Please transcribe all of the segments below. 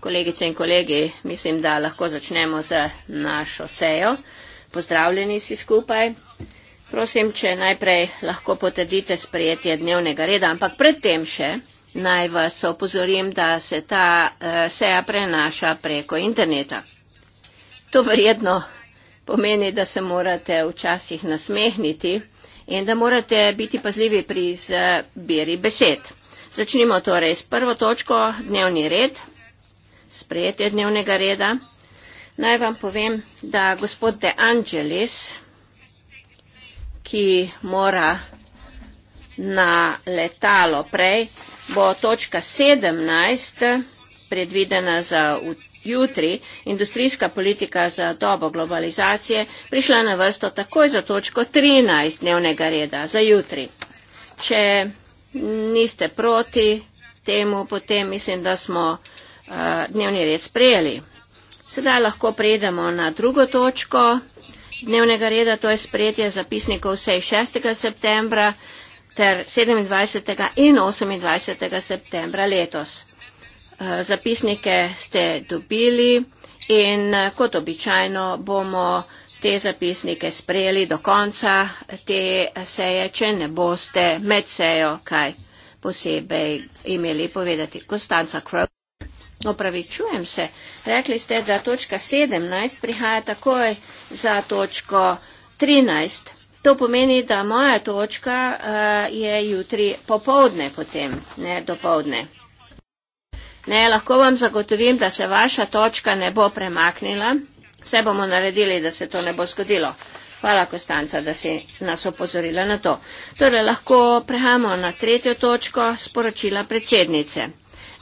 Kolegice in kolegi, mislim, da lahko začnemo z našo sejo. Pozdravljeni vsi skupaj. Prosim, če najprej lahko potrdite sprejetje dnevnega reda, ampak predtem še naj vas opozorim, da se ta eh, seja prenaša preko interneta. To verjetno pomeni, da se morate včasih nasmehniti in da morate biti pazljivi pri izbiri besed. Začnimo torej s prvo točko, dnevni red, sprejetje dnevnega reda. Naj vam povem, da gospod De Angelis, ki mora na letalo prej, bo točka 17 predvidena za jutri, industrijska politika za dobo globalizacije, prišla na vrsto takoj za točko 13 dnevnega reda, za jutri. Če niste proti temu, potem mislim, da smo eh, dnevni red sprejeli. Sedaj lahko prejdemo na drugo točko dnevnega reda, to je sprejetje zapisnikov vsej 6. septembra ter 27. in 28. septembra letos. Eh, zapisnike ste dobili in eh, kot običajno bomo te zapisnike sprejeli do konca te seje, če ne boste med sejo kaj posebej imeli povedati. Konstanca Krov. Opravičujem se. Rekli ste, da točka 17 prihaja takoj za točko 13. To pomeni, da moja točka uh, je jutri popovdne potem, ne dopovdne. Ne, lahko vam zagotovim, da se vaša točka ne bo premaknila. Vse bomo naredili, da se to ne bo zgodilo. Hvala, Kostanca, da si nas opozorila na to. Torej, lahko prehajamo na tretjo točko sporočila predsednice.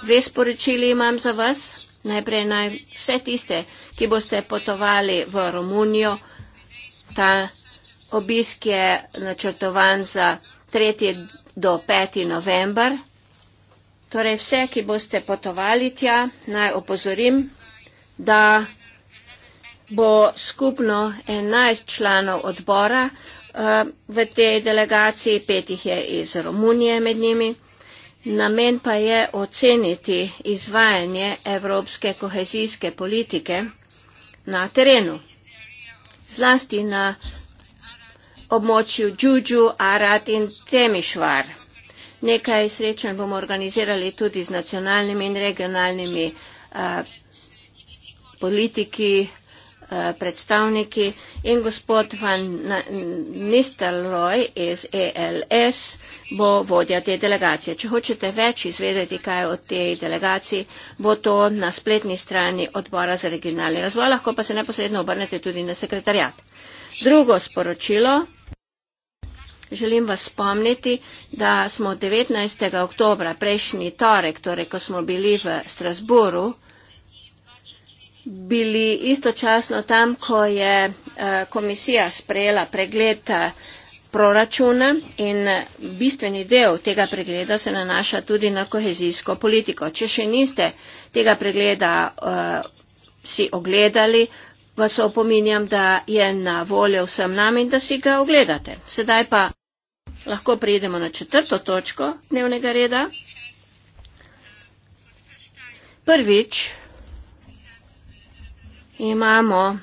Dve sporočili imam za vas. Najprej naj vse tiste, ki boste potovali v Romunijo, ta obisk je načrtovan za 3. do 5. november. Torej, vse, ki boste potovali tja, naj opozorim, da bo skupno 11 članov odbora eh, v tej delegaciji, petih je iz Romunije med njimi. Namen pa je oceniti izvajanje evropske kohezijske politike na terenu, zlasti na območju Džuđu, Arad in Temišvar. Nekaj srečanj bomo organizirali tudi z nacionalnimi in regionalnimi a, eh, politiki, Eh, predstavniki in gospod Van Nistelrooy iz ELS bo vodja te delegacije. Če hočete več izvedeti, kaj o tej delegaciji, bo to na spletni strani odbora za regionalni razvoj, lahko pa se neposredno obrnete tudi na sekretarjat. Drugo sporočilo. Želim vas spomniti, da smo 19. oktobra prejšnji torek, torej ko smo bili v Strasburu, bili istočasno tam, ko je eh, komisija sprejela pregled eh, proračuna in eh, bistveni del tega pregleda se nanaša tudi na kohezijsko politiko. Če še niste tega pregleda uh, si ogledali, vas opominjam, da je na voljo vsem nam in da si ga ogledate. Sedaj pa lahko prejdemo na četrto točko dnevnega reda. Prvič, imamo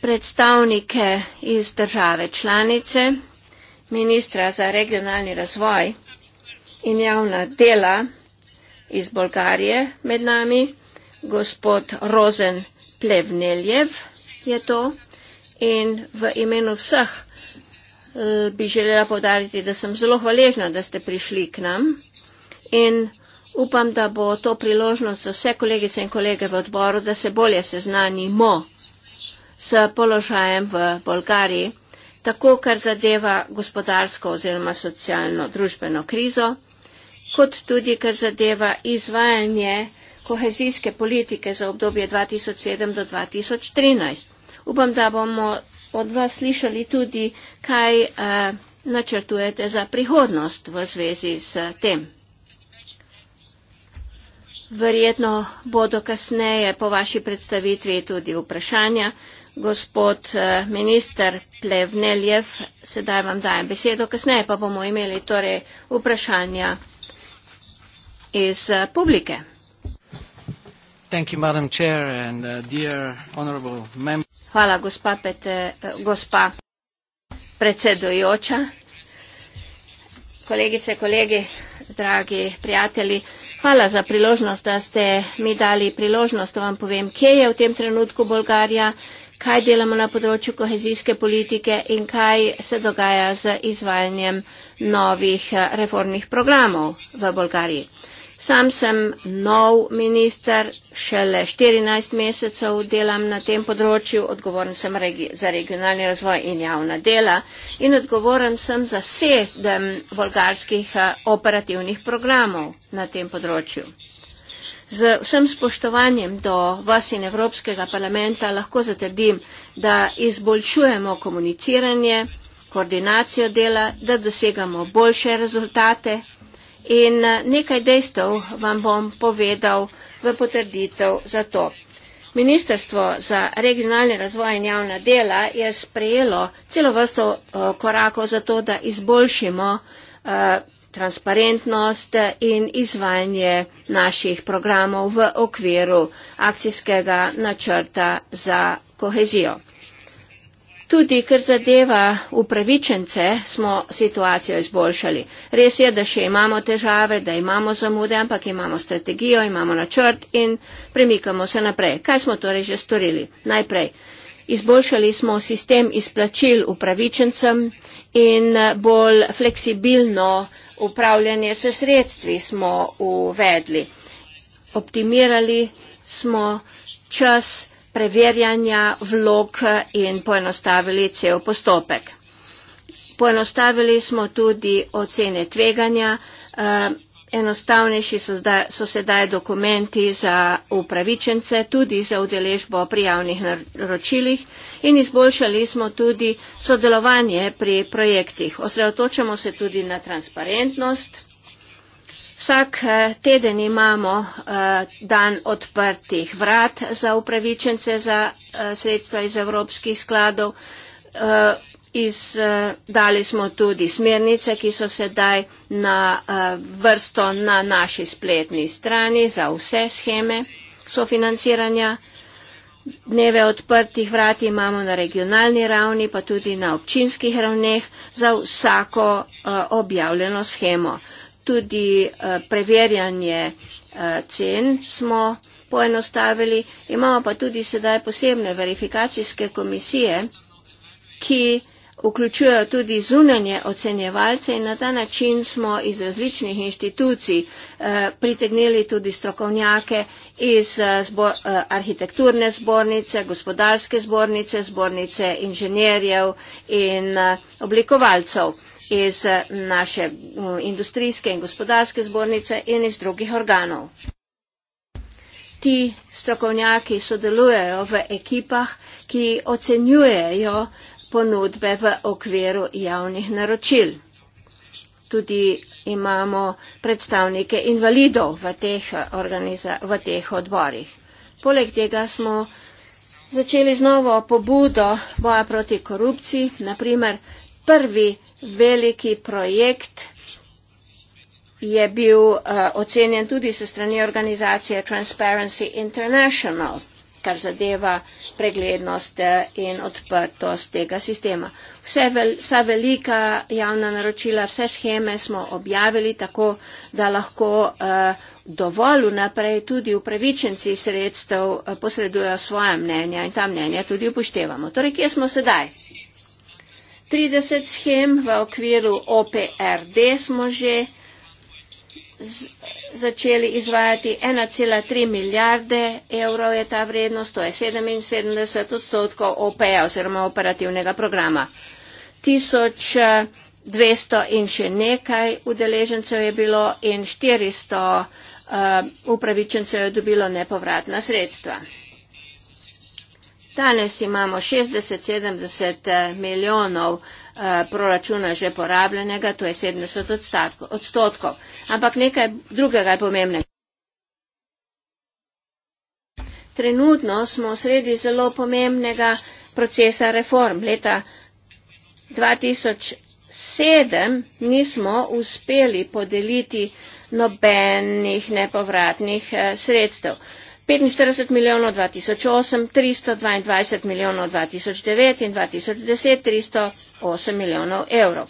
predstavnike iz države članice, ministra za regionalni razvoj in javna dela iz Bolgarije med nami, gospod Rozen Plevneljev je to in v imenu vseh eh, bi želela podariti, da sem zelo hvaležna, da ste prišli k nam in Upam, da bo to priložnost za vse kolegice in kolege v odboru, da se bolje seznanimo s položajem v Bolgariji, tako kar zadeva gospodarsko oziroma socialno družbeno krizo, kot tudi kar zadeva izvajanje kohezijske politike za obdobje 2007 do 2013. Upam, da bomo od vas slišali tudi, kaj eh, načrtujete za prihodnost v zvezi s tem. Verjetno bodo kasneje po vaši predstavitvi tudi vprašanja. Gospod eh, minister Plevneljev, sedaj vam dajem besedo, kasneje pa bomo imeli torej vprašanja iz eh, publike. Uh, Hvala, gospa, pete, eh, gospa predsedujoča. Kolegice, kolegi, dragi prijatelji. Hvala za priložnost, da ste mi dali priložnost, da vam povem, kje je v tem trenutku Bolgarija, kaj delamo na področju kohezijske politike in kaj se dogaja z izvajanjem novih eh, reformnih programov v Bolgariji. Sam sem nov minister, šele 14 mesecev delam na tem področju, odgovoren sem regi za regionalni razvoj in javna dela in odgovoren sem za sedem bolgarskih eh, operativnih programov na tem področju. Z vsem spoštovanjem do vas in Evropskega parlamenta lahko zatrdim, da izboljšujemo komuniciranje, koordinacijo dela, da dosegamo boljše rezultate In eh, nekaj dejstev vam bom povedal v potrditev za to. Ministrstvo za regionalni razvoj in javna dela je sprejelo celo vrsto eh, korakov za to, da izboljšimo eh, transparentnost in izvajanje naših programov v okviru akcijskega načrta za kohezijo. Tudi, ker zadeva upravičence, smo situacijo izboljšali. Res je, da še imamo težave, da imamo zamude, ampak imamo strategijo, imamo načrt in premikamo se naprej. Kaj smo torej že storili? Najprej. Izboljšali smo sistem izplačil upravičencem in eh, bolj fleksibilno upravljanje se sredstvi smo uvedli. Optimirali smo čas preverjanja vlog in poenostavili cel postopek. Poenostavili smo tudi ocene tveganja, eh, enostavnejši so, zdaj, so sedaj dokumenti za upravičence, tudi za udeležbo pri javnih naročilih in izboljšali smo tudi sodelovanje pri projektih. Osredotočamo se tudi na transparentnost. Vsak eh, teden imamo eh, dan odprtih vrat za upravičence za eh, sredstva iz evropskih skladov. Dali smo tudi smernice, ki so sedaj na vrsto na naši spletni strani za vse scheme sofinanciranja. Dneve odprtih vrat imamo na regionalni ravni, pa tudi na občinskih ravneh za vsako objavljeno schemo tudi uh, preverjanje uh, cen smo poenostavili. Imamo pa tudi sedaj posebne verifikacijske komisije, ki vključujejo tudi zunanje ocenjevalce in na ta način smo iz različnih inštitucij uh, pritegnili tudi strokovnjake iz uh, zbo, uh, arhitekturne zbornice, gospodarske zbornice, zbornice inženirjev in uh, oblikovalcev iz eh, naše eh, industrijske in gospodarske zbornice in iz drugih organov. Ti strokovnjaki sodelujejo v ekipah, ki ocenjujejo ponudbe v okviru javnih naročil. Tudi imamo predstavnike invalidov v teh, eh, v teh odborih. Poleg tega smo začeli z novo pobudo boja proti korupciji, naprimer prvi veliki projekt je bil uh, ocenjen tudi se strani organizacije Transparency International, kar zadeva preglednost eh, in odprtost tega sistema. Vse vel, vsa velika javna naročila, vse scheme smo objavili tako, da lahko uh, dovolj naprej tudi upravičenci sredstev uh, posredujejo svoje mnenja in ta mnenja tudi upoštevamo. Torej, kje smo sedaj? 30 schem, v okviru OPRD smo že začeli izvajati 1,3 milijarde evrov je ta vrednost, to je 77 odstotkov OPE oziroma operativnega programa. 1200 eh, in še nekaj udeležencev je bilo in 400 uh, eh, upravičencev je dobilo nepovratna sredstva. Danes imamo 60-70 eh, milijonov eh, proračuna že porabljenega, to je 70 odstotkov. Ampak nekaj drugega je pomembnega. Trenutno smo sredi zelo pomembnega procesa reform. Leta 2007 nismo uspeli podeliti nobenih nepovratnih eh, sredstev petinštirideset milijonov dva tisoč osem tristo dvaindvajset milijonov dva tisoč devet in dva tisoč deset tristo osem milijonov evrov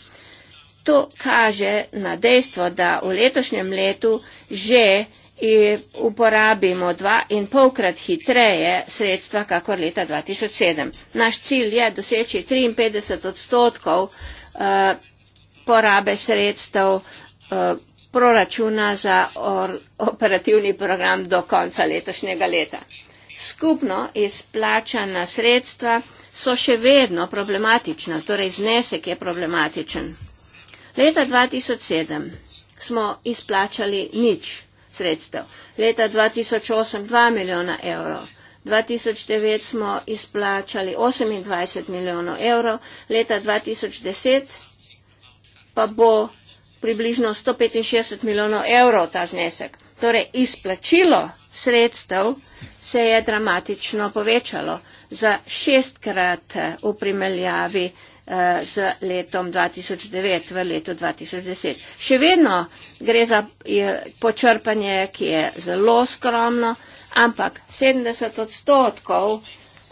to kaže na dejstvo da v letošnjem letu že e, uporabimo dva in polkrat hitreje sredstva kakor leta dva tisoč sedem naš cilj je doseči triinpetdeset odstotkov uh, porabe sredstev uh, proračuna za or, operativni program do konca letošnjega leta. Skupno izplačana sredstva so še vedno problematična, torej znesek je problematičen. Leta 2007 smo izplačali nič sredstev, leta 2008 2 milijona evrov. 2009 smo izplačali 28 milijonov evrov, leta 2010 pa bo približno 165 milijonov evrov ta znesek. Torej, izplačilo sredstev se je dramatično povečalo za šestkrat eh, v primerjavi eh, z letom 2009 v letu 2010. Še vedno gre za počrpanje, ki je zelo skromno, ampak 70 odstotkov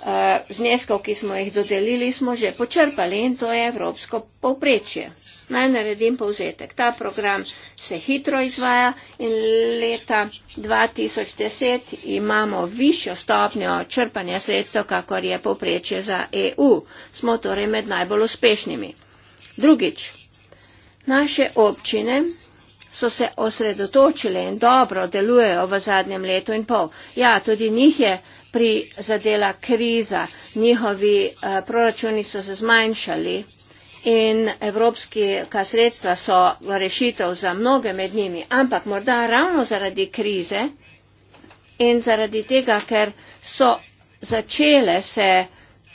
eh, zneskov, ki smo jih dodelili, smo že počrpali in to je evropsko povprečje naj naredim povzetek. Ta program se hitro izvaja in leta 2010 imamo višjo stopnjo črpanja sredstev, kakor je povprečje za EU. Smo torej med najbolj uspešnimi. Drugič, naše občine so se osredotočile in dobro delujejo v zadnjem letu in pol. Ja, tudi njih je prizadela kriza, njihovi uh, proračuni so se zmanjšali, in evropska sredstva so rešitev za mnoge med njimi, ampak morda ravno zaradi krize in zaradi tega, ker so začele se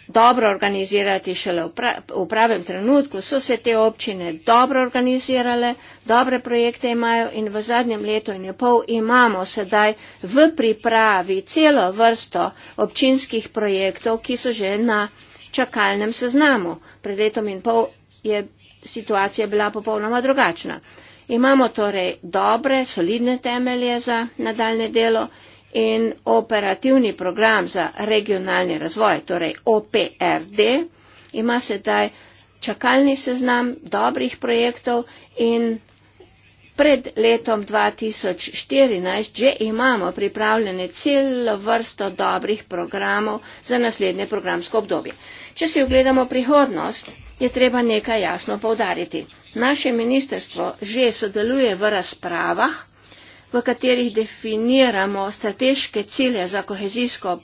dobro organizirati šele v pravem trenutku, so se te občine dobro organizirale, dobre projekte imajo in v zadnjem letu in pol imamo sedaj v pripravi celo vrsto občinskih projektov, ki so že na čakalnem seznamu. Pred letom in pol je situacija bila popolnoma drugačna. Imamo torej dobre, solidne temelje za nadaljne delo in operativni program za regionalni razvoj, torej OPRD, ima sedaj čakalni seznam dobrih projektov in pred letom 2014 že imamo pripravljene celo vrsto dobrih programov za naslednje programsko obdobje. Če si ogledamo prihodnost, je treba nekaj jasno povdariti. Naše ministerstvo že sodeluje v razpravah, v katerih definiramo strateške cilje za kohezijsko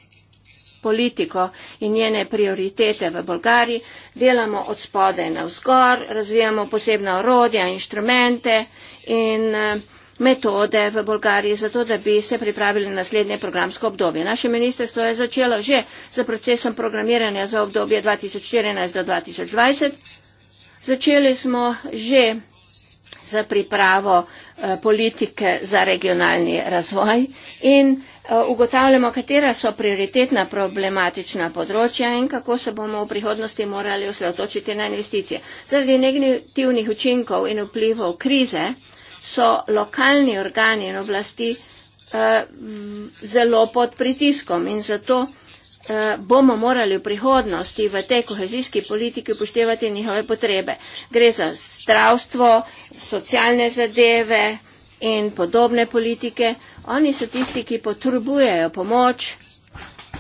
politiko in njene prioritete v Bolgariji, delamo od spode na vzgor, razvijamo posebna orodja, inštrumente in uh, metode v Bolgariji, zato da bi se pripravili na naslednje programsko obdobje. Naše ministrstvo je začelo že z procesom programiranja za obdobje 2014 do 2020. Začeli smo že za pripravo eh, politike za regionalni razvoj in eh, ugotavljamo, katera so prioritetna problematična področja in kako se bomo v prihodnosti morali osredotočiti na investicije. Zaradi negativnih učinkov in vplivov krize so lokalni organi in oblasti eh, zelo pod pritiskom in zato eh, bomo morali v prihodnosti v tej kohezijski politiki upoštevati njihove potrebe. Gre za zdravstvo, socialne zadeve in podobne politike. Oni so tisti, ki potrebujejo pomoč,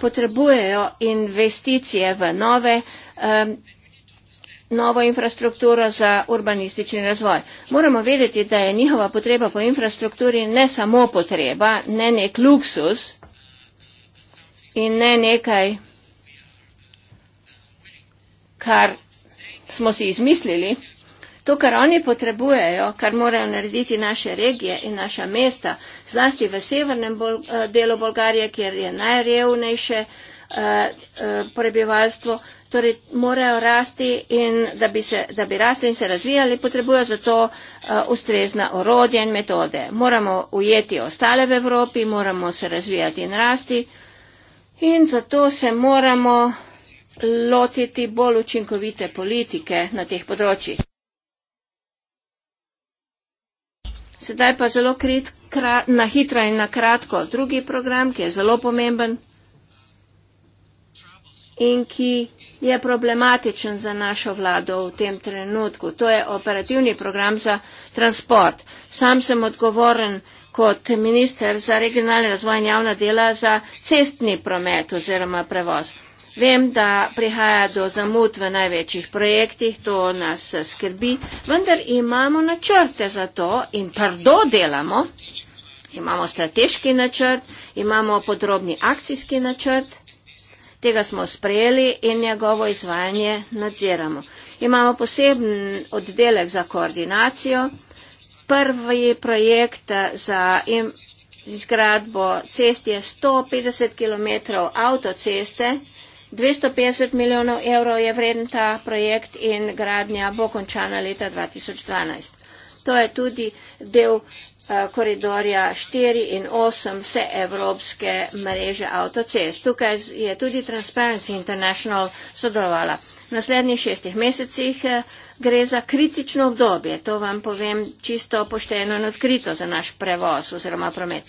potrebujejo investicije v nove um, novo infrastrukturo za urbanistični razvoj. Moramo vedeti, da je njihova potreba po infrastrukturi ne samo potreba, ne nek luksus in ne nekaj, kar smo si izmislili. To, kar oni potrebujejo, kar morajo narediti naše regije in naša mesta, zlasti v severnem bol eh, delu Bolgarije, kjer je najrevnejše uh, uh, prebivalstvo, torej morajo rasti in da bi, se, da bi rasti in se razvijali, potrebujo za to uh, ustrezna orodja in metode. Moramo ujeti ostale v Evropi, moramo se razvijati in rasti in zato se moramo lotiti bolj učinkovite politike na teh področjih. Sedaj pa zelo krit, krat, na hitro in na kratko drugi program, ki je zelo pomemben in ki je problematičen za našo vlado v tem trenutku. To je operativni program za transport. Sam sem odgovoren kot minister za regionalni razvoj in javna dela za cestni promet oziroma prevoz. Vem, da prihaja do zamud v največjih projektih, to nas skrbi, vendar imamo načrte za to in trdo delamo. Imamo strateški načrt, imamo podrobni akcijski načrt tega smo sprejeli in njegovo izvajanje nadziramo. Imamo poseben oddelek za koordinacijo. Prvi projekt eh, za izgradbo cest je 150 km avtoceste. 250 milijonov evrov je vreden ta projekt in gradnja bo končana leta 2012. To je tudi del Eh, koridorja 4 in 8 vse evropske mreže avtocest. Tukaj je tudi Transparency International sodelovala. V naslednjih šestih mesecih eh, gre za kritično obdobje, to vam povem čisto pošteno in odkrito za naš prevoz oziroma promet.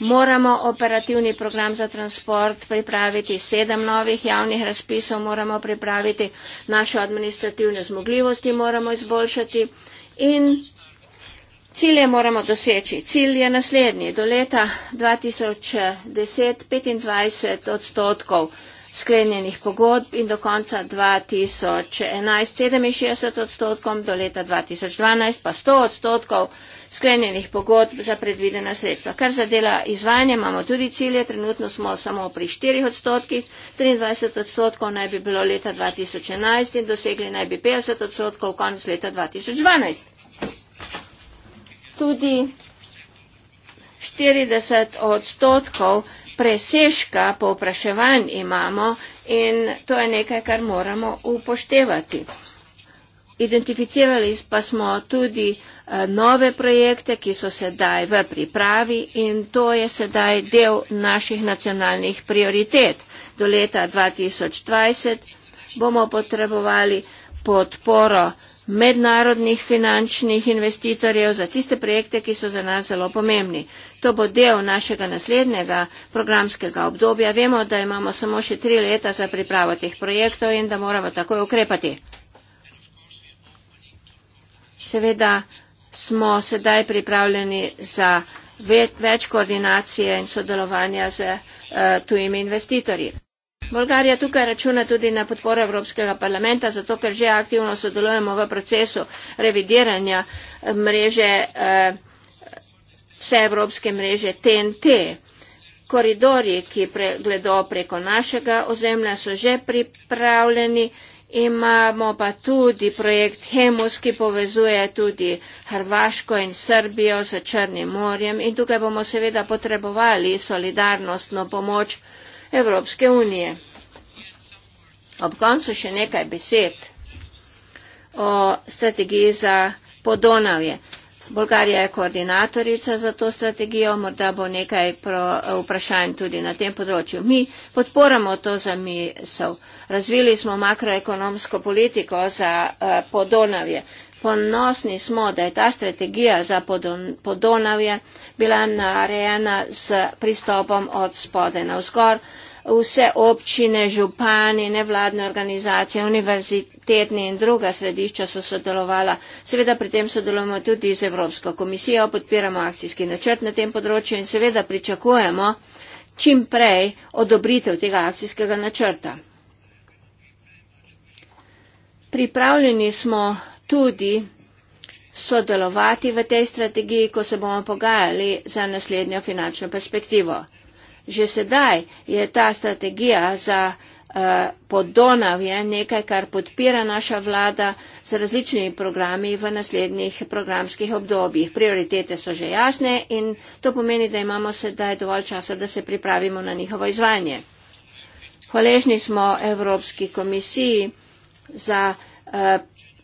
Moramo operativni program za transport pripraviti, sedem novih javnih razpisov moramo pripraviti, našo administrativne zmogljivosti moramo izboljšati in Cilje moramo doseči. Cilj je naslednji. Do leta 2010 25 odstotkov sklenjenih pogodb in do konca 2011 67 odstotkom, do leta 2012 pa 100 odstotkov sklenjenih pogodb za predvidena sredstva. Kar zadela izvajanje, imamo tudi cilje, trenutno smo samo pri 4 odstotkih, 23 odstotkov naj bi bilo leta 2011 in dosegli naj bi 50 odstotkov konec leta 2012 tudi 40 odstotkov preseška povpraševanj imamo in to je nekaj, kar moramo upoštevati. Identificirali pa smo tudi eh, nove projekte, ki so sedaj v pripravi in to je sedaj del naših nacionalnih prioritet. Do leta 2020 bomo potrebovali podporo mednarodnih finančnih investitorjev za tiste projekte, ki so za nas zelo pomembni. To bo del našega naslednjega programskega obdobja. Vemo, da imamo samo še tri leta za pripravo teh projektov in da moramo takoj ukrepati. Seveda smo sedaj pripravljeni za več koordinacije in sodelovanja z uh, tujimi investitorji. Bolgarija tukaj računa tudi na podporo Evropskega parlamenta, zato ker že aktivno sodelujemo v procesu revidiranja eh, mreže, eh, vse evropske mreže TNT. Koridorji, ki gledo preko našega ozemlja, so že pripravljeni. Imamo pa tudi projekt Hemus, ki povezuje tudi Hrvaško in Srbijo z Črnim morjem in tukaj bomo seveda potrebovali solidarnostno pomoč. Evropske unije. Ob koncu še nekaj besed o strategiji za Podonavje. Bolgarija je koordinatorica za to strategijo, morda bo nekaj vprašanj tudi na tem področju. Mi podporamo to za misel. Razvili smo makroekonomsko politiko za eh, Podonavje ponosni smo, da je ta strategija za Podonavje bila narejena s pristopom od spode na vzgor. Vse občine, župani, nevladne organizacije, univerzitetni in druga središča so sodelovala. Seveda pri tem sodelujemo tudi z Evropsko komisijo, podpiramo akcijski načrt na tem področju in seveda pričakujemo čim prej odobritev tega akcijskega načrta. Pripravljeni smo tudi sodelovati v tej strategiji, ko se bomo pogajali za naslednjo finančno perspektivo. Že sedaj je ta strategija za uh, eh, podonavje nekaj, kar podpira naša vlada z različnimi programi v naslednjih programskih obdobjih. Prioritete so že jasne in to pomeni, da imamo sedaj dovolj časa, da se pripravimo na njihovo izvajanje. Hvaležni smo Evropski komisiji za uh,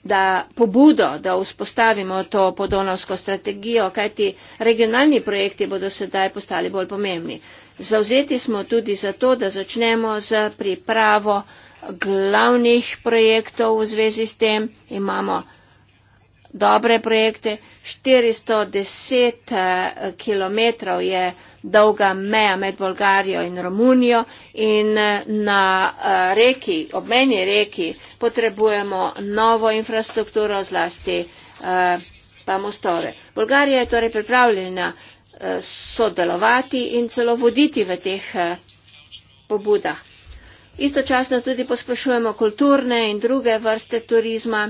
da pobudo, da vzpostavimo to podonovsko strategijo, kajti regionalni projekti bodo sedaj postali bolj pomembni. Zauzeti smo tudi za to, da začnemo z pripravo glavnih projektov v zvezi s tem. Imamo dobre projekte. 410 eh, km je dolga meja med Bolgarijo in Romunijo in eh, na eh, reki, obmeni reki, potrebujemo novo infrastrukturo, zlasti pa mostove. Bolgarija je torej pripravljena sodelovati in celo voditi v teh pobudah. Istočasno tudi posprašujemo kulturne in druge vrste turizma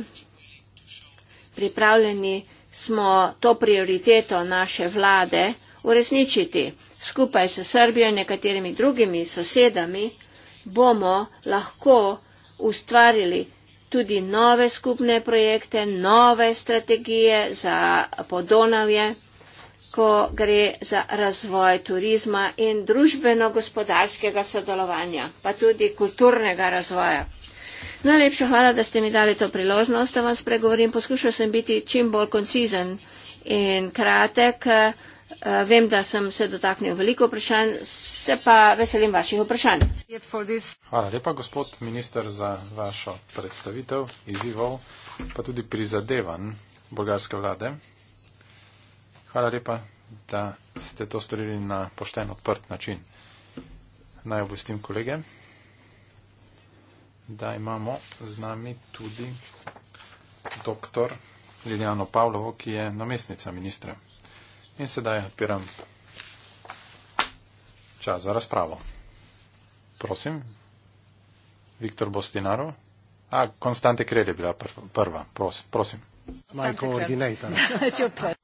pripravljeni smo to prioriteto naše vlade uresničiti. Skupaj s Srbijo in nekaterimi drugimi sosedami bomo lahko ustvarili tudi nove skupne projekte, nove strategije za podonavje, ko gre za razvoj turizma in družbeno-gospodarskega sodelovanja, pa tudi kulturnega razvoja. Najlepša hvala, da ste mi dali to priložnost, da vam spregovorim. Poskušal sem biti čim bolj koncizen in kratek. Eh, vem, da sem se dotaknil veliko vprašanj, se pa veselim vaših vprašanj. Hvala lepa, gospod minister, za vašo predstavitev izzivov, pa tudi prizadevanj bolgarske vlade. Hvala lepa, da ste to storili na pošten, odprt način. Naj obvestim kolege, da imamo z nami tudi dr. Liljano Pavlovo, ki je namestnica ministra. In sedaj odpiram čas za razpravo. Prosim, Viktor Bostinaro. A, Konstante Krelj je bila prva, prosim.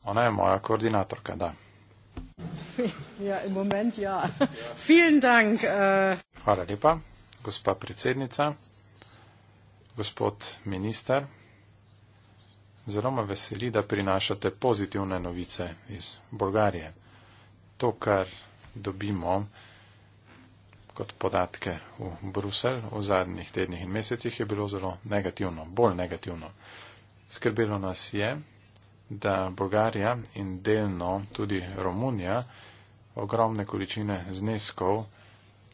Ona je moja koordinatorka, da. Ja, moment, ja. Eh. Hvala lepa, gospa predsednica gospod minister. Zelo me veseli, da prinašate pozitivne novice iz Bolgarije. To, kar dobimo kot podatke v Bruselj v zadnjih tednih in mesecih, je bilo zelo negativno, bolj negativno. Skrbelo nas je, da Bolgarija in delno tudi Romunija ogromne količine zneskov,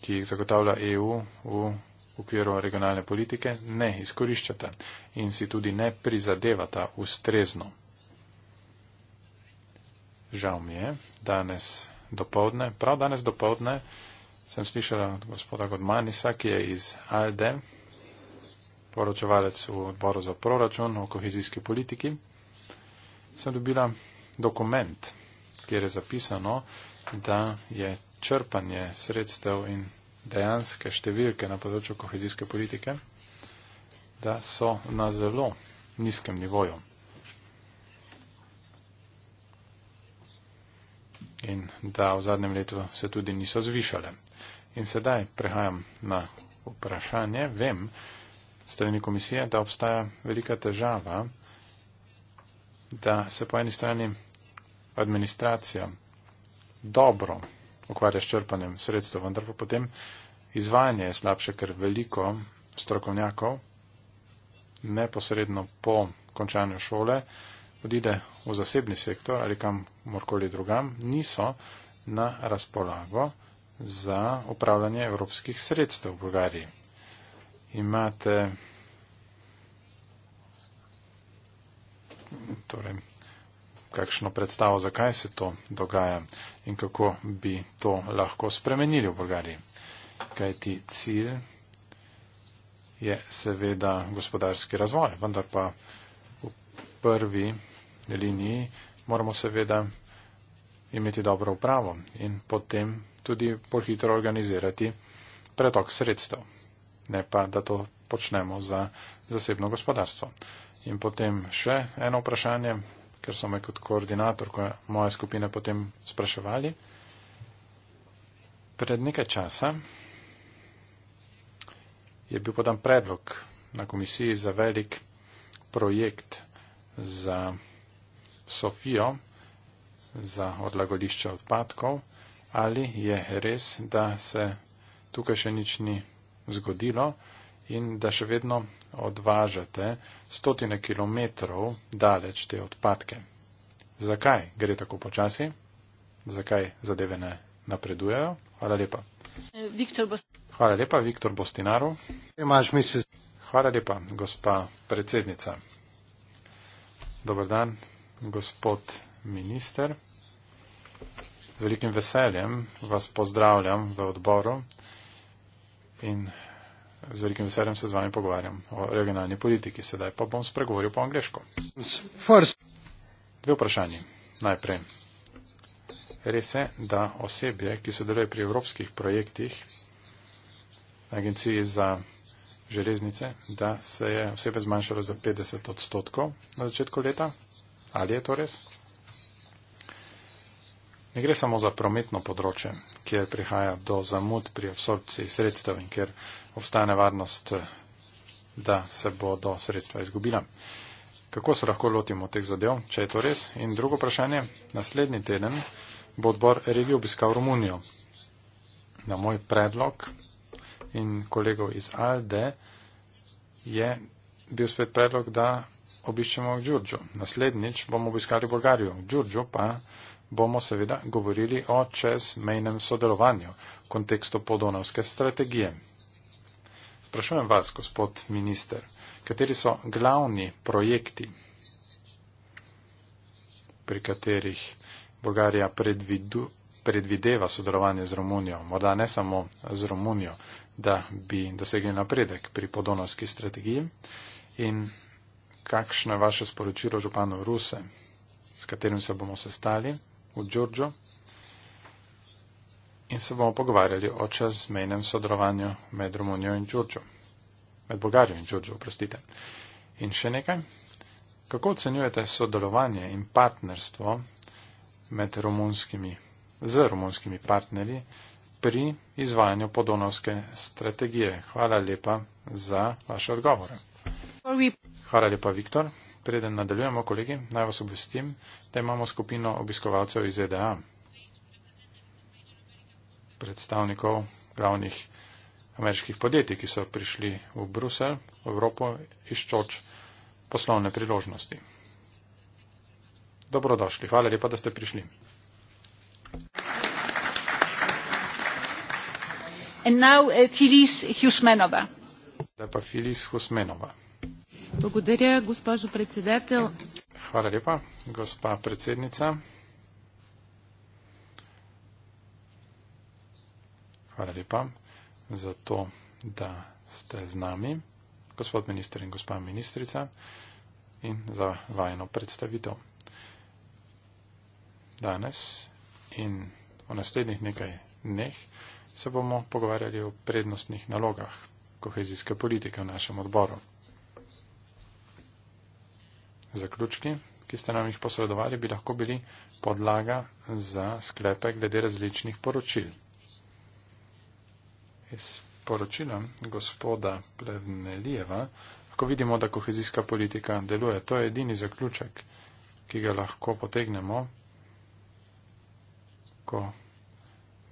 ki jih zagotavlja EU v v okviru regionalne politike ne izkoriščata in si tudi ne prizadevata ustrezno. Žal mi je, danes dopovdne, prav danes dopovdne, sem slišala gospoda Godmanisa, ki je iz Alde, poročevalec v odboru za proračun o kohezijski politiki, sem dobila dokument, kjer je zapisano, da je črpanje sredstev in dejanske številke na področju kohezijske politike, da so na zelo nizkem nivoju. In da v zadnjem letu se tudi niso zvišale. In sedaj prehajam na vprašanje. Vem, strani komisije, da obstaja velika težava, da se po eni strani administracija dobro ukvarja s črpanjem sredstev, vendar pa potem izvajanje je slabše, ker veliko strokovnjakov neposredno po končanju šole odide v zasebni sektor ali kam morkoli drugam, niso na razpolago za upravljanje evropskih sredstev v Bulgariji. Imate torej, kakšno predstavo, zakaj se to dogaja in kako bi to lahko spremenili v Bolgariji. Kaj ti cilj je seveda gospodarski razvoj, vendar pa v prvi liniji moramo seveda imeti dobro upravo in potem tudi pohitro organizirati pretok sredstev, ne pa da to počnemo za zasebno gospodarstvo. In potem še eno vprašanje, ker so me kot koordinator, ko je moja skupina potem spraševali. Pred nekaj časa je bil podan predlog na komisiji za velik projekt za Sofijo, za odlagolišče odpadkov, ali je res, da se tukaj še nič ni zgodilo in da še vedno odvažate stotine kilometrov daleč te odpadke. Zakaj gre tako počasi? Zakaj zadeve ne napredujejo? Hvala lepa. Hvala lepa, Viktor Bostinaru. Hvala lepa, gospa predsednica. Dobar dan, gospod minister. Z velikim veseljem vas pozdravljam v odboru in z velikim veseljem se z vami pogovarjam o regionalni politiki, sedaj pa bom spregovoril po angliško. Dve vprašanje. Najprej. Res je, da osebje, ki se deluje pri evropskih projektih na agenciji za železnice, da se je osebe zmanjšalo za 50 odstotkov na začetku leta. Ali je to res? Ne gre samo za prometno področje, kjer prihaja do zamud pri absorpciji sredstev in kjer obstaja nevarnost, da se bodo sredstva izgubila. Kako se lahko lotimo teh zadev, če je to res? In drugo vprašanje, naslednji teden bo odbor Regi obiskal Romunijo. Na moj predlog in kolegov iz Alde je bil spet predlog, da obiščemo Đurđu. Naslednjič bomo obiskali Bolgarijo. Đurđu pa bomo seveda govorili o čezmejnem sodelovanju v kontekstu podonovske strategije sprašujem vas, gospod minister, kateri so glavni projekti, pri katerih Bolgarija predvidu, predvideva sodelovanje z Romunijo, morda ne samo z Romunijo, da bi dosegli napredek pri podonovski strategiji in kakšno je vaše sporočilo županu Ruse, s katerim se bomo sestali v Đorđo in se bomo pogovarjali o čezmejnem sodelovanju med Romunijo in Čurčo. Med Bolgarijo in Čurčo, oprostite. In še nekaj. Kako ocenjujete sodelovanje in partnerstvo med romunskimi, z romunskimi partnerji pri izvajanju podonovske strategije? Hvala lepa za vaše odgovore. Hvala lepa, Viktor. Preden nadaljujemo, kolegi, naj vas obvestim, da imamo skupino obiskovalcev iz EDA, predstavnikov glavnih ameriških podjetij, ki so prišli v Bruselj, v Evropo, iščoč poslovne priložnosti. Dobrodošli, hvala lepa, da ste prišli. In zdaj eh, Filis Husmenova. Zdaj pa Filis Husmenova. Hvala lepa, gospa predsednica. Hvala lepa za to, da ste z nami, gospod minister in gospa ministrica, in za vajeno predstavitev. Danes in v naslednjih nekaj dneh se bomo pogovarjali o prednostnih nalogah kohezijske politike v našem odboru. Zaključki, ki ste nam jih posredovali, bi lahko bili podlaga za sklepe glede različnih poročil iz poročila gospoda Plevnelijeva, lahko vidimo, da kohezijska politika deluje. To je edini zaključek, ki ga lahko potegnemo, ko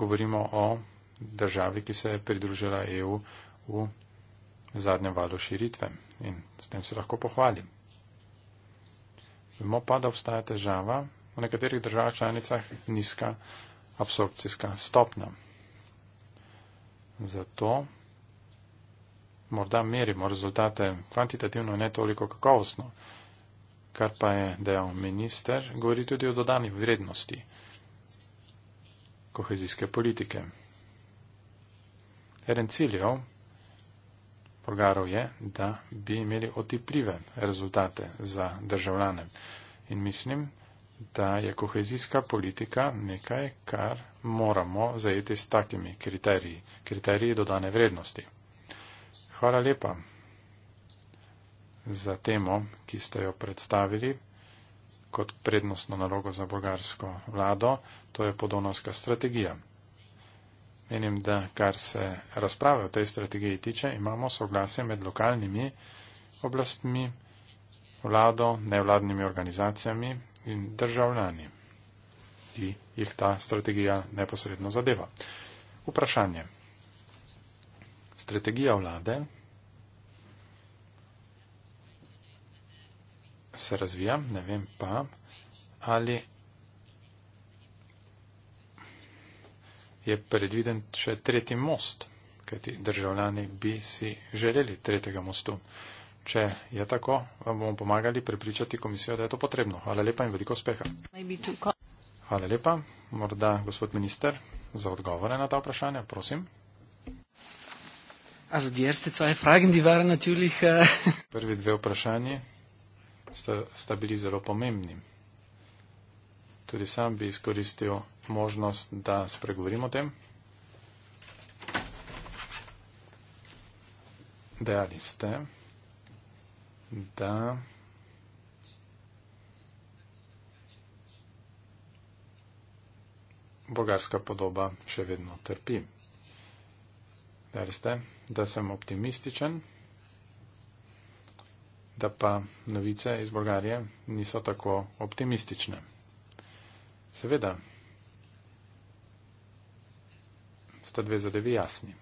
govorimo o državi, ki se je pridružila EU v zadnjem valu širitve. In s tem se lahko pohvalim. Vemo pa, da obstaja težava v nekaterih državah članicah nizka absorpcijska stopnja. Zato morda merimo rezultate kvantitativno, ne toliko kakovostno. Kar pa je dejal minister, govori tudi o dodani vrednosti kohezijske politike. Eden ciljev progarov je, da bi imeli otiprive rezultate za državljane. In mislim, da je kohezijska politika nekaj, kar moramo zajeti s takimi kriteriji, kriteriji dodane vrednosti. Hvala lepa za temo, ki ste jo predstavili kot prednostno nalogo za bogarsko vlado, to je podonovska strategija. Menim, da kar se razprave o tej strategiji tiče, imamo soglasje med lokalnimi oblastmi, vlado, nevladnimi organizacijami, in državljani, ki jih ta strategija neposredno zadeva. Vprašanje. Strategija vlade se razvija, ne vem pa, ali je predviden še tretji most, kajti državljani bi si želeli tretjega mostu. Če je tako, vam bomo pomagali prepričati komisijo, da je to potrebno. Hvala lepa in veliko uspeha. Hvala lepa. Morda gospod minister za odgovore na ta vprašanja, prosim. Eh? Prvi dve vprašanji sta, sta bili zelo pomembni. Tudi sam bi izkoristil možnost, da spregovorim o tem. Dejali ste da. Bogarska podoba še vedno trpi. Ste, da sem optimističen, da pa novice iz Bolgarije niso tako optimistične. Seveda, sta dve zadevi jasni.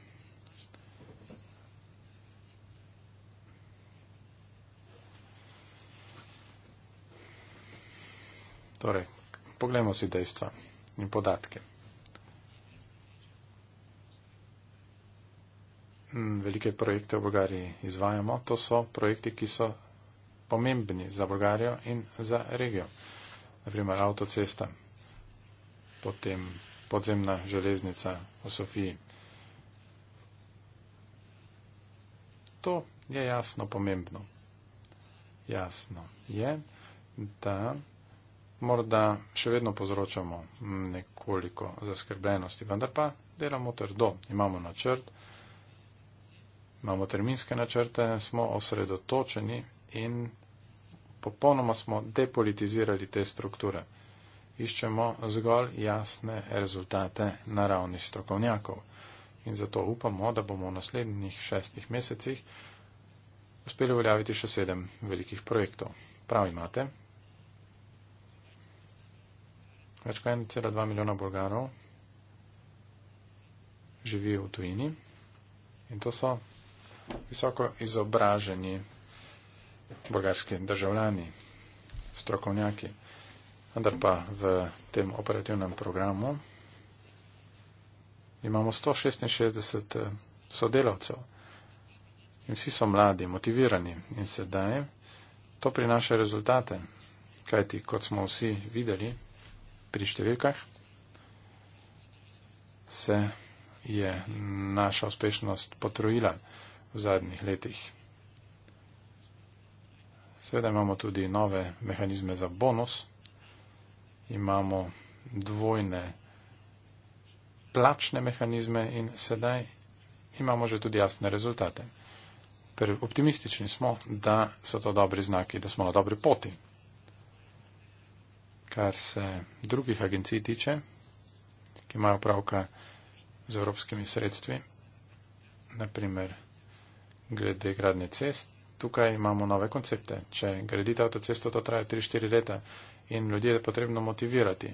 Torej, pogledamo si dejstva in podatke. Mm, velike projekte v Bolgariji izvajamo. To so projekti, ki so pomembni za Bolgarijo in za regijo. Naprimer avtocesta, potem podzemna železnica v Sofiji. To je jasno pomembno. Jasno je, da morda še vedno povzročamo nekoliko zaskrbljenosti, vendar pa delamo trdo. Imamo načrt, imamo terminske načrte, smo osredotočeni in popolnoma smo depolitizirali te strukture. Iščemo zgolj jasne rezultate na ravni strokovnjakov. In zato upamo, da bomo v naslednjih šestih mesecih uspeli uveljaviti še sedem velikih projektov. Prav imate. Več kot 1,2 milijona Bolgarov živi v tujini in to so visoko izobraženi bolgarski državljani, strokovnjaki. Vendar pa v tem operativnem programu imamo 166 eh, sodelavcev in vsi so mladi, motivirani in sedaj to prinaša rezultate. Kajti, kot smo vsi videli, pri številkah, se je naša uspešnost potrojila v zadnjih letih. Seveda imamo tudi nove mehanizme za bonus, imamo dvojne plačne mehanizme in sedaj imamo že tudi jasne rezultate. Optimistični smo, da so to dobri znaki, da smo na dobri poti kar se drugih agencij tiče, ki imajo pravka z evropskimi sredstvi, naprimer glede gradnje cest, tukaj imamo nove koncepte. Če gradite avtocesto, to traja 3-4 leta in ljudi je potrebno motivirati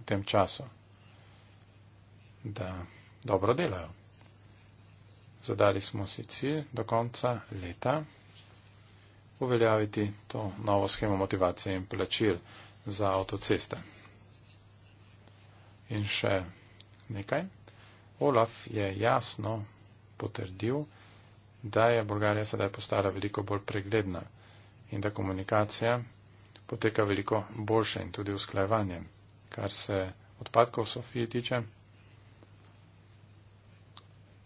v tem času, da dobro delajo. Zadali smo si cilj do konca leta uveljaviti to novo schemo motivacije in plačil za avtoceste. In še nekaj. Olaf je jasno potrdil, da je Bolgarija sedaj postala veliko bolj pregledna in da komunikacija poteka veliko boljše in tudi usklajevanje, kar se odpadkov v Sofiji tiče.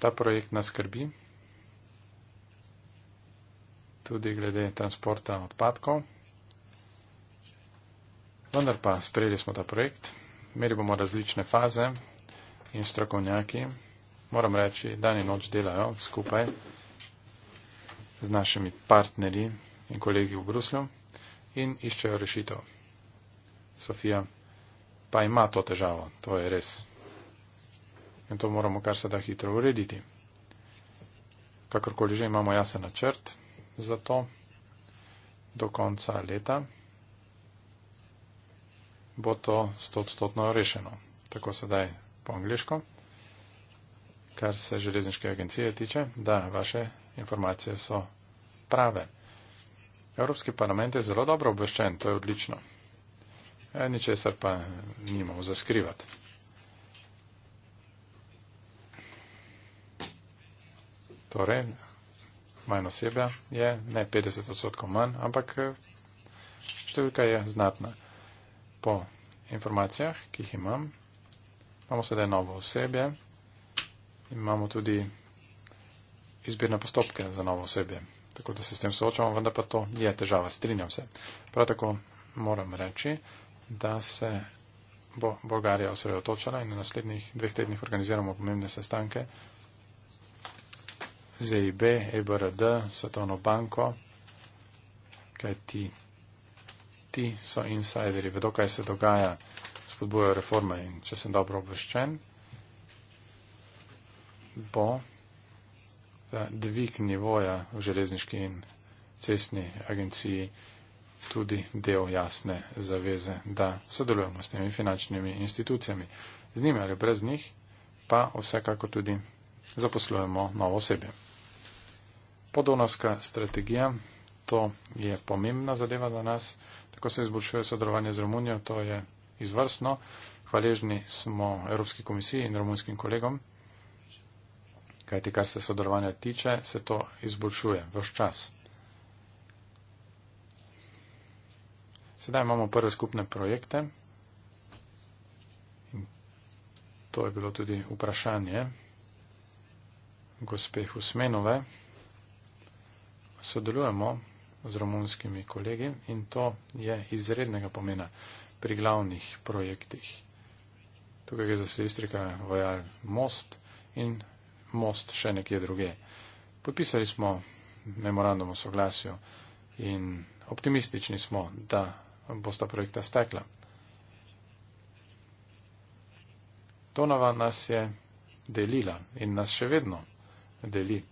Ta projekt nas skrbi tudi glede transporta odpadkov vendar pa sprejeli smo ta projekt, imeli bomo različne faze in strokovnjaki, moram reči, dan in noč delajo skupaj z našimi partnerji in kolegi v Bruslju in iščejo rešitev. Sofija pa ima to težavo, to je res. In to moramo kar se da hitro urediti. Kakorkoli že imamo jasen načrt za to do konca leta bo to stotstotno rešeno. Tako sedaj po angliško, kar se železniške agencije tiče, da vaše informacije so prave. Evropski parlament je zelo dobro obveščen, to je odlično. E, ničesar pa nimamo za skrivati. Torej, manj osebja je, ne 50 odstotkov manj, ampak e, številka je znatna po informacijah, ki jih imam. Imamo sedaj novo osebje in imamo tudi izbirne postopke za novo osebje. Tako da se s tem soočamo, vendar pa to je težava, strinjam se. Prav tako moram reči, da se bo Bolgarija osredotočila in na naslednjih dveh tednih organiziramo pomembne sestanke z EIB, EBRD, Svetovno banko, kajti ti so insideri, vedo, kaj se dogaja, spodbujajo reforme in če sem dobro obveščen, bo eh, dvig nivoja v železniški in cestni agenciji tudi del jasne zaveze, da sodelujemo s temi finančnimi institucijami. Z njimi ali brez njih pa vsekako tudi zaposlujemo novo osebje. Podonovska strategija, to je pomembna zadeva za nas tako se izboljšuje sodelovanje z Romunijo, to je izvrstno. Hvaležni smo Evropski komisiji in romunskim kolegom, kajti kar se sodelovanja tiče, se to izboljšuje vse čas. Sedaj imamo prve skupne projekte. To je bilo tudi vprašanje gospe Husmenove. Sodelujemo z romunskimi kolegi in to je izrednega pomena pri glavnih projektih. Tukaj gre za Sestrika Vojal Most in Most še nekje druge. Podpisali smo memorandum o soglasju in optimistični smo, da bo sta projekta stekla. Donova nas je delila in nas še vedno deli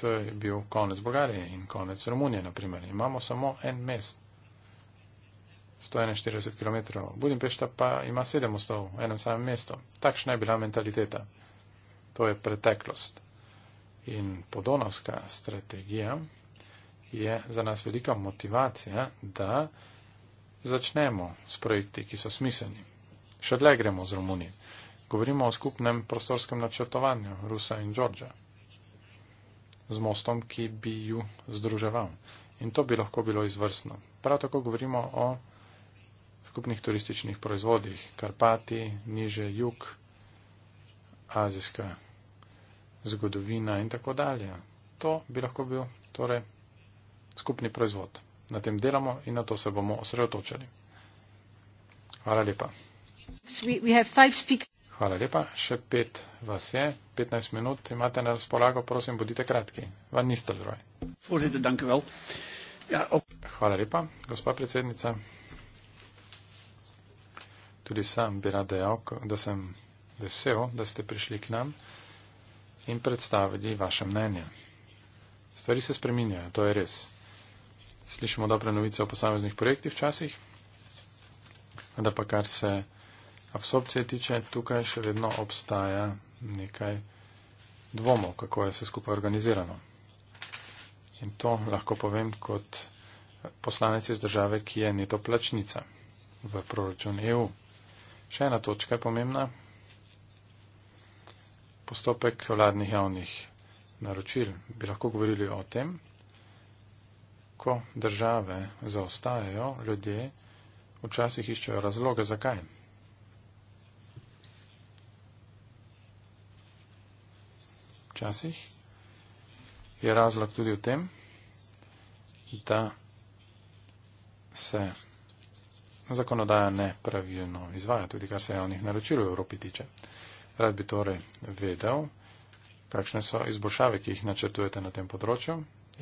to eh, je bil konec Bolgarije in konec Romunije, naprimer. Imamo samo en mest. 141 km. Budimpešta pa ima 7 mostov v enem samem mestu. Takšna je bila mentaliteta. To je preteklost. In podonovska strategija je za nas velika motivacija, da začnemo s projekti, ki so smiselni. Še dlje gremo z Romunijo. Govorimo o skupnem prostorskem načrtovanju Rusa in Džordža z mostom, ki bi ju združeval. In to bi lahko bilo izvrstno. Prav tako govorimo o skupnih turističnih proizvodih. Karpati, niže jug, azijska zgodovina in tako dalje. To bi lahko bil torej skupni proizvod. Na tem delamo in na to se bomo osredotočali. Hvala lepa. So we, we have five speakers. Hvala lepa. Še pet vas je, 15 minut imate na razpolago, prosim, bodite kratki. Van niste zdroj. Ja, ok. Hvala lepa, gospa predsednica. Tudi sam bi rad dejal, da sem vesel, da ste prišli k nam in predstavili vaše mnenje. Stvari se spreminjajo, to je res. Slišimo dobre novice o posameznih projektih včasih, da pa kar se absorpcije tiče, tukaj še vedno obstaja nekaj dvomov, kako je vse skupaj organizirano. In to lahko povem kot poslanec iz države, ki je neto plačnica v proračun EU. Še ena točka je pomembna. Postopek vladnih javnih naročil bi lahko govorili o tem, ko države zaostajajo, ljudje včasih iščejo razloge, zakaj. včasih, je razlog tudi v tem, da se zakonodaja nepravilno izvaja, tudi kar se javnih naročil v Evropi tiče. Rad bi torej vedel, kakšne so izboljšave, ki jih načrtujete na tem področju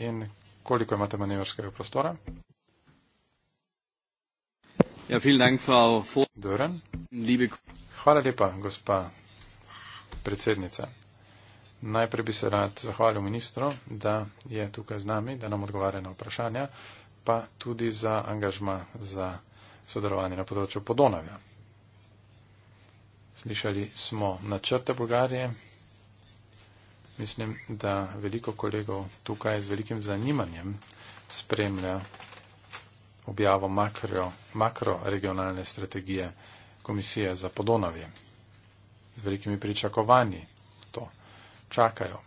in koliko imate manevrskega prostora. Ja, dank, Frau... Hvala lepa, gospa predsednica. Najprej bi se rad zahvalil ministru, da je tukaj z nami, da nam odgovarja na vprašanja, pa tudi za angažma za sodelovanje na področju Podonavja. Slišali smo načrte Bulgarije. Mislim, da veliko kolegov tukaj z velikim zanimanjem spremlja objavo makro, makroregionalne strategije Komisije za Podonavje z velikimi pričakovanji čakajo.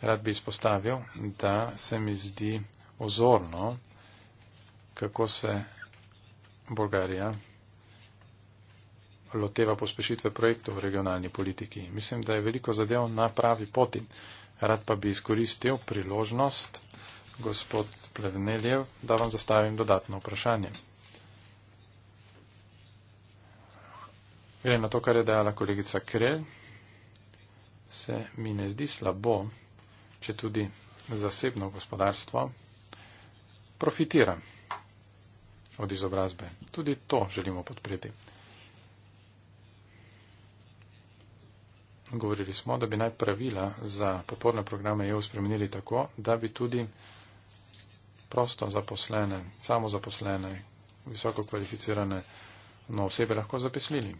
Rad bi izpostavil, da se mi zdi ozorno, kako se Bolgarija loteva pospešitve projektov v regionalni politiki. Mislim, da je veliko zadev na pravi poti. Rad pa bi izkoristil priložnost, gospod Pleveneljev, da vam zastavim dodatno vprašanje. Gre na to, kar je dejala kolegica Krelj se mi ne zdi slabo, če tudi zasebno gospodarstvo profitira od izobrazbe. Tudi to želimo podpreti. Govorili smo, da bi naj pravila za podporne programe EU spremenili tako, da bi tudi prosto zaposlene, samozaposlene, visoko kvalificirane no, osebe lahko zapislili.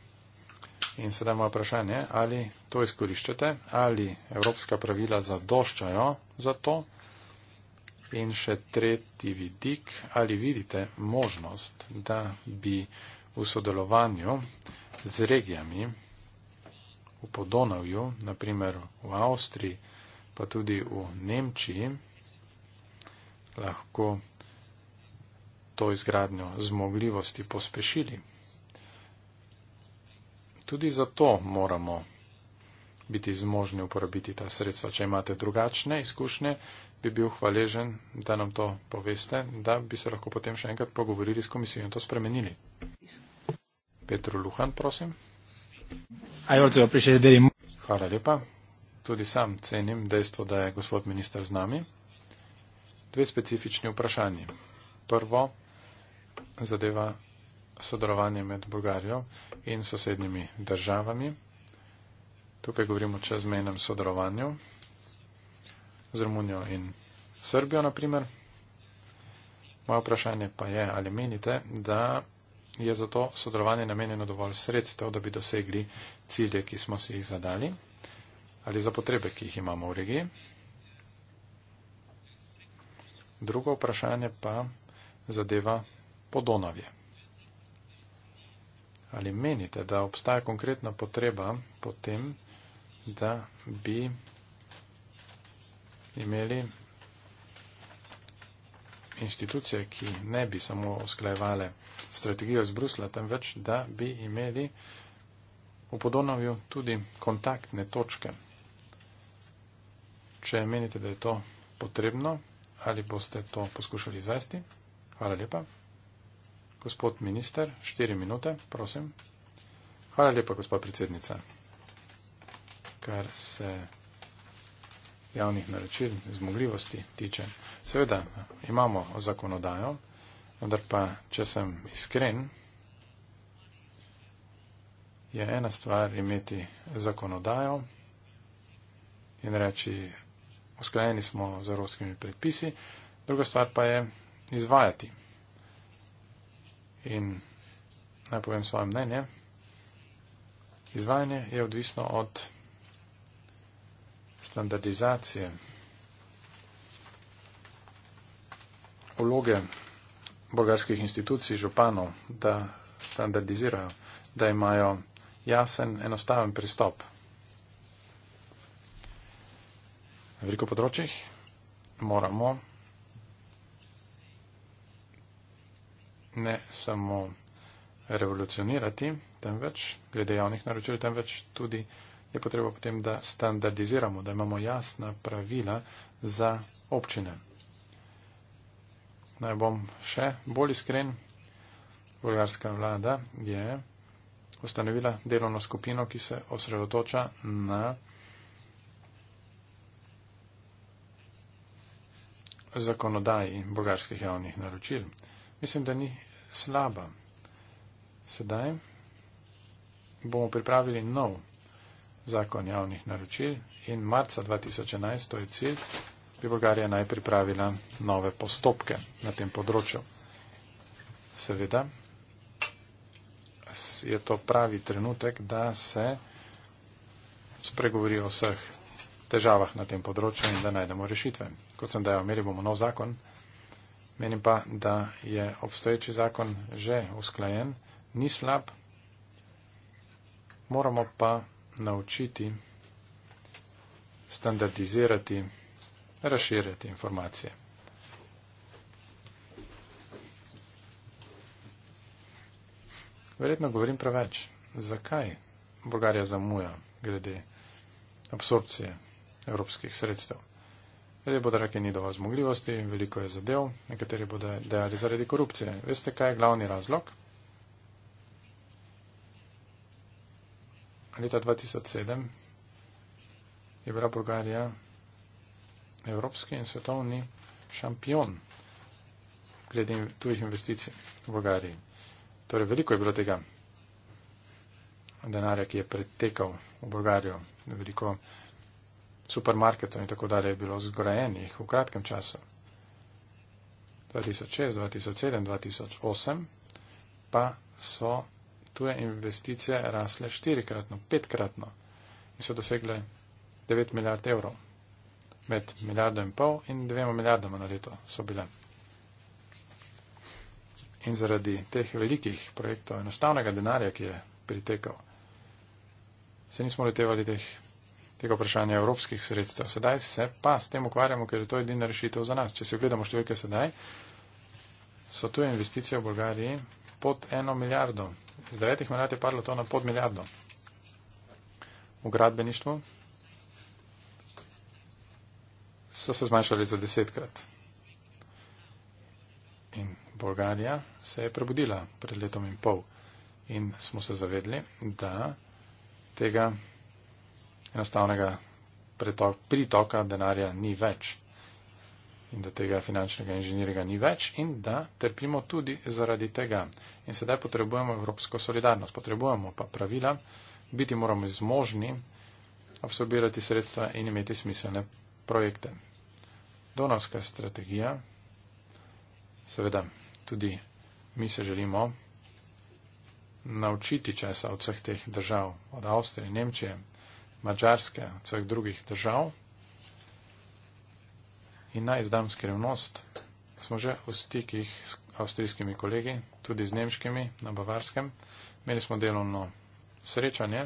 In sedaj moje vprašanje, ali to izkoriščate, ali evropska pravila zadoščajo za to. In še tretji vidik, ali vidite možnost, da bi v sodelovanju z regijami v Podonavju, naprimer v Avstriji, pa tudi v Nemčiji, lahko to izgradnjo zmogljivosti pospešili. Tudi zato moramo biti zmožni uporabiti ta sredstva. Če imate drugačne izkušnje, bi bil hvaležen, da nam to poveste, da bi se lahko potem še enkrat pogovorili s komisijo in to spremenili. Petru Luhan, prosim. Hvala lepa. Tudi sam cenim dejstvo, da je gospod minister z nami. Dve specifični vprašanji. Prvo zadeva sodelovanje med Bolgarijo in sosednjimi državami. Tukaj govorimo o čezmejnem sodelovanju z Romunijo in Srbijo, na primer. Moje vprašanje pa je, ali menite, da je za to sodelovanje namenjeno dovolj sredstev, da bi dosegli cilje, ki smo si jih zadali, ali za potrebe, ki jih imamo v regiji. Drugo vprašanje pa zadeva podonavje ali menite, da obstaja konkretna potreba potem, da bi imeli institucije, ki ne bi samo usklajevale strategijo iz Brusla, temveč da bi imeli v Podonavju tudi kontaktne točke. Če menite, da je to potrebno, ali boste to poskušali izvesti? Hvala lepa. Gospod minister, štiri minute, prosim. Hvala lepa, gospod predsednica. Kar se javnih naročil in zmogljivosti tiče. Seveda imamo zakonodajo, vendar pa, če sem iskren, je ena stvar imeti zakonodajo in reči, usklajeni smo z evropskimi predpisi, druga stvar pa je izvajati. In naj povem svoje mnenje. Izvajanje je odvisno od standardizacije vloge bolgarskih institucij, županov, da standardizirajo, da imajo jasen, enostaven pristop. Na veliko področjih moramo ne samo revolucionirati, temveč glede javnih naročil, temveč tudi je potrebo potem, da standardiziramo, da imamo jasna pravila za občine. Naj bom še bolj iskren. Bolgarska vlada je ustanovila delovno skupino, ki se osredotoča na zakonodaji bolgarskih javnih naročil mislim, da ni slaba. Sedaj bomo pripravili nov zakon javnih naročil in marca 2011, to je cilj, bi Bolgarija naj pripravila nove postopke na tem področju. Seveda je to pravi trenutek, da se spregovori o vseh težavah na tem področju in da najdemo rešitve. Kot sem dejal, imeli bomo nov zakon. Menim pa, da je obstoječi zakon že usklajen, ni slab, moramo pa naučiti standardizirati, razširiti informacije. Verjetno govorim preveč. Zakaj Bolgarija zamuja glede absorpcije evropskih sredstev? Ljudje bodo rekli, ni dovolj zmogljivosti, veliko je zadev, nekateri bodo dejali zaradi korupcije. Veste, kaj je glavni razlog? Leta 2007 je bila Bulgarija evropski in svetovni šampion glede tujih investicij v Bulgariji. Torej, veliko je bilo tega denarja, ki je pretekal v Bulgarijo. Veliko supermarketov in tako dalje je bilo zgrajenih v kratkem času. 2006, 2007, 2008 pa so tuje investicije rasle štirikratno, petkratno in so dosegle 9 milijard evrov. Med milijardo in pol in dvema milijardama na leto so bile. In zaradi teh velikih projektov enostavnega denarja, ki je pritekal, se nismo letevali teh tega vprašanja evropskih sredstev. Sedaj se pa s tem ukvarjamo, ker je to edina rešitev za nas. Če se gledamo številke sedaj, so tu investicije v Bolgariji pod eno milijardo. Z devetih milijard je padlo to na pod milijardo. V gradbeništvu so se zmanjšali za desetkrat. In Bolgarija se je prebudila pred letom in pol. In smo se zavedli, da tega enostavnega pretok, pritoka denarja ni več in da tega finančnega inženirja ni več in da trpimo tudi zaradi tega. In sedaj potrebujemo evropsko solidarnost, potrebujemo pa pravila, biti moramo zmožni absorbirati sredstva in imeti smiselne projekte. Donovska strategija, seveda, tudi mi se želimo naučiti česa od vseh teh držav, od Avstrije, Nemčije, Mačarske, od vseh drugih držav. In naj izdam skrivnost, smo že v stikih s avstrijskimi kolegi, tudi z nemškimi na Bavarskem. Imeli smo delovno srečanje,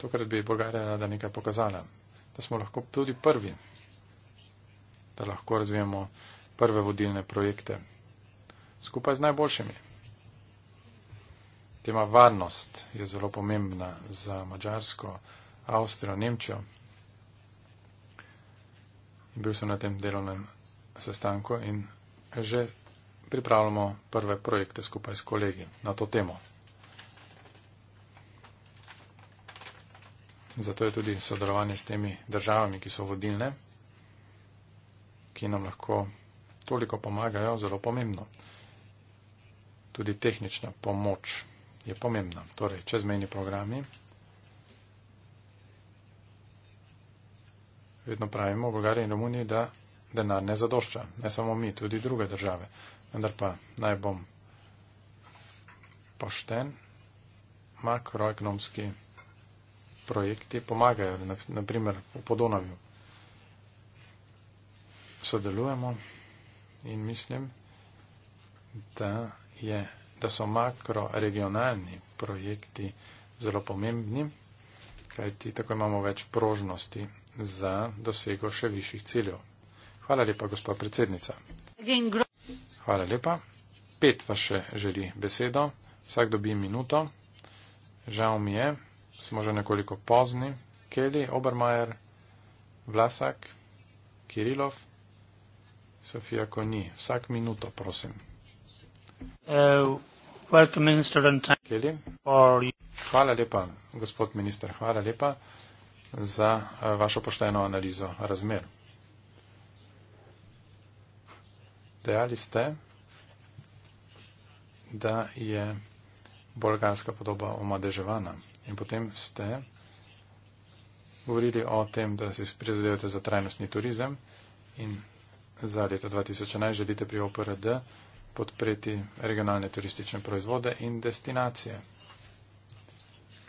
tokrat bi Bolgarija rada nekaj pokazala, da smo lahko tudi prvi, da lahko razvijemo prve vodilne projekte skupaj z najboljšimi tema varnost je zelo pomembna za Mačarsko, Avstrijo, Nemčijo. In bil sem na tem delovnem sestanku in že pripravljamo prve projekte skupaj s kolegi na to temo. Zato je tudi sodelovanje s temi državami, ki so vodilne, ki nam lahko toliko pomagajo, zelo pomembno. Tudi tehnična pomoč je pomembna. Torej, čezmejni programi. Vedno pravimo v Bolgariji in Romuniji, da denar ne zadošča. Ne samo mi, tudi druge države. Vendar pa naj bom pošten, makroekonomski projekti pomagajo, naprimer v Podonavju. Sodelujemo in mislim, da je da so makroregionalni projekti zelo pomembni, kajti tako imamo več prožnosti za dosego še višjih ciljev. Hvala lepa, gospa predsednica. Hvala lepa. Pet vas še želi besedo. Vsak dobi minuto. Žal mi je, smo že nekoliko pozni. Keli, Obermajer, Vlasak, Kirilov, Sofija Koni. Vsak minuto, prosim. Uh. Hvala lepa, gospod minister, hvala lepa za eh, vašo pošteno analizo razmer. Dejali ste, da je bolgarska podoba omadeževana in potem ste govorili o tem, da si prizadevate za trajnostni turizem in za leto 2011 želite pri OPRD podpreti regionalne turistične proizvode in destinacije.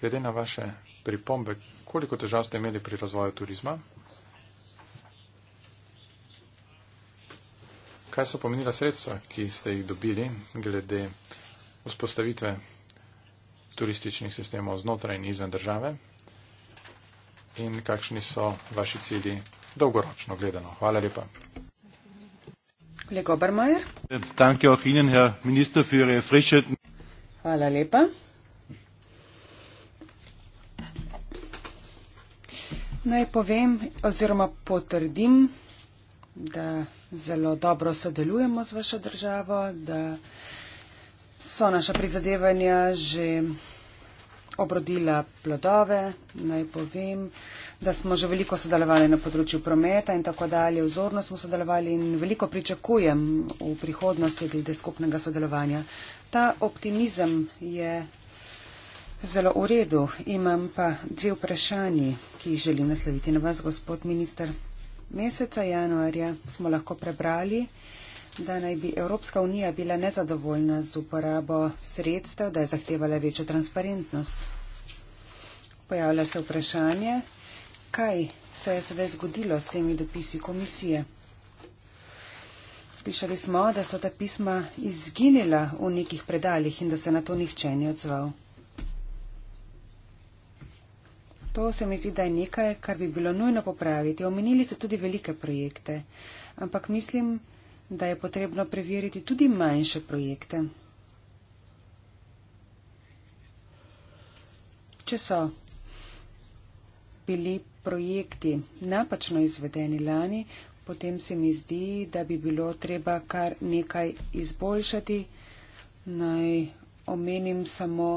Glede na vaše pripombe, koliko težav ste imeli pri razvoju turizma? Kaj so pomenila sredstva, ki ste jih dobili glede vzpostavitve turističnih sistemov znotraj in izven države? In kakšni so vaši cilji dolgoročno gledano? Hvala lepa. Lego Obermeier. Danke auch Ihnen, Herr Minister, für Ihre frische. Hvala lepa. Naj povem oziroma potrdim, da zelo dobro sodelujemo z vašo državo, da so naša prizadevanja že obrodila plodove. Naj povem, da da smo že veliko sodelovali na področju prometa in tako dalje, vzorno smo sodelovali in veliko pričakujem v prihodnosti glede skupnega sodelovanja. Ta optimizem je zelo v redu. Imam pa dve vprašanji, ki jih želim nasloviti na vas, gospod minister. Meseca januarja smo lahko prebrali, da naj bi Evropska unija bila nezadovoljna z uporabo sredstev, da je zahtevala večjo transparentnost. Pojavlja se vprašanje, kaj se je sedaj zgodilo s temi dopisi komisije. Slišali smo, da so ta pisma izginila v nekih predaljih in da se na to nihče ni odzval. To se mi zdi, da je nekaj, kar bi bilo nujno popraviti. Omenili ste tudi velike projekte, ampak mislim, da je potrebno preveriti tudi manjše projekte. Če so bili projekti napačno izvedeni lani, potem se mi zdi, da bi bilo treba kar nekaj izboljšati. Naj omenim samo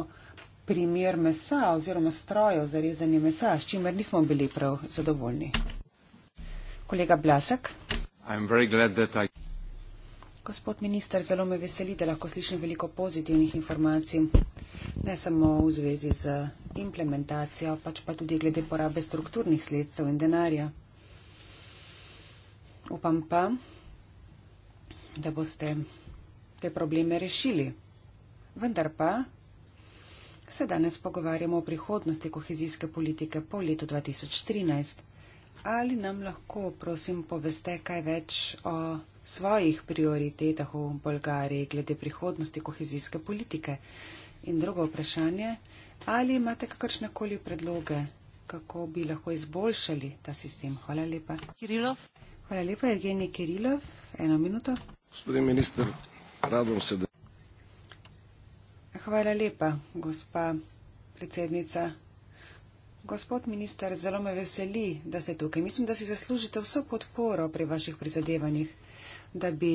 primer mesa oziroma strojev za rezanje mesa, s čimer nismo bili prav zadovoljni. Kolega Blasek. Gospod minister, zelo me veseli, da lahko slišim veliko pozitivnih informacij ne samo v zvezi z implementacijo, pač pa tudi glede porabe strukturnih sredstev in denarja. Upam pa, da boste te probleme rešili. Vendar pa se danes pogovarjamo o prihodnosti kohezijske politike po letu 2013. Ali nam lahko, prosim, poveste kaj več o svojih prioritetah v Bolgariji glede prihodnosti kohezijske politike? In drugo vprašanje, ali imate kakršne koli predloge, kako bi lahko izboljšali ta sistem? Hvala lepa. Kirilov. Hvala lepa, Evgenij Kirilov. Eno minuto. Gospodin minister, radom se. Hvala lepa, gospa predsednica. Gospod minister, zelo me veseli, da ste tukaj. Mislim, da si zaslužite vso podporo pri vaših prizadevanjih, da bi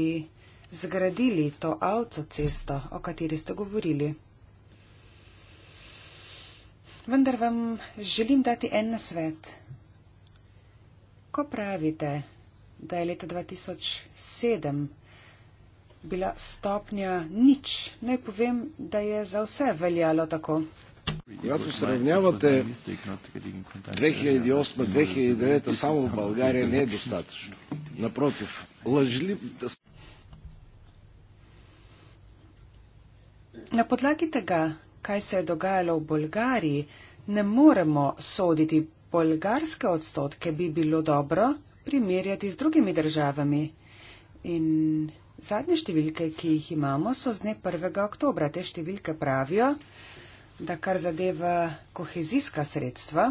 zgradili to avtocesto, o kateri ste govorili vendar vam želim dati en nasvet. Ko pravite, da je leta 2007 bila stopnja nič, naj povem, da je za vse veljalo tako. Ja, tu sravnjavate 2008-2009 samo v Bolgariji ne je dostatečno. Naprotiv, lažljiv. Na podlagi tega, kaj se je dogajalo v Bolgariji, ne moremo soditi bolgarske odstotke, bi bilo dobro primerjati z drugimi državami. In zadnje številke, ki jih imamo, so z dne 1. oktobra. Te številke pravijo, da kar zadeva kohezijska sredstva,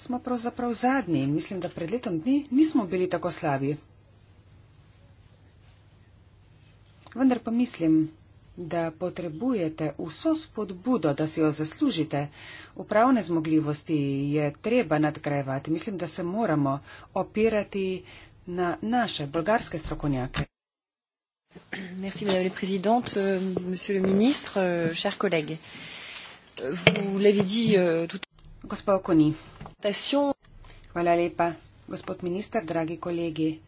smo pravzaprav zadnji in mislim, da pred letom dni nismo bili tako slabi. Vendar pa mislim, da potrebujete vso spodbudo, da si jo zaslužite. Upravne zmogljivosti je treba nadgrajevati. Mislim, da se moramo opirati na naše bolgarske strokovnjake. Merci, madame la présidente, euh, monsieur le ministre, euh, chers collègues. Vous l'avez dit euh, tout Gospod Koni. Hvala lepa, gospod minister, dragi kolegi.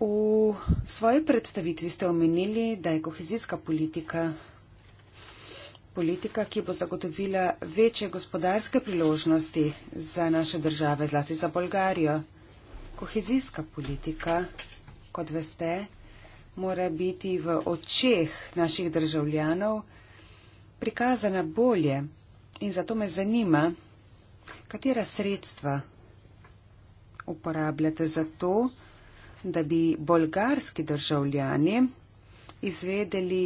V svoji predstavitvi ste omenili, da je kohezijska politika politika, ki bo zagotovila večje gospodarske priložnosti za naše države, zlasti za Bolgarijo. Kohezijska politika, kot veste, mora biti v očeh naših državljanov prikazana bolje in zato me zanima, katera sredstva uporabljate za to, da bi bolgarski državljani izvedeli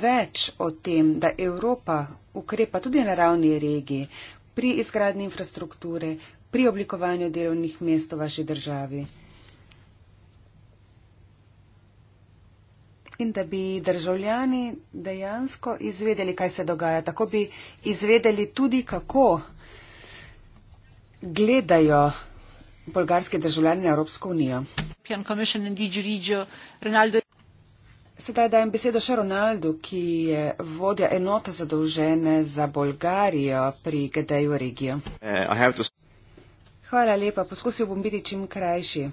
več o tem, da Evropa ukrepa tudi na ravni regije pri izgradnji infrastrukture, pri oblikovanju delovnih mest v vaši državi. In da bi državljani dejansko izvedeli, kaj se dogaja. Tako bi izvedeli tudi, kako gledajo bolgarski državljani na Evropsko unijo. European Commission in DG Regio. Ronaldo. Sedaj dajem besedo še Ronaldu, ki je vodja enote zadolžene za Bolgarijo pri GDU regiji. Eh, uh, to... Hvala lepa, poskusil bom biti čim krajši.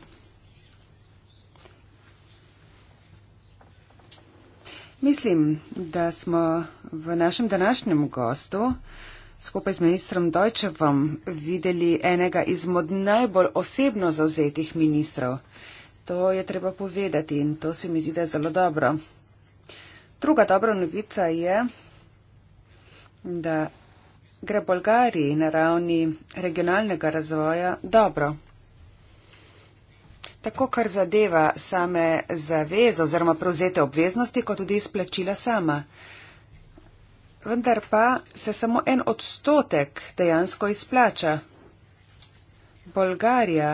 Mislim, da smo v našem današnjem gostu skupaj z ministrom Dojčevom videli enega izmed najbolj osebno zauzetih ministrov. To je treba povedati in to se mi zdi, da je zelo dobro. Druga dobra novica je, da gre Bolgariji na ravni regionalnega razvoja dobro. Tako, kar zadeva same zaveze oziroma prevzete obveznosti, kot tudi izplačila sama. Vendar pa se samo en odstotek dejansko izplača. Bolgarija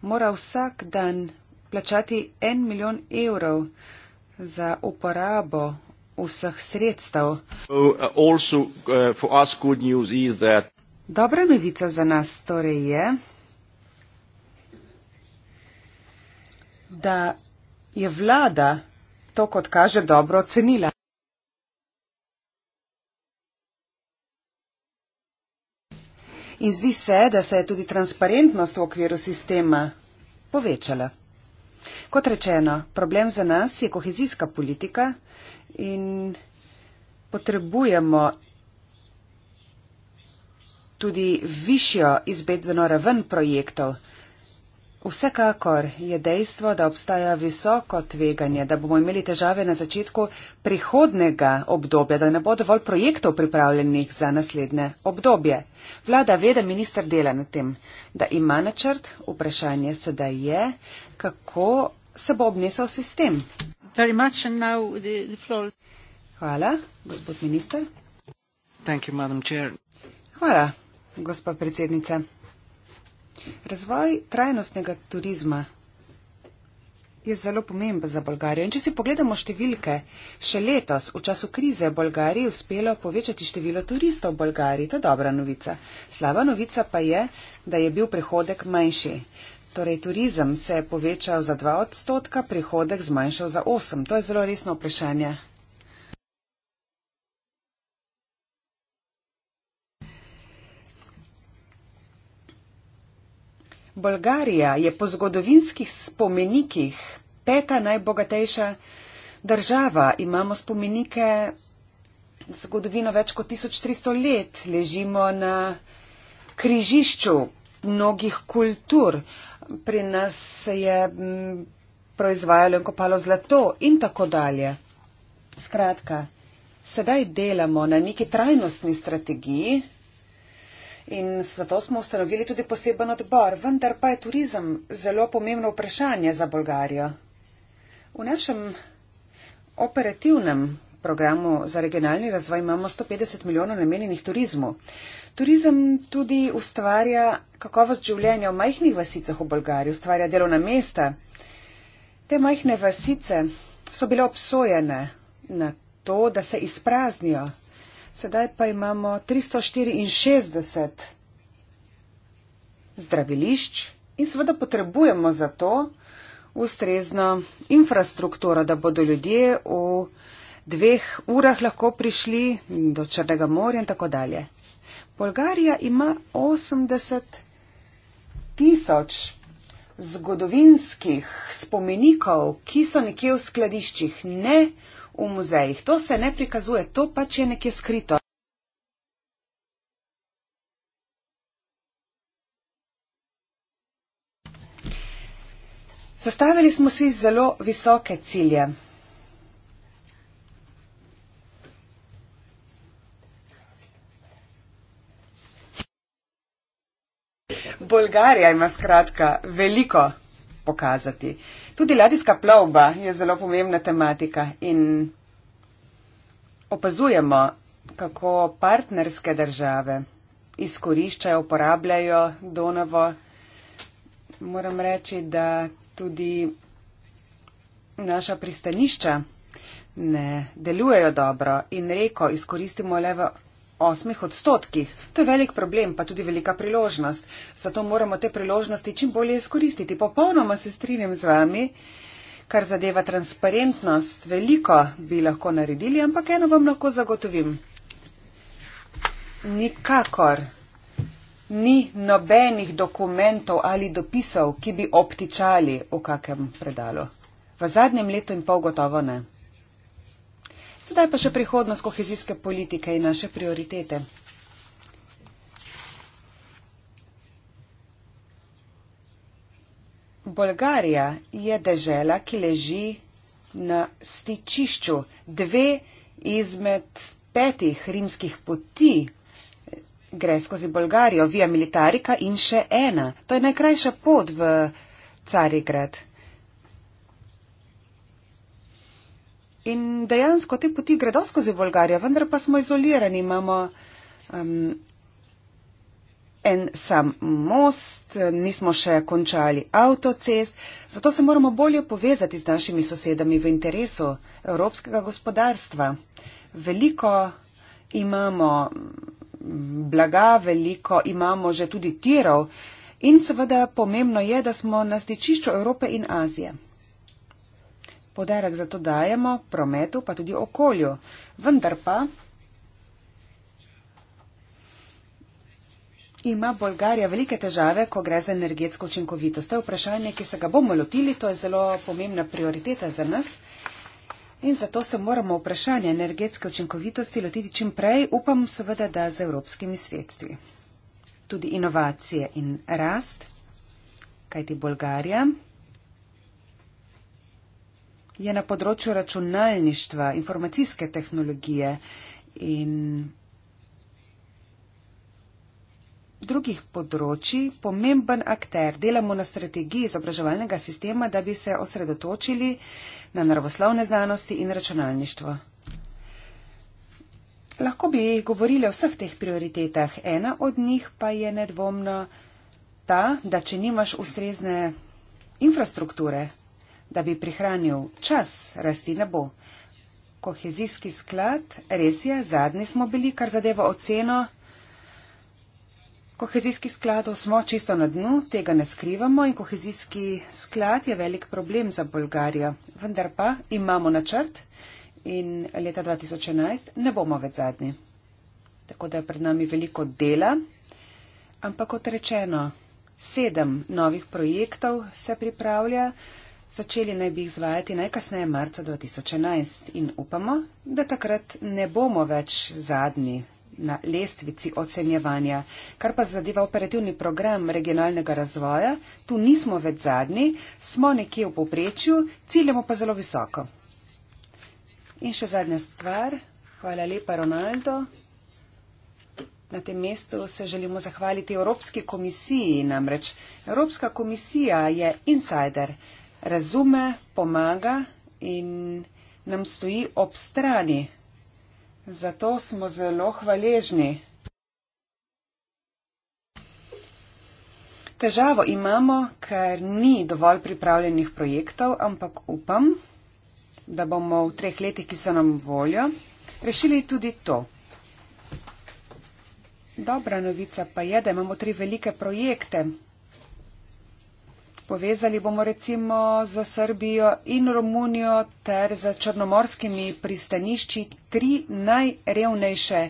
mora vsak dan plačati en milijon evrov za uporabo vseh sredstev. Uh, also, uh, that... Dobra novica za nas torej je, da je vlada to, kot kaže, dobro ocenila. In zdi se, da se je tudi transparentnost v okviru sistema povečala. Kot rečeno, problem za nas je kohezijska politika in potrebujemo tudi višjo izbedveno raven projektov. Vsekakor je dejstvo, da obstaja visoko tveganje, da bomo imeli težave na začetku prihodnega obdobja, da ne bo dovolj projektov pripravljenih za naslednje obdobje. Vlada ve, da minister dela na tem, da ima načrt, vprašanje sedaj je, kako se bo obnesel sistem. Hvala, gospod minister. Hvala, gospod predsednica. Razvoj trajnostnega turizma je zelo pomemben za Bolgarijo. In če si pogledamo številke, še letos v času krize je Bolgariji uspelo povečati število turistov v Bolgariji. To je dobra novica. Slaba novica pa je, da je bil prihodek manjši. Torej, turizem se je povečal za 2 odstotka, prihodek zmanjšal za 8. To je zelo resno vprašanje. Bolgarija je po zgodovinskih spomenikih peta najbogatejša država. Imamo spomenike zgodovino več kot 1300 let. Ležimo na križišču mnogih kultur. Pri nas se je proizvajalo in kopalo zlato in tako dalje. Skratka, sedaj delamo na neki trajnostni strategiji, in zato smo ustanovili tudi poseben odbor, vendar pa je turizem zelo pomembno vprašanje za Bolgarijo. V našem operativnem programu za regionalni razvoj imamo 150 milijonov namenjenih turizmu. Turizem tudi ustvarja kakovost življenja v majhnih vasicah v Bolgariji, ustvarja delovna mesta. Te majhne vasice so bile obsojene na to, da se izpraznijo sedaj pa imamo 364 zdravilišč in seveda potrebujemo za to ustrezno infrastrukturo, da bodo ljudje v dveh urah lahko prišli do Črnega morja in tako dalje. Bolgarija ima 80 tisoč zgodovinskih spomenikov, ki so nekje v skladiščih, ne v muzejih. To se ne prikazuje, to pač je nekje skrito. Zastavili smo si zelo visoke cilje. Bolgarija ima skratka veliko pokazati. Tudi ladijska plovba je zelo pomembna tematika in opazujemo, kako partnerske države izkoriščajo, uporabljajo Donovo. Moram reči, da tudi naša pristanišča ne delujejo dobro in reko izkoristimo le v osmih odstotkih. To je velik problem, pa tudi velika priložnost. Zato moramo te priložnosti čim bolje izkoristiti. Popolnoma se strinjam z vami, kar zadeva transparentnost. Veliko bi lahko naredili, ampak eno vam lahko zagotovim. Nikakor ni nobenih dokumentov ali dopisov, ki bi obtičali v kakem predalu. V zadnjem letu in pol gotovo ne. Sedaj pa še prihodnost kohezijske politike in naše prioritete. Bolgarija je dežela, ki leži na stičišču. Dve izmed petih rimskih poti gre skozi Bolgarijo, Via Militarica in še ena. To je najkrajša pot v Carigrad. In dejansko te poti gredo skozi Bolgarijo, vendar pa smo izolirani. Imamo um, en sam most, nismo še končali avtocest, zato se moramo bolje povezati z našimi sosedami v interesu evropskega gospodarstva. Veliko imamo blaga, veliko imamo že tudi tirov in seveda pomembno je, da smo na stičišču Evrope in Azije. Podarek za to dajemo prometu, pa tudi okolju. Vendar pa ima Bolgarija velike težave, ko gre za energetsko učinkovitost. To je vprašanje, ki se ga bomo lotili, to je zelo pomembna prioriteta za nas. In zato se moramo vprašanje energetske učinkovitosti lotiti čim prej, upam seveda, da z evropskimi sredstvi. Tudi inovacije in rast, kajti Bolgarija je na področju računalništva, informacijske tehnologije in drugih področji pomemben akter. Delamo na strategiji izobraževalnega sistema, da bi se osredotočili na naravoslovne znanosti in računalništvo. Lahko bi govorili o vseh teh prioritetah. Ena od njih pa je nedvomno ta, da če nimaš ustrezne infrastrukture, da bi prihranil čas, rasti ne bo. Kohezijski sklad, res je, zadnji smo bili, kar zadeva oceno. Kohezijski skladov smo čisto na dnu, tega ne skrivamo in kohezijski sklad je velik problem za Bolgarijo. Vendar pa imamo načrt in leta 2011 ne bomo več zadnji. Tako da je pred nami veliko dela, ampak kot rečeno, sedem novih projektov se pripravlja. Začeli naj bi jih izvajati najkasneje marca 2011 in upamo, da takrat ne bomo več zadnji na lestvici ocenjevanja. Kar pa zadeva operativni program regionalnega razvoja, tu nismo več zadnji, smo nekje v poprečju, ciljamo pa zelo visoko. In še zadnja stvar. Hvala lepa, Ronaldo. Na tem mestu se želimo zahvaliti Evropski komisiji, namreč Evropska komisija je insider razume, pomaga in nam stoji ob strani. Zato smo zelo hvaležni. Težavo imamo, ker ni dovolj pripravljenih projektov, ampak upam, da bomo v treh letih, ki so nam voljo, rešili tudi to. Dobra novica pa je, da imamo tri velike projekte, Povezali bomo recimo za Srbijo in Romunijo ter za črnomorskimi pristanišči tri najrevnejše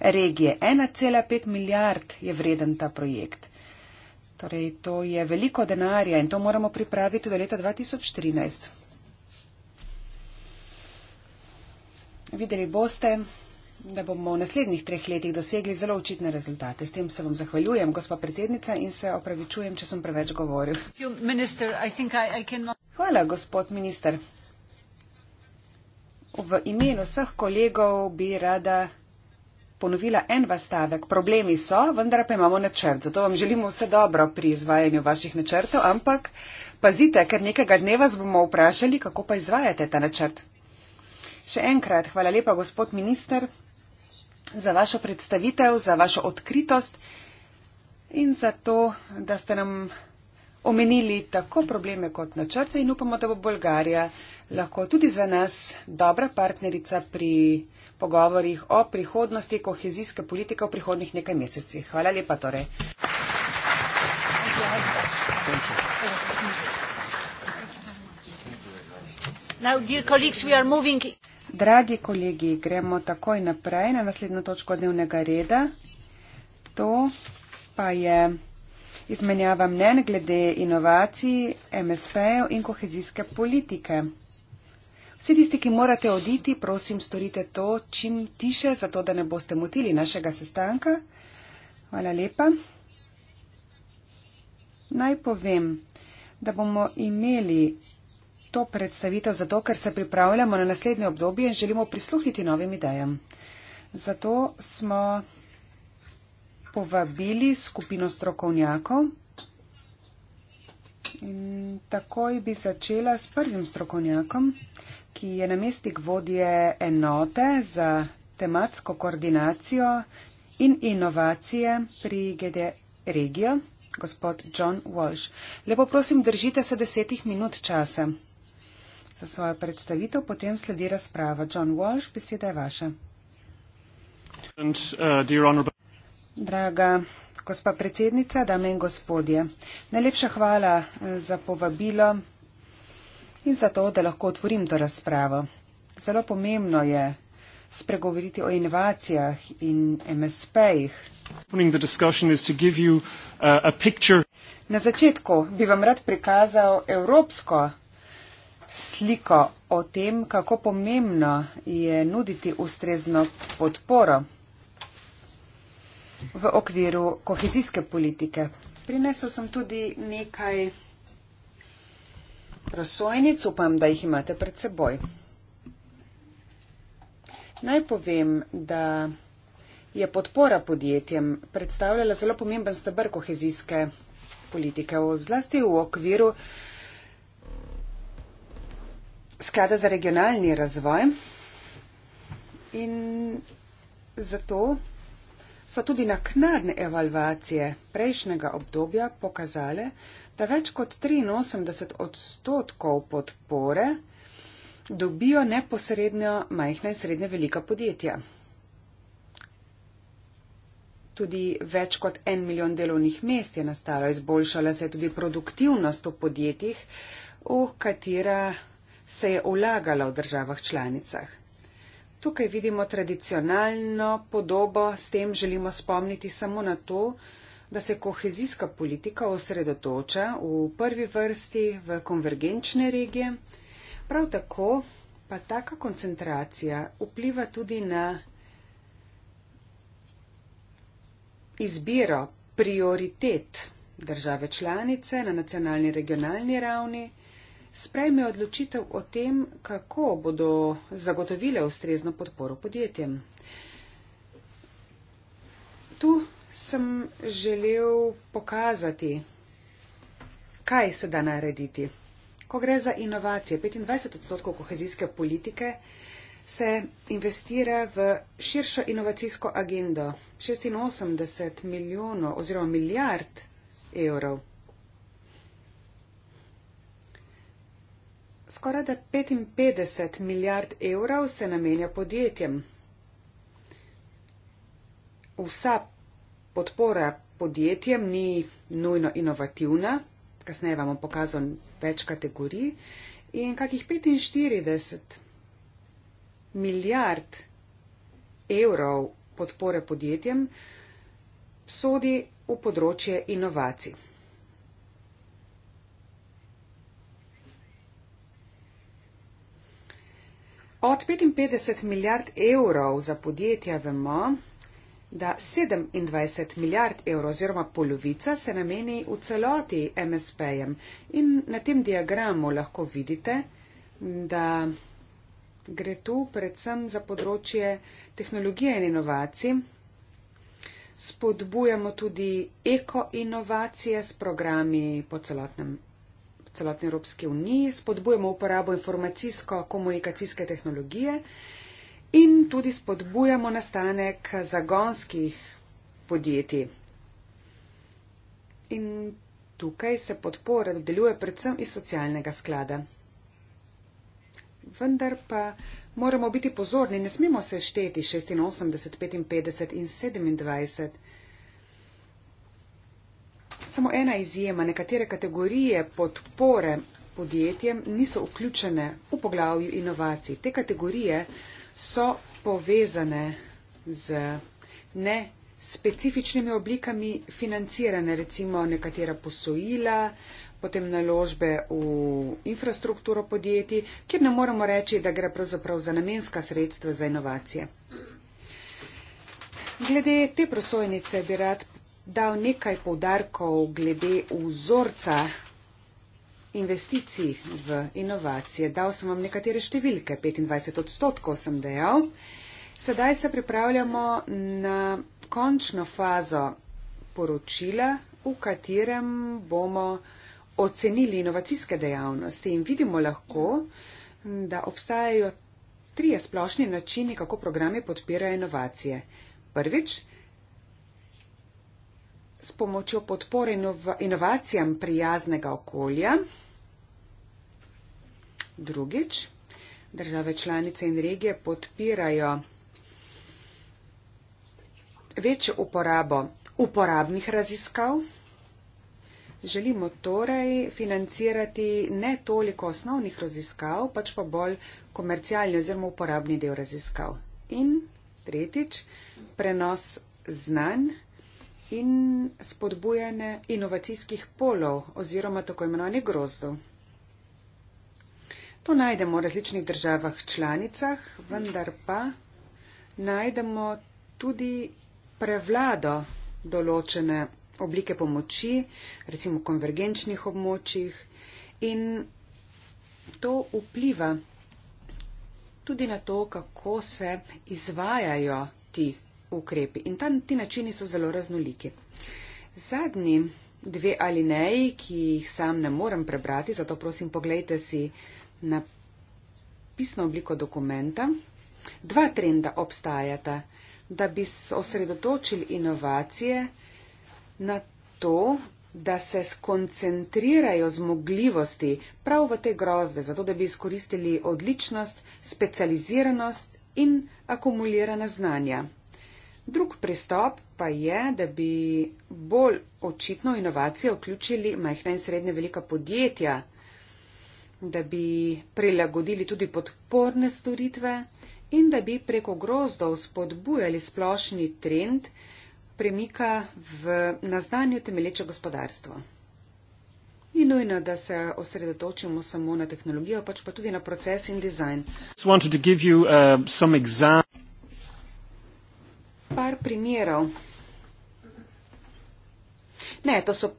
regije. 1,5 milijard je vreden ta projekt. Torej, to je veliko denarja in to moramo pripraviti do leta 2013. Videli boste da bomo v naslednjih treh letih dosegli zelo očitne rezultate. S tem se vam zahvaljujem, gospa predsednica, in se opravičujem, če sem preveč govoril. Hvala, gospod minister. V imenu vseh kolegov bi rada ponovila en vas stavek. Problemi so, vendar pa imamo načrt. Zato vam želimo vse dobro pri izvajanju vaših načrtov, ampak pazite, ker nekega dne vas bomo vprašali, kako pa izvajate ta načrt. Še enkrat, hvala lepa, gospod minister za vašo predstavitev, za vašo odkritost in za to, da ste nam omenili tako probleme kot načrte in upamo, da bo Bolgarija lahko tudi za nas dobra partnerica pri pogovorjih o prihodnosti kohezijske politike v prihodnih nekaj mesecih. Hvala lepa torej. Now, dear colleagues, we are moving. Dragi kolegi, gremo takoj naprej na naslednjo točko dnevnega reda. To pa je izmenjava mnen glede inovacij, MSP-jev in kohezijske politike. Vsi tisti, ki morate oditi, prosim, storite to čim tiše, zato da ne boste motili našega sestanka. Hvala lepa. Naj povem, da bomo imeli to predstavitev zato, ker se pripravljamo na naslednje obdobje in želimo prisluhniti novim idejam. Zato smo povabili skupino strokovnjakov in takoj bi začela s prvim strokovnjakom, ki je namestnik vodje enote za tematsko koordinacijo in inovacije pri GD Regija, gospod John Walsh. Lepo prosim, držite se desetih minut časa za svojo predstavitev, potem sledi razprava. John Walsh, beseda je vaša. Uh, Draga gospa predsednica, dame in gospodje, najlepša hvala eh, za povabilo in za to, da lahko otvorim to razpravo. Zelo pomembno je spregovoriti o inovacijah in MSP-jih. Uh, Na začetku bi vam rad prikazal evropsko sliko o tem, kako pomembno je nuditi ustrezno podporo v okviru kohezijske politike. Prinesel sem tudi nekaj razsojnic, upam, da jih imate pred seboj. Naj povem, da je podpora podjetjem predstavljala zelo pomemben stebr kohezijske politike, zlasti v okviru sklada za regionalni razvoj in zato so tudi naknadne evalvacije prejšnjega obdobja pokazale, da več kot 83 odstotkov podpore dobijo neposredno majhna in srednja velika podjetja. Tudi več kot en milijon delovnih mest je nastalo, izboljšala se je tudi produktivnost v podjetjih, v katera se je vlagala v državah članicah. Tukaj vidimo tradicionalno podobo, s tem želimo spomniti samo na to, da se kohezijska politika osredotoča v prvi vrsti v konvergenčne regije. Prav tako pa taka koncentracija vpliva tudi na izbiro prioritet države članice na nacionalni regionalni ravni sprejme odločitev o tem, kako bodo zagotovile ustrezno podporo podjetjem. Tu sem želel pokazati, kaj se da narediti. Ko gre za inovacije, 25 odstotkov kohezijske politike se investira v širšo inovacijsko agendo, 86 milijonov oziroma milijard evrov. Skoraj 55 milijard evrov se namenja podjetjem. Vsa podpora podjetjem ni nujno inovativna, kasneje vam bom pokazal več kategorij. In kakih 45 milijard evrov podpore podjetjem sodi v področje inovacij. Od 55 milijard evrov za podjetja vemo, da 27 milijard evrov oziroma polovica se nameni v celoti MSP-jem. In na tem diagramu lahko vidite, da gre tu predvsem za področje tehnologije in inovacij. Spodbujamo tudi ekoinovacije s programi po celotnem celotni Evropski uniji, spodbujamo uporabo informacijsko-komunikacijske tehnologije in tudi spodbujamo nastanek zagonskih podjetij. In tukaj se podpora dodeljuje predvsem iz socialnega sklada. Vendar pa moramo biti pozorni, ne smemo se šteti 86, 55 in 27 samo ena izjema. Nekatere kategorije podpore podjetjem niso vključene v poglavju inovacij. Te kategorije so povezane z ne specifičnimi oblikami financiranja, recimo nekatera posojila, potem naložbe v infrastrukturo podjetij, kjer ne moremo reči, da gre pravzaprav za namenska sredstva za inovacije. Glede te prosojnice bi rad dal nekaj povdarkov glede vzorca investicij v inovacije. Dal sem vam nekatere številke, 25 odstotkov sem dejal. Sedaj se pripravljamo na končno fazo poročila, v katerem bomo ocenili inovacijske dejavnosti in vidimo lahko, da obstajajo trije splošni načini, kako programe podpirajo inovacije. Prvič, s pomočjo podpore inov inovacijam prijaznega okolja. Drugič, države članice in regije podpirajo večjo uporabo uporabnih raziskav. Želimo torej financirati ne toliko osnovnih raziskav, pač pa bolj komercialni oziroma uporabni del raziskav. In tretjič, prenos znanj in spodbujanje inovacijskih polov oziroma tako imenovanih grozdov. To najdemo v različnih državah članicah, vendar pa najdemo tudi prevlado določene oblike pomoči, recimo v konvergenčnih območjih in to vpliva tudi na to, kako se izvajajo ti ukrepi. In tam ti načini so zelo raznoliki. Zadnji dve alineji, ki jih sam ne morem prebrati, zato prosim pogledajte si na pisno obliko dokumenta. Dva trenda obstajata, da bi osredotočili inovacije na to, da se skoncentrirajo zmogljivosti prav v te grozde, zato da bi izkoristili odličnost, specializiranost in akumulirana znanja. Drug pristop pa je, da bi bolj očitno inovacije vključili majhna in srednje velika podjetja, da bi prilagodili tudi podporne storitve in da bi preko grozdov spodbujali splošni trend premika v naznanju temelječe gospodarstvo. Ni nujno, da se osredotočimo samo na tehnologijo, pač pa tudi na proces in dizajn par primerov. Ne, to so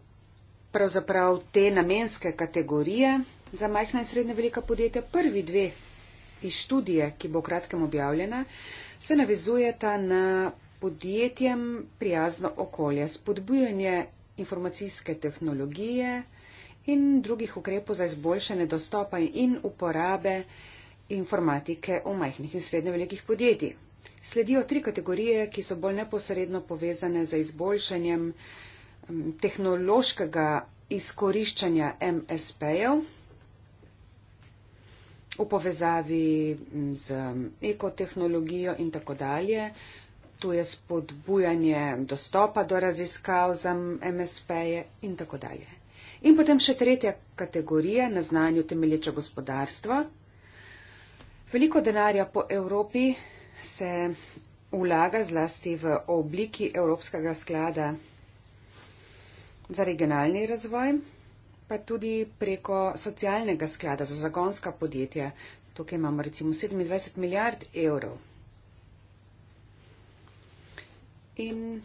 pravzaprav te namenske kategorije za majhna in srednje velika podjetja. Prvi dve iz študije, ki bo kratkem objavljena, se navezujeta na podjetjem prijazno okolje, spodbujanje informacijske tehnologije in drugih ukrepov za izboljšanje dostopa in uporabe informatike v majhnih in srednje velikih podjetjih. Sledijo tri kategorije, ki so bolj neposredno povezane z izboljšanjem tehnološkega izkoriščanja MSP-jev v povezavi z ekotehnologijo in tako dalje. Tu je spodbujanje dostopa do raziskav za MSP-je in tako dalje. In potem še tretja kategorija na znanju temelječa gospodarstva. Veliko denarja po Evropi se vlaga zlasti v obliki Evropskega sklada za regionalni razvoj, pa tudi preko socialnega sklada za zagonska podjetja. Tukaj imamo recimo 27 milijard evrov. In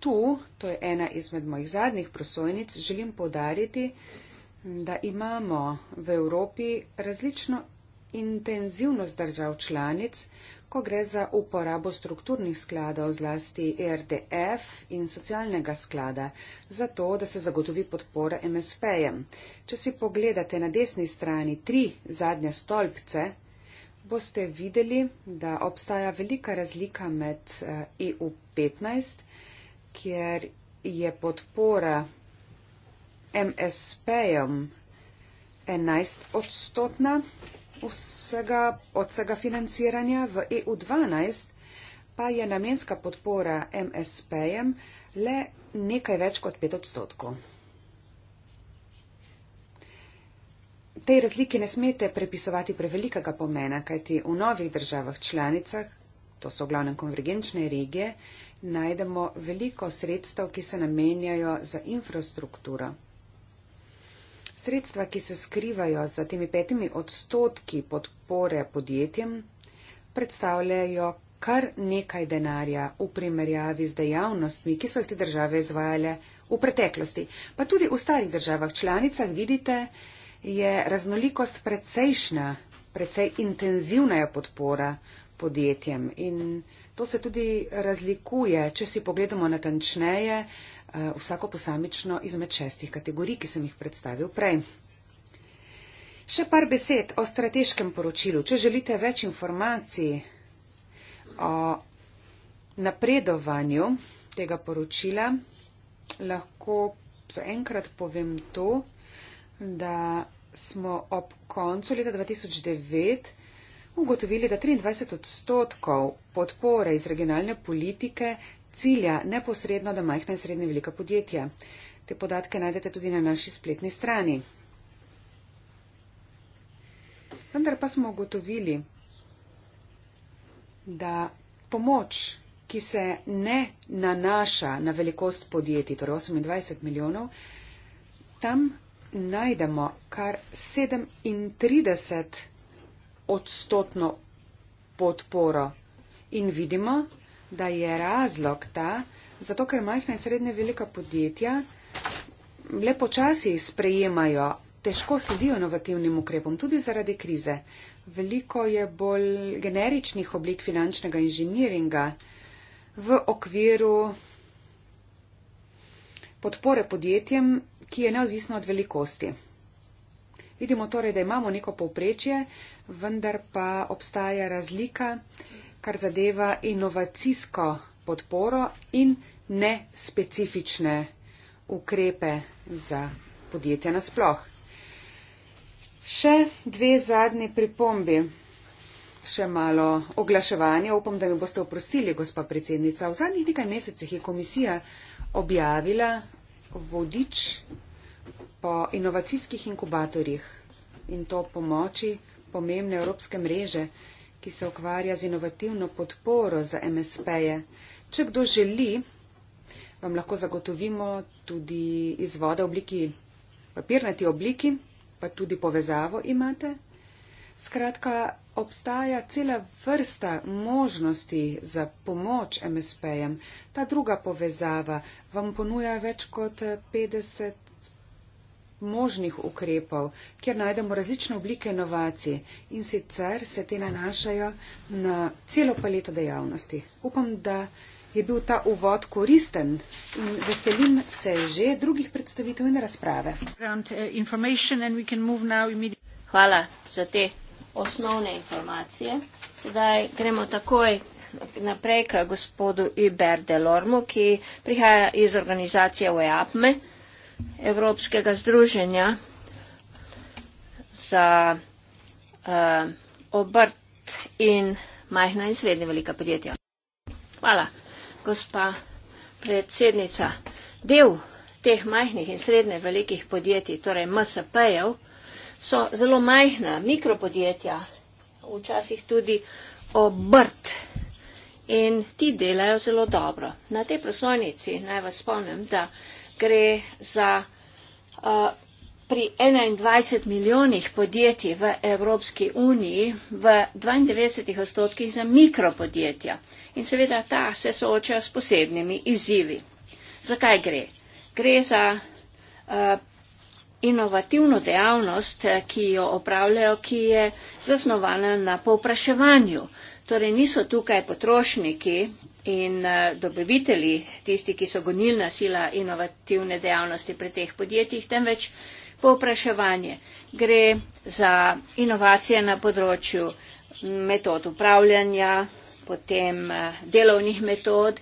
tu, to je ena izmed mojih zadnjih prosojnic, želim povdariti, da imamo v Evropi različno intenzivnost držav članic, ko gre za uporabo strukturnih skladov, zlasti RDF in socialnega sklada, za to, da se zagotovi podpora MSP-jem. Če si pogledate na desni strani tri zadnje stolpce, boste videli, da obstaja velika razlika med EU15, eh, e kjer je podpora MSP-jem 11 odstotna vsega, od vsega financiranja v EU12 pa je namenska podpora MSP-jem le nekaj več kot 5 odstotkov. Tej razliki ne smete prepisovati prevelikega pomena, kajti v novih državah članicah, to so glavne konvergenčne regije, najdemo veliko sredstev, ki se namenjajo za infrastrukturo sredstva, ki se skrivajo za temi petimi odstotki podpore podjetjem, predstavljajo kar nekaj denarja v primerjavi z dejavnostmi, ki so jih te države izvajale v preteklosti. Pa tudi v starih državah članicah vidite, je raznolikost precejšnja, precej intenzivna je podpora podjetjem. In to se tudi razlikuje, če si pogledamo natančneje, Eh, vsako posamično izmed šestih kategorij, ki sem jih predstavil prej. Še par besed o strateškem poročilu. Če želite več informacij o napredovanju tega poročila, lahko zaenkrat povem to, da smo ob koncu leta 2009 ugotovili, da 23 odstotkov podpore iz regionalne politike cilja neposredno, da majhna in srednja velika podjetja. Te podatke najdete tudi na naši spletni strani. Vendar pa smo ugotovili, da pomoč, ki se ne nanaša na velikost podjetij, torej 28 milijonov, tam najdemo kar 37 odstotno podporo. In vidimo, da je razlog ta, zato ker majhna in srednje velika podjetja le počasi sprejemajo, težko sledijo inovativnim ukrepom, tudi zaradi krize. Veliko je bolj generičnih oblik finančnega inženiringa v okviru podpore podjetjem, ki je neodvisno od velikosti. Vidimo torej, da imamo neko povprečje, vendar pa obstaja razlika. Mhm kar zadeva inovacijsko podporo in nespecifične ukrepe za podjetja nasploh. Še dve zadnji pripombi, še malo oglaševanja. Upam, da mi boste oprostili, gospa predsednica. V zadnjih nekaj mesecih je komisija objavila vodič po inovacijskih inkubatorjih in to pomoči pomembne evropske mreže ki se ukvarja z inovativno podporo za MSP-je. Če kdo želi, vam lahko zagotovimo tudi izvode v obliki papirnati obliki, pa tudi povezavo imate. Skratka, obstaja cela vrsta možnosti za pomoč MSP-jem. Ta druga povezava vam ponuja več kot 50 možnih ukrepov, kjer najdemo različne oblike inovacij in sicer se te nanašajo na celo paleto dejavnosti. Upam, da je bil ta uvod koristen in veselim se že drugih predstavitev in razprave. Eh, Hvala za te osnovne informacije. Sedaj gremo takoj naprej k gospodu Iber Delormu, ki prihaja iz organizacije WEAPME. Evropskega združenja za uh, obrt in majhna in srednja velika podjetja. Hvala, gospa predsednica. Del teh majhnih in srednje velikih podjetij, torej MSP-jev, so zelo majhna mikropodjetja, včasih tudi obrt in ti delajo zelo dobro. Na tej prosojnici naj vas spomnim, da uh, gre za uh, pri 21 milijonih podjetij v Evropski uniji v 92 odstotkih za mikropodjetja. In seveda ta se sooča s posebnimi izzivi. Zakaj gre? Gre za uh, inovativno dejavnost, eh, ki jo opravljajo, ki je zasnovana na povpraševanju. Torej niso tukaj potrošniki, in eh, dobavitelji, tisti, ki so gonilna sila inovativne dejavnosti pri teh podjetjih, temveč povpraševanje. Gre za inovacije na področju metod upravljanja, potem eh, delovnih metod.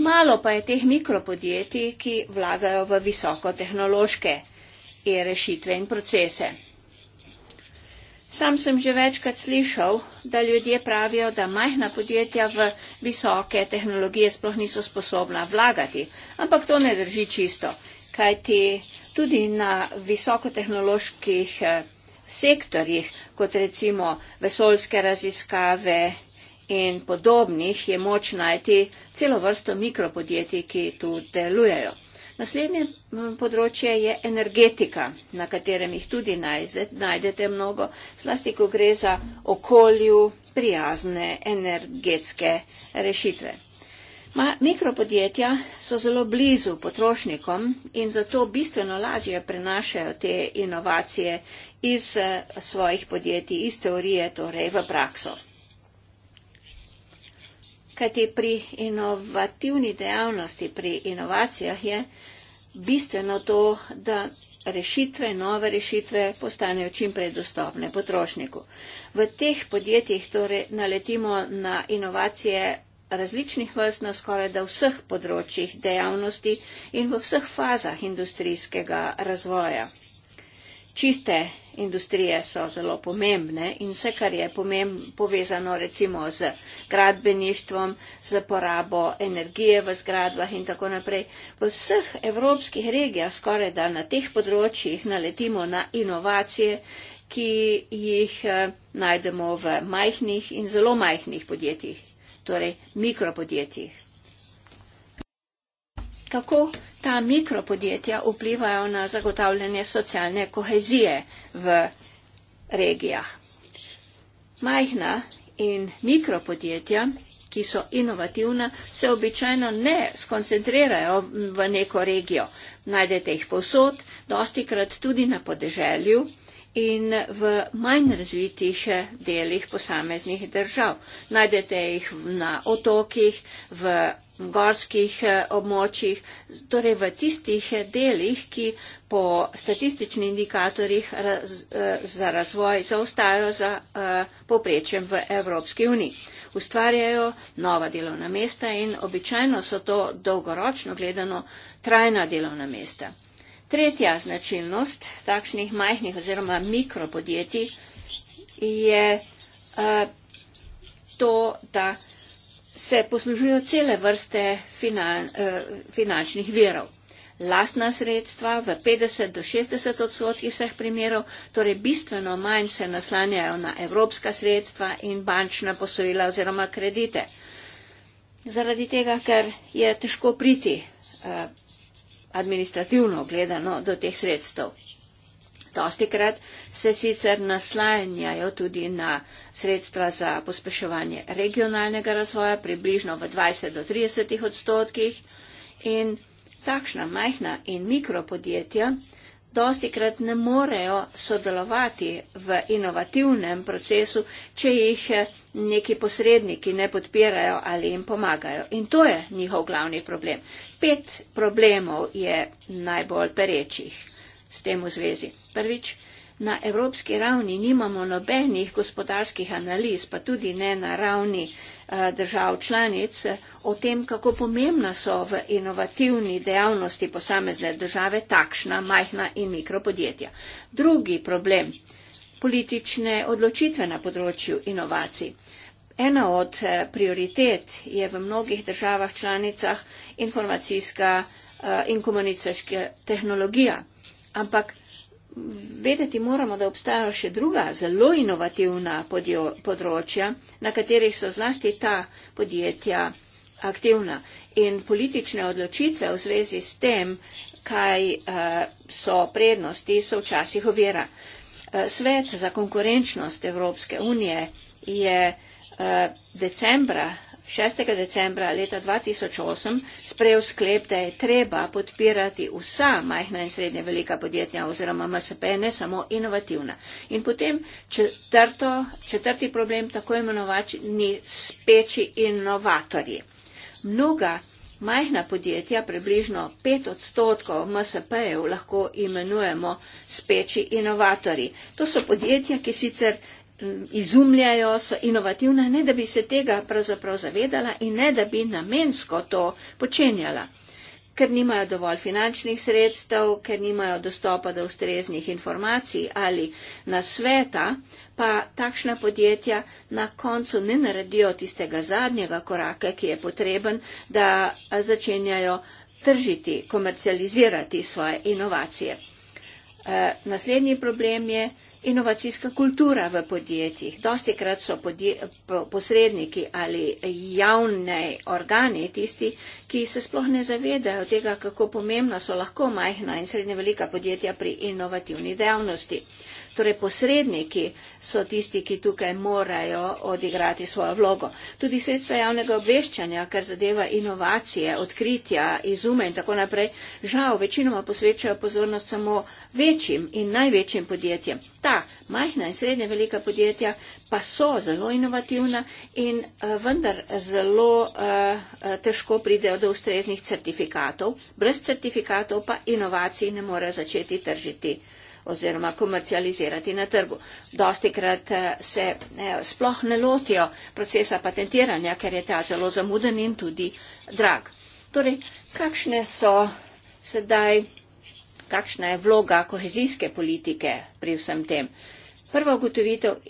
Malo pa je teh mikropodjetij, ki vlagajo v visokotehnološke rešitve in procese. Sam sem že večkrat slišal, da ljudje pravijo, da majhna podjetja v visoke tehnologije sploh niso sposobna vlagati. Ampak to ne drži čisto, kajti tudi na visokotehnoloških eh, sektorjih, kot recimo vesoljske raziskave in podobnih, je moč najti celo vrsto mikropodjetij, ki tu delujejo. Naslednje mm, področje je energetika, na katerem jih tudi najdete mnogo, zlasti ko gre za okolju prijazne energetske rešitve. Ma, mikropodjetja so zelo blizu potrošnikom in zato bistveno lažje prenašajo te inovacije iz eh, svojih podjetij, iz teorije torej v prakso kajti pri inovativni dejavnosti, pri inovacijah je bistveno to, da rešitve, nove rešitve postanejo čim prej dostopne potrošniku. V teh podjetjih torej naletimo na inovacije različnih vrst na skoraj da vseh področjih dejavnosti in v vseh fazah industrijskega razvoja. Čiste industrije so zelo pomembne in vse, kar je pomemb, povezano recimo z gradbeništvom, z porabo energije v zgradbah in tako naprej. V vseh evropskih regijah skoraj da na teh področjih naletimo na inovacije, ki jih eh, najdemo v majhnih in zelo majhnih podjetjih, torej mikropodjetjih. Kako? ta mikropodjetja vplivajo na zagotavljanje socialne kohezije v regijah. Majhna in mikropodjetja, ki so inovativna, se običajno ne skoncentrirajo v neko regijo. Najdete jih povsod, dosti krat tudi na podeželju in v manj razvitih delih posameznih držav. Najdete jih na otokih, v gorskih eh, območjih, torej v tistih eh, delih, ki po statističnih indikatorjih raz, eh, za razvoj zaostajajo za uh, poprečjem v Evropski uniji. Ustvarjajo nova delovna mesta in običajno so to dolgoročno gledano trajna delovna mesta. Tretja značilnost takšnih majhnih oziroma mikropodjetij je uh, to, da se poslužujo cele vrste finan, eh, finančnih virov. Lastna sredstva v 50 do 60 odstotkih vseh primerov, torej bistveno manj se naslanjajo na evropska sredstva in bančna posojila oziroma kredite. Zaradi tega, ker je težko priti eh, administrativno gledano do teh sredstev. Dosti krat se sicer naslanjajo tudi na sredstva za pospeševanje regionalnega razvoja, približno v 20 do 30 odstotkih. In takšna majhna in mikropodjetja dosti krat ne morejo sodelovati v inovativnem procesu, če jih eh, neki posredniki ne podpirajo ali jim pomagajo. In to je njihov glavni problem. Pet problemov je najbolj perečih s tem v zvezi. Prvič, na evropski ravni nimamo nobenih gospodarskih analiz, pa tudi ne na ravni eh, držav članic eh, o tem, kako pomembna so v inovativni dejavnosti posamezne države takšna majhna in mikropodjetja. Drugi problem, politične odločitve na področju inovacij. Ena od eh, prioritet je v mnogih državah članicah informacijska in komunicijska tehnologija. Ampak vedeti moramo, da obstajajo še druga zelo inovativna podjo, področja, na katerih so zlasti ta podjetja aktivna. In politične odločitve v zvezi s tem, kaj uh, so prednosti, so včasih ovira. Uh, svet za konkurenčnost Evropske unije je. Eh, decembra, 6. decembra leta 2008 sprejel sklep, da je treba podpirati vsa majhna in srednje velika podjetja oziroma MSP, ne samo inovativna. In potem četrto, četrti problem, tako imenovani speči inovatorji. Mnoga majhna podjetja, približno 5 odstotkov MSP-jev lahko imenujemo speči inovatorji. To so podjetja, ki sicer Mm, izumljajo, so inovativna, ne da bi se tega pravzaprav zavedala in ne da bi namensko to počenjala. Ker nimajo dovolj finančnih sredstev, ker nimajo dostopa do ustreznih informacij ali nasveta, pa takšna podjetja na koncu ne naredijo tistega zadnjega koraka, ki je potreben, da začenjajo tržiti, komercializirati svoje inovacije. Eh, naslednji problem je inovacijska kultura v podjetjih. Dosti krat so podje, posredniki ali javne organi tisti, ki se sploh ne zavedajo tega, kako pomembna so lahko majhna in srednje velika podjetja pri inovativni dejavnosti. Torej posredniki so tisti, ki tukaj morajo odigrati svojo vlogo. Tudi sredstva javnega obveščanja, kar zadeva inovacije, odkritja, izume in tako naprej, žal večinoma posvečajo pozornost samo večjim in največjim podjetjem. Ta majhna in srednja velika podjetja pa so zelo inovativna in eh, vendar zelo eh, težko pridejo do ustreznih certifikatov. Brez certifikatov pa inovacij ne more začeti tržiti oziroma komercializirati na trgu. Dostikrat eh, se eh, sploh ne lotijo procesa patentiranja, ker je ta zelo zamuden in tudi drag. Torej, kakšne so sedaj, kakšna je vloga kohezijske politike pri vsem tem? Prva ugotovitev,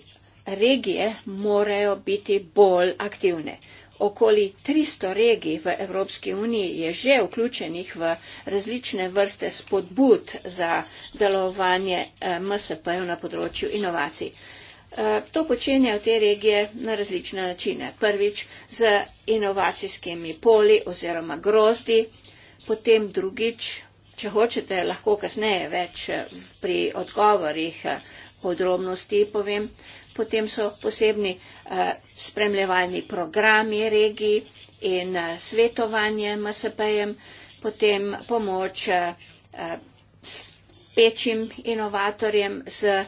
regije morajo biti bolj aktivne. Okoli 300 regij v Evropski uniji je že vključenih v različne vrste spodbud za delovanje eh, MSP-jev na področju inovacij. Eh, to počenjajo te regije na različne načine. Prvič z inovacijskimi poli oziroma grozdi, potem drugič, če hočete, lahko kasneje več eh, pri odgovorih podrobnosti povem, potem so posebni uh, spremljevalni programi regiji in uh, svetovanje MSP-jem, potem pomoč uh, s pečim inovatorjem z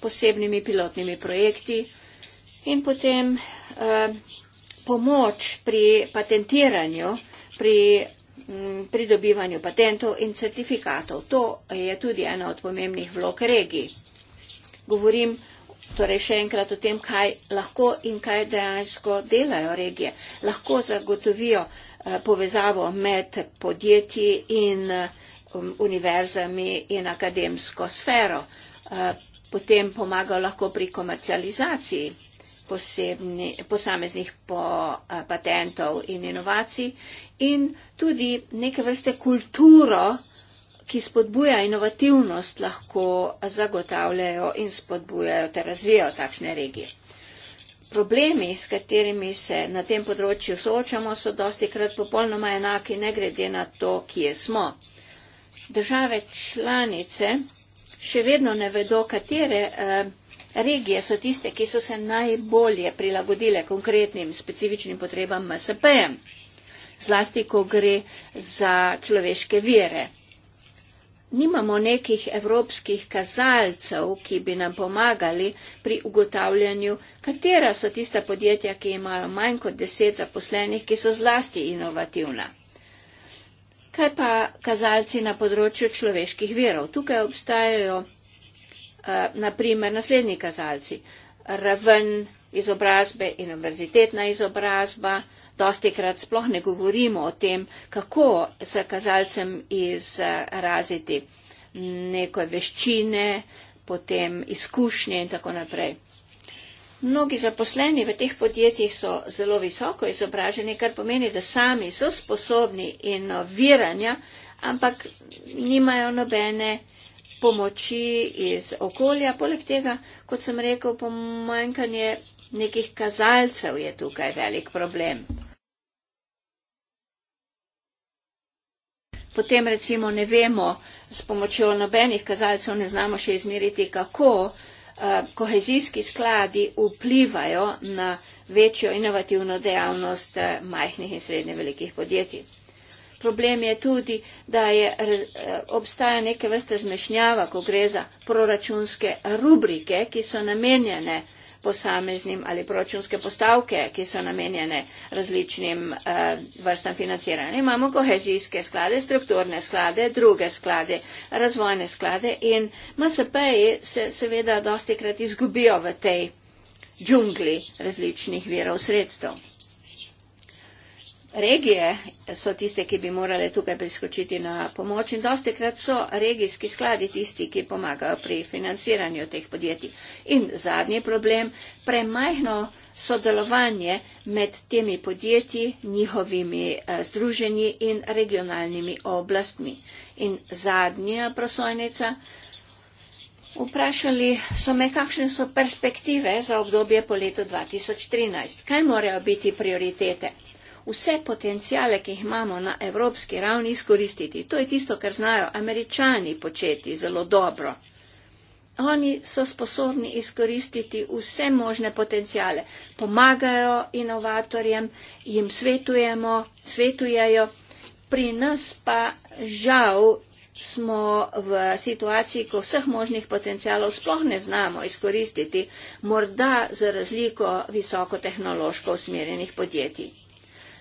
posebnimi pilotnimi projekti in potem uh, pomoč pri patentiranju, pri mm, pridobivanju patentov in certifikatov. To je tudi ena od pomembnih vlog regij. Govorim Torej še enkrat o tem, kaj lahko in kaj dejansko delajo regije. Lahko zagotovijo eh, povezavo med podjetji in um, univerzami in akademsko sfero. Eh, potem pomagajo lahko pri komercializaciji posebni, posameznih po, eh, patentov in inovacij in tudi neke vrste kulturo, ki spodbuja inovativnost, lahko zagotavljajo in spodbujajo ter razvijajo takšne regije. Problemi, s katerimi se na tem področju soočamo, so dosti krat popolnoma enaki, ne glede na to, kje smo. Države članice še vedno ne vedo, katere eh, regije so tiste, ki so se najbolje prilagodile konkretnim specifičnim potrebam MSP-jem, zlasti ko gre za človeške vire. Nimamo nekih evropskih kazalcev, ki bi nam pomagali pri ugotavljanju, katera so tista podjetja, ki imajo manj kot deset zaposlenih, ki so zlasti inovativna. Kaj pa kazalci na področju človeških verov? Tukaj obstajajo uh, eh, naprimer naslednji kazalci. Raven izobrazbe, univerzitetna izobrazba, dostikrat sploh ne govorimo o tem, kako se kazalcem izraziti neke veščine, potem izkušnje in tako naprej. Mnogi zaposleni v teh podjetjih so zelo visoko izobraženi, kar pomeni, da sami so sposobni inoviranja, ampak nimajo nobene pomoči iz okolja. Poleg tega, kot sem rekel, pomanjkanje nekih kazalcev je tukaj velik problem. Potem recimo ne vemo s pomočjo nobenih kazalcev, ne znamo še izmeriti, kako uh, kohezijski skladi vplivajo na večjo inovativno dejavnost eh, majhnih in srednje velikih podjetij. Problem je tudi, da je, eh, obstaja neke vrste zmešnjava, ko gre za proračunske rubrike, ki so namenjene uh, posameznim ali proračunske postavke, ki so namenjene različnim uh, vrstam financiranja. Imamo kohezijske sklade, strukturne sklade, druge sklade, razvojne sklade in MSP-ji se seveda dosti krat izgubijo v tej džungli različnih virov sredstev regije so tiste, ki bi morale tukaj priskočiti na pomoč in dosti krat so regijski skladi tisti, ki pomagajo pri financiranju teh podjetij. In zadnji problem, premajhno sodelovanje med temi podjetji, njihovimi eh, združenji in regionalnimi oblastmi. In zadnja prosojnica. Vprašali so me, kakšne so perspektive za obdobje po letu 2013. Kaj morajo biti prioritete? vse potencijale, ki jih imamo na evropski ravni, izkoristiti. To je tisto, kar znajo američani početi zelo dobro. Oni so sposobni izkoristiti vse možne potencijale. Pomagajo inovatorjem, jim svetujemo, svetujejo. Pri nas pa žal smo v situaciji, ko vseh možnih potencijalov sploh ne znamo izkoristiti, morda za razliko visokotehnološko usmerjenih podjetij.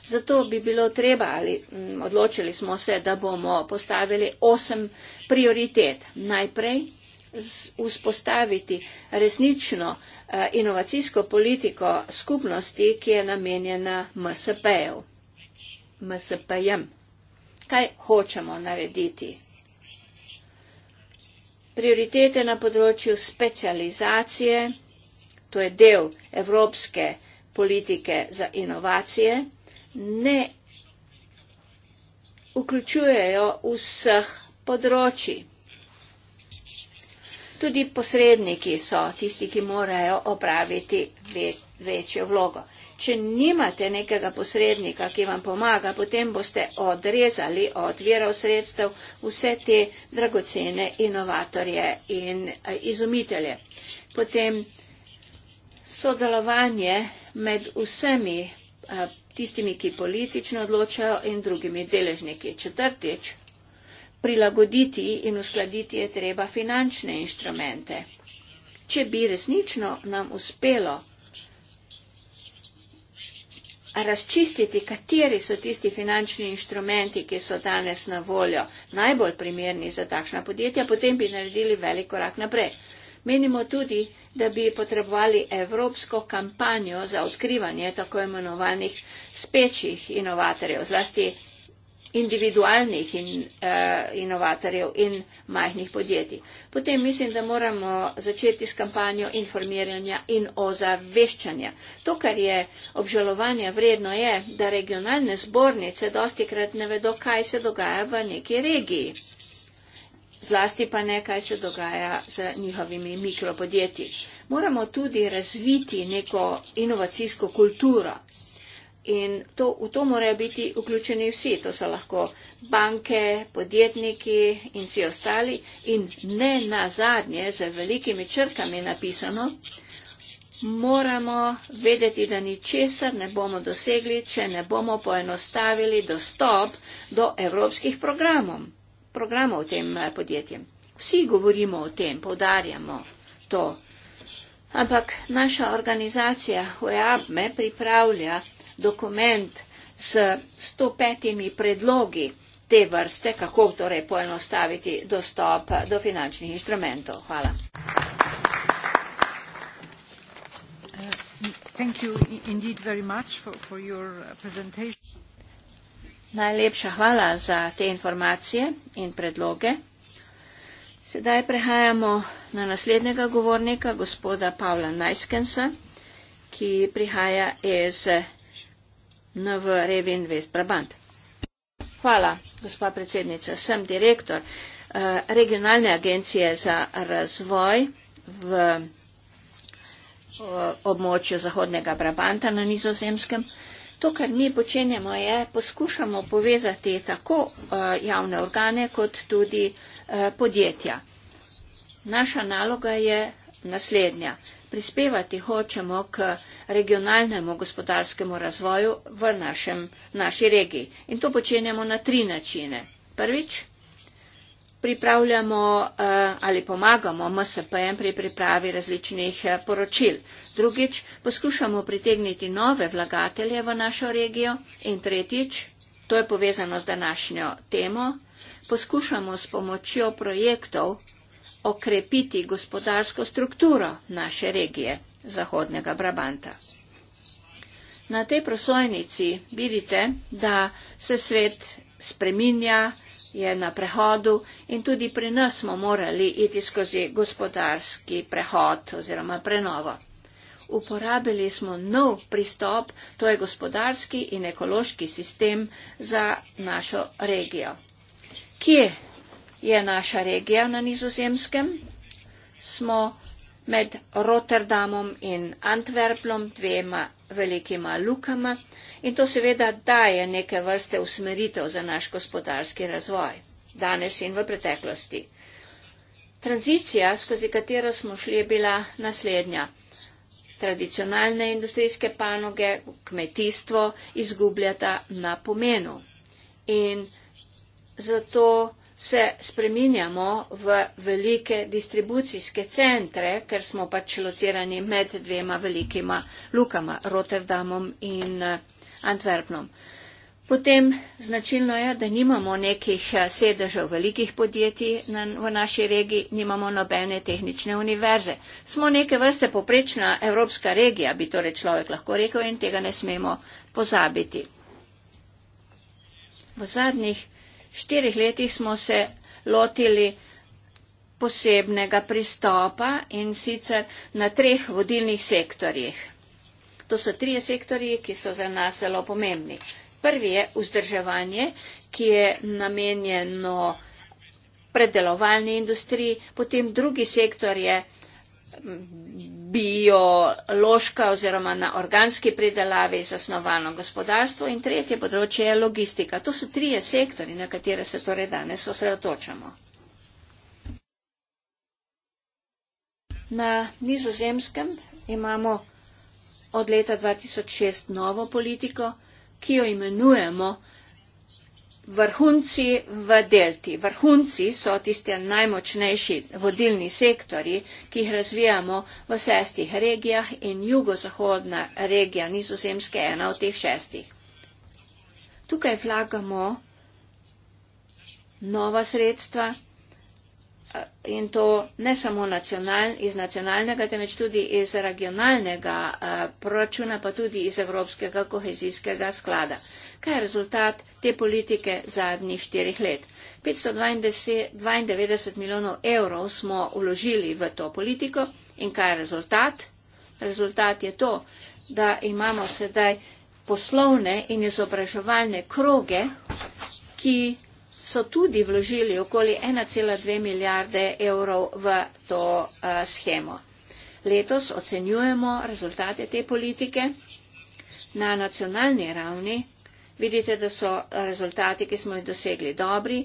Zato bi bilo treba, ali mm, odločili smo se, da bomo postavili osem prioritet. Najprej vzpostaviti resnično eh, inovacijsko politiko skupnosti, ki je namenjena MSP-ju. MSP-jem. Kaj hočemo narediti? Prioritete na področju specializacije, to je del evropske politike za inovacije, ne vključujejo vseh področji. Tudi posredniki so tisti, ki morajo opraviti večjo vlogo. Če nimate nekega posrednika, ki vam pomaga, potem boste odrezali od verov sredstev vse te dragocene inovatorje in eh, izumitelje. Potem sodelovanje med vsemi eh, tistimi, ki politično odločajo in drugimi deležniki. Četrtič, prilagoditi in uskladiti je treba finančne inštrumente. Če bi resnično nam uspelo razčistiti, kateri so tisti finančni inštrumenti, ki so danes na voljo najbolj primerni za takšna podjetja, potem bi naredili velik korak naprej. Menimo tudi, da bi potrebovali evropsko kampanjo za odkrivanje tako imenovanih spečih inovatorjev, zlasti individualnih in, uh, inovatorjev in majhnih podjetij. Potem mislim, da moramo začeti s kampanjo informiranja in ozaveščanja. To, kar je obžalovanja vredno, je, da regionalne zbornice dostikrat ne vedo, kaj se dogaja v neki regiji zlasti pa ne, kaj se dogaja z njihovimi mikropodjetji. Moramo tudi razviti neko inovacijsko kulturo. In to, v to morajo biti vključeni vsi, to so lahko banke, podjetniki in vsi ostali. In ne na zadnje, z velikimi črkami napisano, moramo vedeti, da ničesar ne bomo dosegli, če ne bomo poenostavili dostop do evropskih programov programov tem eh, podjetjem. Vsi govorimo o tem, povdarjamo to. Ampak naša organizacija UEAB me pripravlja dokument s 105 predlogi te vrste, kako torej poenostaviti dostop do finančnih inštrumentov. Hvala. Uh, thank you indeed very much for, for your presentation. Najlepša hvala za te informacije in predloge. Sedaj prehajamo na naslednjega govornika, gospoda Pavla Najskensa, ki prihaja iz NV Revin Vest Brabant. Hvala, gospa predsednica. Sem direktor eh, regionalne agencije za razvoj v eh, območju Zahodnega Brabanta na nizozemskem. To, kar mi počenjamo, je poskušamo povezati tako eh, javne organe kot tudi eh, podjetja. Naša naloga je naslednja. Prispevati hočemo k regionalnemu gospodarskemu razvoju v našem, naši regiji. In to počenjamo na tri načine. Prvič, pripravljamo eh, ali pomagamo MSP-jem pri pripravi različnih eh, poročil. Drugič, poskušamo pritegniti nove vlagatelje v našo regijo. In tretjič, to je povezano z današnjo temo, poskušamo s pomočjo projektov okrepiti gospodarsko strukturo naše regije Zahodnega Brabanta. Na tej prosojnici vidite, da se svet spreminja, je na prehodu in tudi pri nas smo morali iti skozi gospodarski prehod oziroma prenovo. Uporabili smo nov pristop, to je gospodarski in ekološki sistem za našo regijo. Kje je naša regija na nizozemskem? Smo med Rotterdamom in Antwerplom, dvema velikima lukama in to seveda daje neke vrste usmeritev za naš gospodarski razvoj, danes in v preteklosti. Tranzicija, skozi katero smo šli, je bila naslednja. Tradicionalne industrijske panoge, kmetijstvo izgubljata na pomenu. In zato se spreminjamo v velike distribucijske centre, ker smo pač locirani med dvema velikima lukama, Rotterdamom in eh, Antwerpnom. Potem značilno je, da nimamo nekih eh, sedežev velikih podjetij na, v naši regiji, nimamo nobene tehnične univerze. Smo neke vrste poprečna evropska regija, bi torej človek lahko rekel, in tega ne smemo pozabiti. V zadnjih štirih letih smo se lotili posebnega pristopa in sicer na treh vodilnih sektorjih. To so trije sektorji, ki so za nas zelo pomembni. Prvi je vzdrževanje, ki je namenjeno predelovalni industriji, potem drugi sektor je biološka oziroma na organski pridelavi zasnovano gospodarstvo in tretje področje je logistika. To so trije sektori, na katere se torej danes osredotočamo. Na nizozemskem imamo od leta 2006 novo politiko, ki jo imenujemo vrhunci v delti. Vrhunci so tiste najmočnejši vodilni sektori, ki jih razvijamo v šestih regijah in jugozahodna regija nizozemske je ena od teh šestih. Tukaj vlagamo nova sredstva eh, in to ne samo nacional, iz nacionalnega, temveč tudi iz regionalnega eh, proračuna, pa tudi iz Evropskega kohezijskega sklada kaj je rezultat te politike zadnjih štirih let. 592 milijonov evrov smo uložili v to politiko in kaj je rezultat? Rezultat je to, da imamo sedaj poslovne in izobraževalne kroge, ki so tudi vložili okoli 1,2 milijarde evrov v to uh, eh, schemo. Letos ocenjujemo rezultate te politike na nacionalni ravni, Vidite, da so rezultati, ki smo jih dosegli, dobri.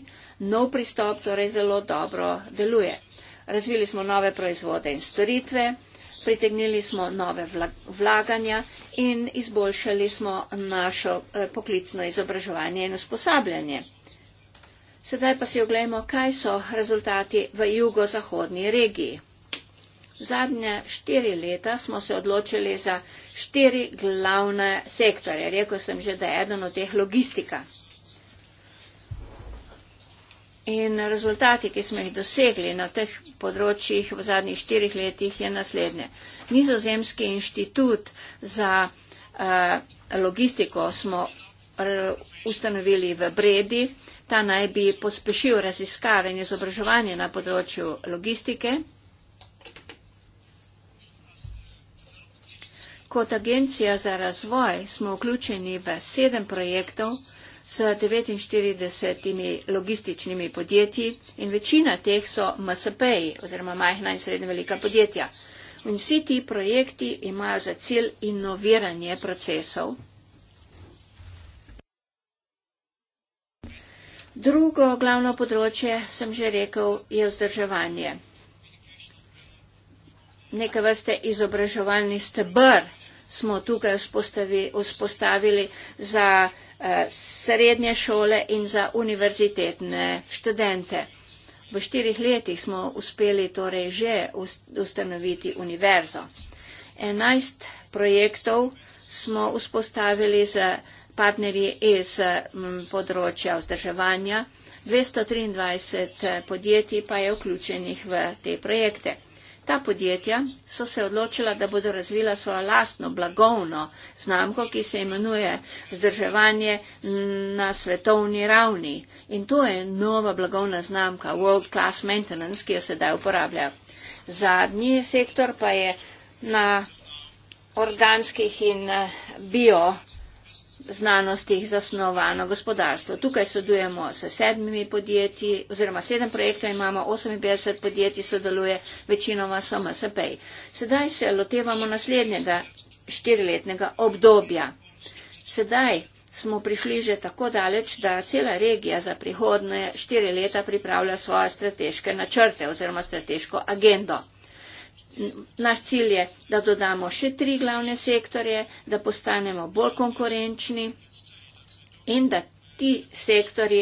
Nov pristop torej zelo dobro deluje. Razvili smo nove proizvode in storitve, pritegnili smo nove vlaganja in izboljšali smo našo eh, poklicno izobraževanje in usposabljanje. Sedaj pa si oglejmo, kaj so rezultati v jugozahodni regiji. Zadnje štiri leta smo se odločili za štiri glavne sektorje. Rekl sem že, da je eden od teh logistika. In rezultati, ki smo jih dosegli na teh področjih v zadnjih štirih letih, je naslednje. Nizozemski inštitut za uh, logistiko smo eh, ustanovili v Bredi. Ta naj bi pospešil raziskave in izobraževanje na področju logistike. Kot agencija za razvoj smo vključeni v sedem projektov s 49 logističnimi podjetji in večina teh so MSP-ji oziroma majhna in srednja velika podjetja. In vsi ti projekti imajo za cilj inoviranje procesov. Drugo glavno področje, sem že rekel, je vzdrževanje. Neka vrste izobraževalni stebr smo tukaj vzpostavili za eh, srednje šole in za univerzitetne študente. V štirih letih smo uspeli torej že ustanoviti univerzo. Enajst projektov smo vzpostavili z partnerji iz področja vzdrževanja, 223 eh, podjetij pa je vključenih v te projekte. Ta podjetja so se odločila, da bodo razvila svojo lastno blagovno znamko, ki se imenuje vzdrževanje na svetovni ravni. In to je nova blagovna znamka, World Class Maintenance, ki jo sedaj uporablja. Zadnji sektor pa je na organskih in eh, bio znanostih zasnovano gospodarstvo. Tukaj sodelujemo s sedmimi podjetji oziroma sedem projektov imamo, 58 podjetij sodeluje, večinoma so MSP. Sedaj se lotevamo naslednjega štiriletnega obdobja. Sedaj smo prišli že tako daleč, da cela regija za prihodne štiri leta pripravlja svoje strateške načrte oziroma strateško agendo naš cilj je, da dodamo še tri glavne sektorje, da postanemo bolj konkurenčni in da ti sektori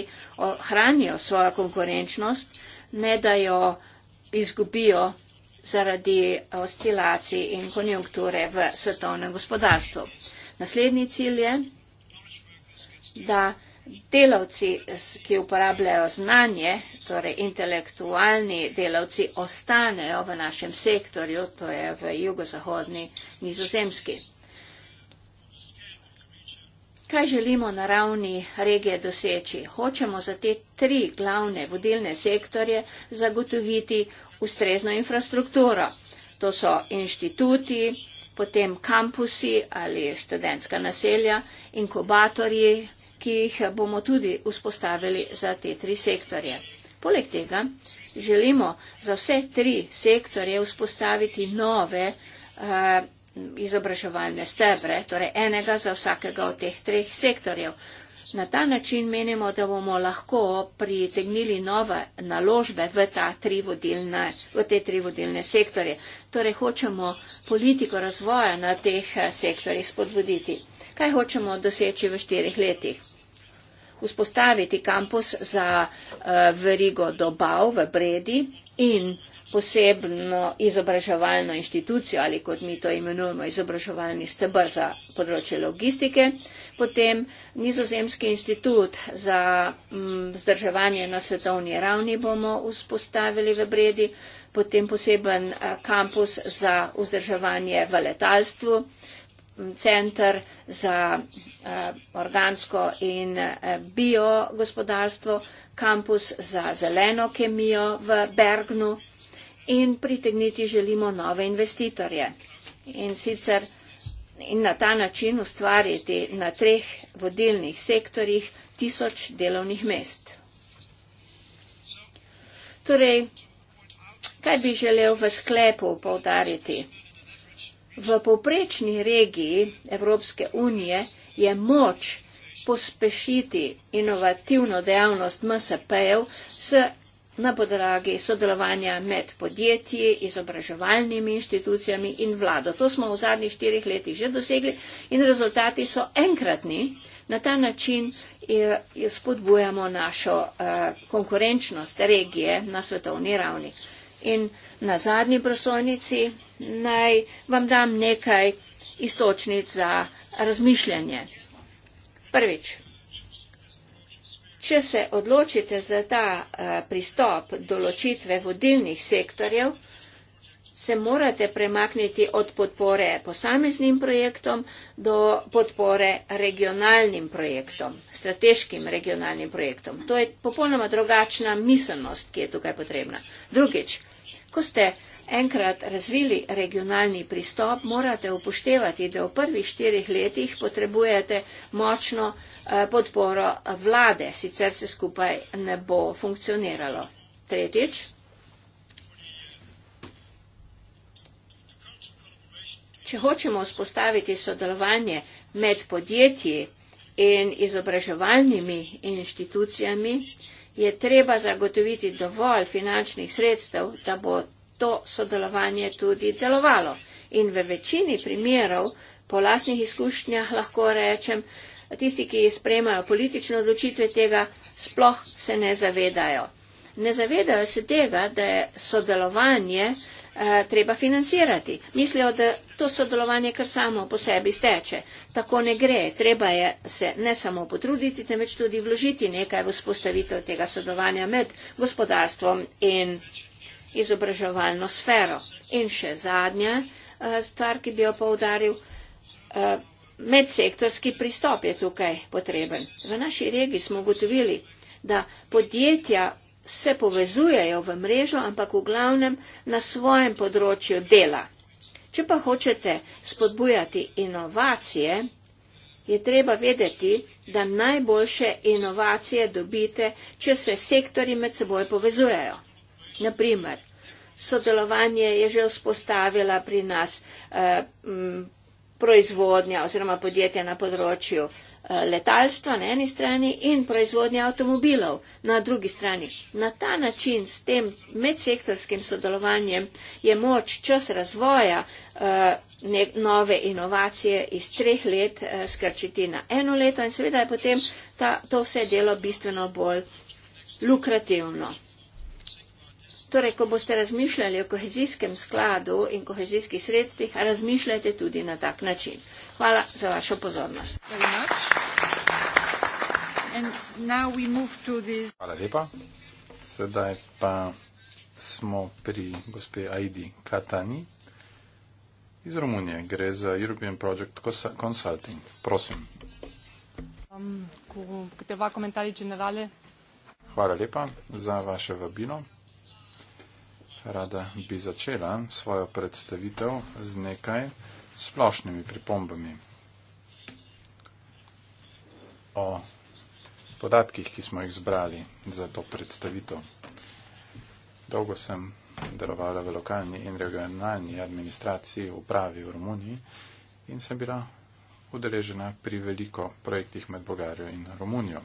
ohranijo svojo konkurenčnost, ne da jo izgubijo zaradi oscilacij in konjunkture v svetovnem gospodarstvu. Naslednji cilj je, da delavci, ki uporabljajo znanje, torej intelektualni delavci, ostanejo v našem sektorju, to je v jugozahodni nizozemski. Kaj želimo na ravni regije doseči? Hočemo za te tri glavne vodilne sektorje zagotoviti ustrezno infrastrukturo. To so inštituti, potem kampusi ali študentska naselja, inkubatorji, ki jih bomo tudi vzpostavili za te tri sektorje. Poleg tega želimo za vse tri sektorje vzpostaviti nove uh, izobraževalne stebre, torej enega za vsakega od teh treh sektorjev. Na ta način menimo, da bomo lahko pritegnili nove naložbe v, tri vodilne, v te tri vodilne sektorje. Torej hočemo politiko razvoja na teh eh, sektorjih spodbuditi. Kaj hočemo doseči v štirih letih? vzpostaviti kampus za uh, verigo dobav v Bredi in posebno izobraževalno inštitucijo ali kot mi to imenujemo izobraževalni stebr za področje logistike, potem nizozemski inštitut za mm, vzdrževanje na svetovni ravni bomo vzpostavili v Bredi, potem poseben eh, kampus za vzdrževanje v letalstvu, uh, center za uh, organsko in uh, biogospodarstvo, kampus za zeleno kemijo v Bergnu in pritegniti želimo nove investitorje. In sicer in na ta način ustvariti na treh vodilnih sektorjih tisoč delovnih mest. Torej, kaj bi želel v sklepu povdariti? V povprečni regiji Evropske unije je moč pospešiti inovativno dejavnost MSP-jev na podlagi sodelovanja med podjetji, izobraževalnimi inštitucijami in vlado. To smo v zadnjih štirih letih že dosegli in rezultati so enkratni. Na ta način spodbujamo našo eh, konkurenčnost regije na svetovni ravni. In na zadnji prosojnici naj vam dam nekaj istočnic za razmišljanje. Prvič, če se odločite za ta eh, pristop določitve vodilnih sektorjev, se morate premakniti od podpore posameznim projektom do podpore regionalnim projektom, strateškim regionalnim projektom. To je popolnoma drugačna miselnost, ki je tukaj potrebna. Drugič, Ko ste enkrat razvili regionalni pristop, morate upoštevati, da v prvih štirih letih potrebujete močno eh, podporo vlade, sicer se skupaj ne bo funkcioniralo. Tretjič. Če hočemo vzpostaviti sodelovanje med podjetji in izobraževalnimi inštitucijami, je treba zagotoviti dovolj finančnih sredstev, da bo to sodelovanje tudi delovalo. In v večini primerov, po lasnih izkušnjah lahko rečem, tisti, ki spremajo politične odločitve tega, sploh se ne zavedajo ne zavedajo se tega, da je sodelovanje eh, treba financirati. Mislijo, da to sodelovanje kar samo po sebi steče. Tako ne gre. Treba je se ne samo potruditi, temveč tudi vložiti nekaj v spostavitev tega sodelovanja med gospodarstvom in izobraževalno sfero. In še zadnja eh, stvar, ki bi jo poudaril. Eh, Medsektorski pristop je tukaj potreben. V naši regiji smo ugotovili, da podjetja se povezujejo v mrežo, ampak v glavnem na svojem področju dela. Če pa hočete spodbujati inovacije, je treba vedeti, da najboljše inovacije dobite, če se sektori med seboj povezujejo. Naprimer, sodelovanje je že vzpostavila pri nas eh, m, proizvodnja oziroma podjetja na področju Eh, letalstva na eni strani in proizvodnje avtomobilov na drugi strani. Na ta način s tem medsektorskim sodelovanjem je moč čas razvoja eh, nove inovacije iz treh let eh, skrčiti na eno leto in seveda je potem ta, to vse delo bistveno bolj lukrativno. Torej, ko boste razmišljali o kohezijskem skladu in kohezijskih sredstvih, razmišljajte tudi na tak način. Hvala za vašo pozornost. Hvala lepa. Sedaj pa smo pri gospe Aidi Katani iz Romunije. Gre za European Project Consulting. Prosim. Um, Hvala lepa za vaše vabilo rada bi začela svojo predstavitev z nekaj splošnimi pripombami o podatkih, ki smo jih zbrali za to predstavitev. Dolgo sem delovala v lokalni in regionalni administraciji upravi v Romuniji in sem bila udeležena pri veliko projektih med Bolgarijo in Romunijo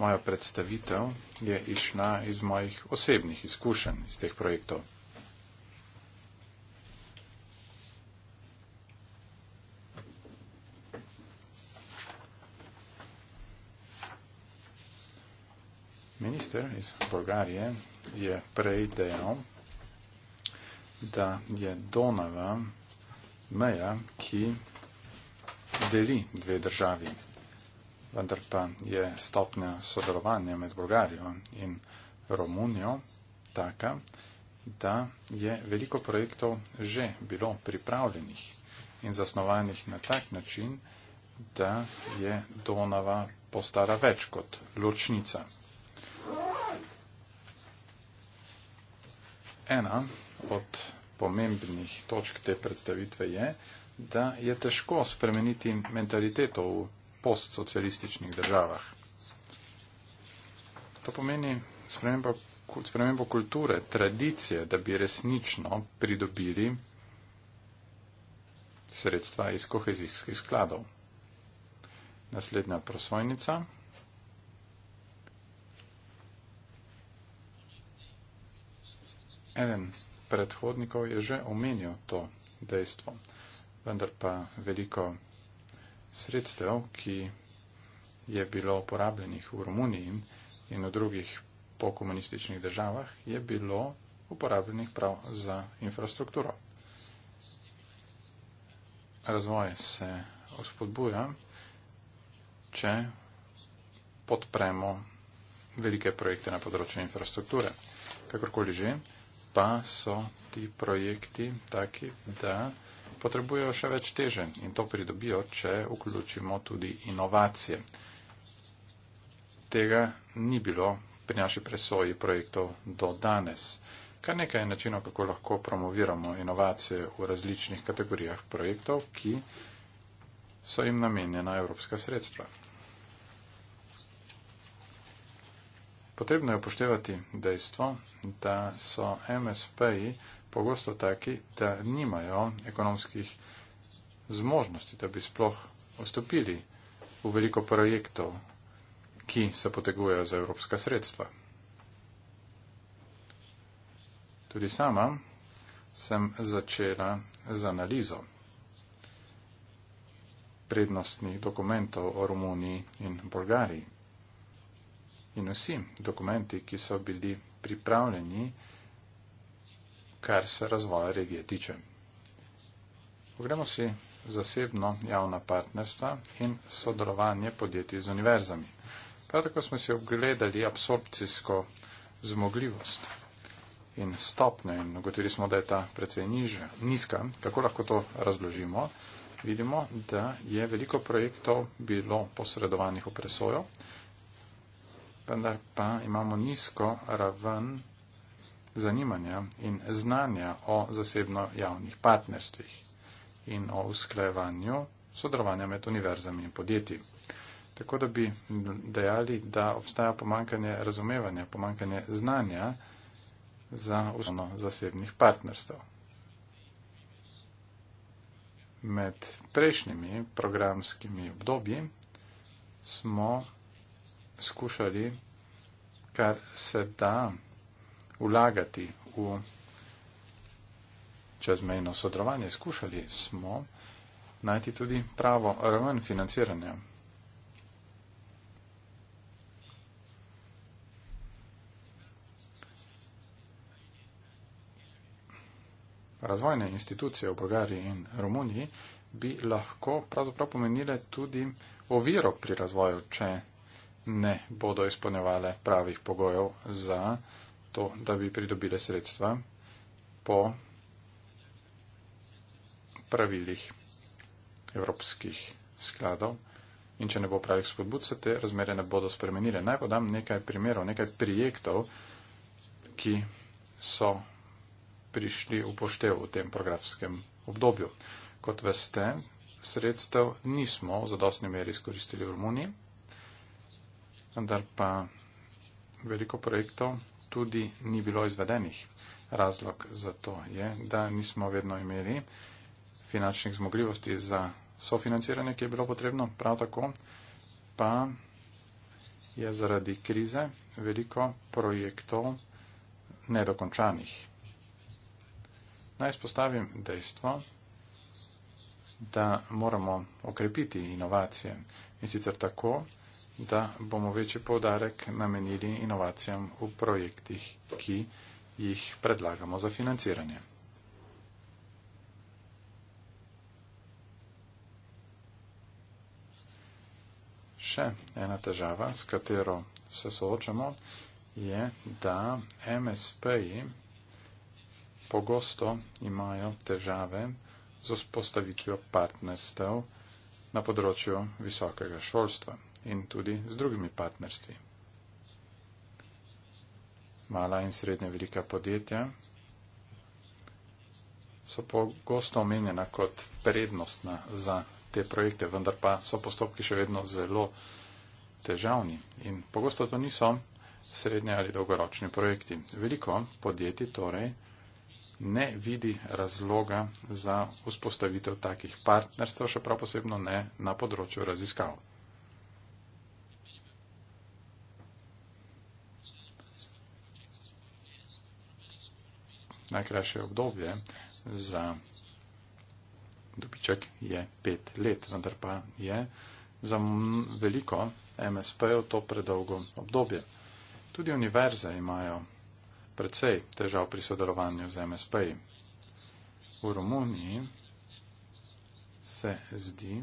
moja predstavitev je išla iz mojih osebnih izkušenj iz teh projektov. Minister iz Bolgarije je prej dejal, da je Donava meja, ki deli dve državi vendar pa je stopnja sodelovanja med Bolgarijo in Romunijo taka, da je veliko projektov že bilo pripravljenih in zasnovanih na tak način, da je Donava postala več kot ločnica. Ena od pomembnih točk te predstavitve je, da je težko spremeniti mentaliteto v postsocialističnih državah. To pomeni sprememba, sprememba kulture, tradicije, da bi resnično pridobili sredstva iz kohezijskih skladov. Naslednja prosojnica. Eden predhodnikov je že omenil to dejstvo, vendar pa veliko sredstev, ki je bilo uporabljenih v Romuniji in v drugih pokomunističnih državah, je bilo uporabljenih prav za infrastrukturo. Razvoj se ospodbuja, če podpremo velike projekte na področju infrastrukture. Kakorkoli že, pa so ti projekti taki, da potrebujejo še več teženj in to pridobijo, če vključimo tudi inovacije. Tega ni bilo pri naši presoji projektov do danes. Kar nekaj je načinov, kako lahko promoviramo inovacije v različnih kategorijah projektov, ki so jim namenjena evropska sredstva. Potrebno je upoštevati dejstvo, da so MSP-ji pogosto taki, da nimajo ekonomskih zmožnosti, da bi sploh vstopili v veliko projektov, ki se potegujejo za evropska sredstva. Tudi sama sem začela z analizo prednostnih dokumentov o Romuniji in Bolgariji. In vsi dokumenti, ki so bili pripravljeni, kar se razvoja regije tiče. Pogremo si zasebno javna partnerstva in sodelovanje podjetij z univerzami. Prav tako smo si obgledali absorpcijsko zmogljivost in stopnjo in ugotovili smo, da je ta precej nižja, nizka. Kako lahko to razložimo? Vidimo, da je veliko projektov bilo posredovanih v presojo, vendar pa imamo nizko raven zanimanja in znanja o zasebno-javnih partnerstvih in o usklajevanju sodelovanja med univerzami in podjetji. Tako da bi dejali, da obstaja pomankanje razumevanja, pomankanje znanja za usklajevanje zasebnih partnerstv. Med prejšnjimi programskimi obdobji smo skušali kar se da vlagati v čezmejno sodelovanje. Skušali smo najti tudi pravo raven financiranja. Razvojne institucije v Bolgariji in Romuniji bi lahko pravzaprav pomenile tudi oviro pri razvoju, če ne bodo izpolnjevale pravih pogojev za to, da bi pridobile sredstva po pravilih evropskih skladov. In če ne bo pravih spodbud, se te razmere ne bodo spremenile. Naj podam nekaj primerov, nekaj projektov, ki so prišli v poštev v tem programskem obdobju. Kot veste, sredstev nismo v zadostni meri izkoristili v Romuniji, vendar pa veliko projektov tudi ni bilo izvedenih. Razlog za to je, da nismo vedno imeli finančnih zmogljivosti za sofinanciranje, ki je bilo potrebno, prav tako pa je zaradi krize veliko projektov nedokončanih. Naj spostavim dejstvo, da moramo okrepiti inovacije in sicer tako, da bomo večji povdarek namenili inovacijam v projektih, ki jih predlagamo za financiranje. Še ena težava, s katero se soočamo, je, da MSP-ji pogosto imajo težave z vzpostavitvijo partnerstev na področju visokega šolstva in tudi z drugimi partnerstvi. Mala in srednja velika podjetja so pogosto omenjena kot prednostna za te projekte, vendar pa so postopki še vedno zelo težavni in pogosto to niso srednje ali dolgoročni projekti. Veliko podjetij torej ne vidi razloga za vzpostavitev takih partnerstv, še prav posebno ne na področju raziskav. najkrajše obdobje za dobiček je pet let, vendar pa je za veliko MSP-jev to predolgo obdobje. Tudi univerze imajo predvsej težav pri sodelovanju z MSP-ji. V Romuniji se zdi,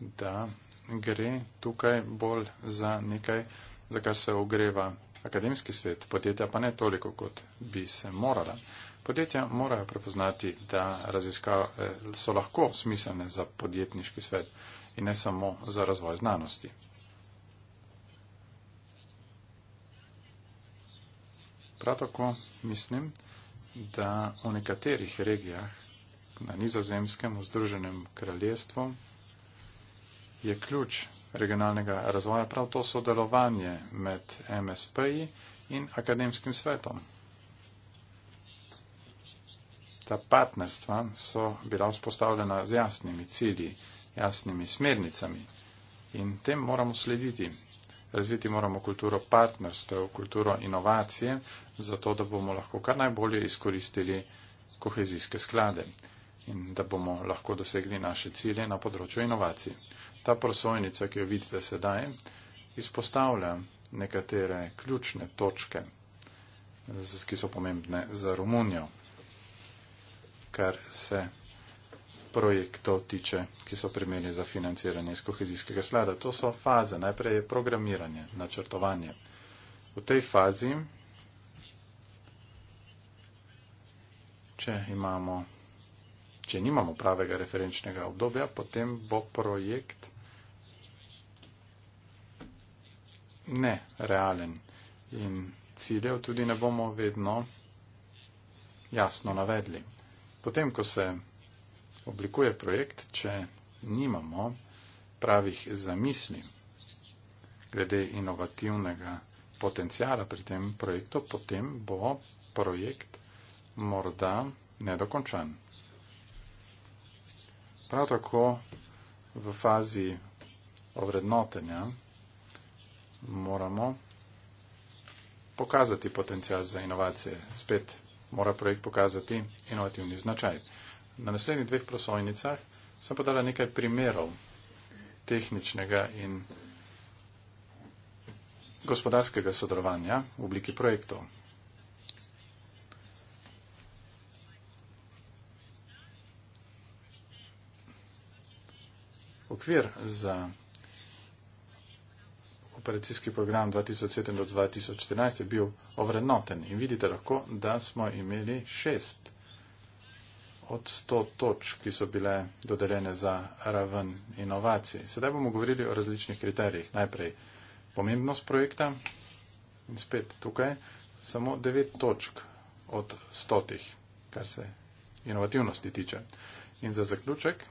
da gre tukaj bolj za nekaj, za kar se ogreva akademski svet, podjetja pa ne toliko, kot bi se morala. Podjetja morajo prepoznati, da raziskave so lahko smiselne za podjetniški svet in ne samo za razvoj znanosti. Prav tako mislim, da v nekaterih regijah na nizozemskem v Združenem kraljestvu je ključ regionalnega razvoja prav to sodelovanje med MSP-ji in akademskim svetom ta partnerstva so bila vzpostavljena z jasnimi cilji, jasnimi smernicami in tem moramo slediti. Razviti moramo kulturo partnerstev, kulturo inovacije, zato da bomo lahko kar najbolje izkoristili kohezijske sklade in da bomo lahko dosegli naše cilje na področju inovacij. Ta prosojnica, ki jo vidite sedaj, izpostavlja nekatere ključne točke, ki so pomembne za Romunijo kar se projektov tiče, ki so primerni za financiranje iz kohezijskega slada. To so faze. Najprej je programiranje, načrtovanje. V tej fazi, če imamo, če nimamo pravega referenčnega obdobja, potem bo projekt nerealen in ciljev tudi ne bomo vedno jasno navedli. Potem, ko se oblikuje projekt, če nimamo pravih zamisli glede inovativnega potencijala pri tem projektu, potem bo projekt morda nedokončan. Prav tako v fazi ovrednotenja moramo pokazati potencijal za inovacije. Spet mora projekt pokazati inovativni značaj. Na naslednjih dveh prosojnicah sem podala nekaj primerov tehničnega in gospodarskega sodelovanja v obliki projektov. Okvir za operacijski program 2007 do 2014 je bil ovrednoten in vidite lahko, da smo imeli šest od sto točk, ki so bile dodeljene za raven inovacij. Sedaj bomo govorili o različnih kriterijih. Najprej pomembnost projekta in spet tukaj samo devet točk od stotih, kar se inovativnosti tiče. In za zaključek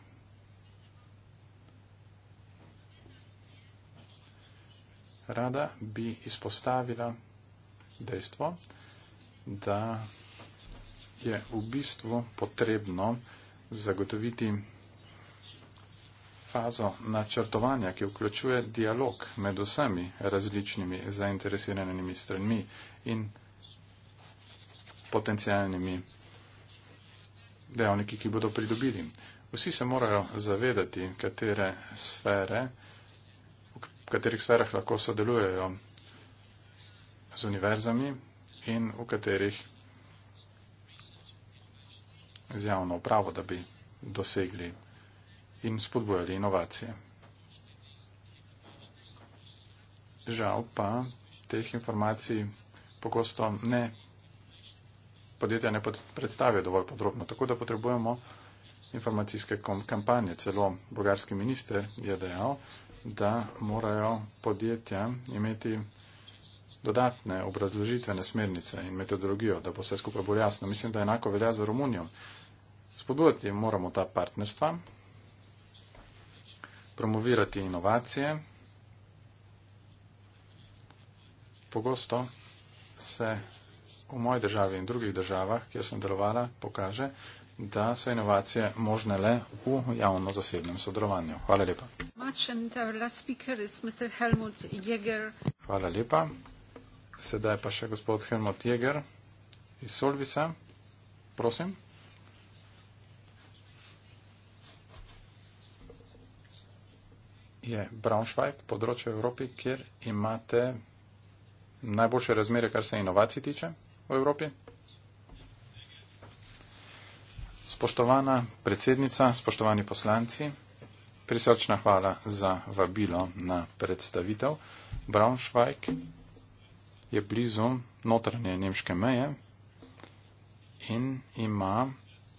rada bi izpostavila dejstvo, da je v bistvu potrebno zagotoviti fazo načrtovanja, ki vključuje dialog med vsemi različnimi zainteresiranimi stranmi in potencijalnimi dejavniki, ki bodo pridobili. Vsi se morajo zavedati, katere sfere katerih sferah lahko sodelujejo z univerzami in v katerih z javno upravo, da bi dosegli in spodbojali inovacije. Žal pa teh informacij pogosto ne, podjetja ne predstavijo dovolj podrobno, tako da potrebujemo informacijske kampanje. Celo bolgarski minister je dejal, da morajo podjetja imeti dodatne obrazložitvene smernice in metodologijo, da bo vse skupaj bolj jasno. Mislim, da enako velja za Romunijo. Spodbujati moramo ta partnerstva, promovirati inovacije. Pogosto se v moji državi in drugih državah, kjer sem delovala, pokaže, da so inovacije možne le v javno-zasebnem sodelovanju. Hvala lepa. Hvala lepa. Sedaj pa še gospod Helmut Jäger iz Solvisa. Prosim. Je Braunschweig, področje Evropi, kjer imate najboljše razmere, kar se inovacij tiče v Evropi? Spoštovana predsednica, spoštovani poslanci, prisrčna hvala za vabilo na predstavitev. Braunschweig je blizu notranje nemške meje in ima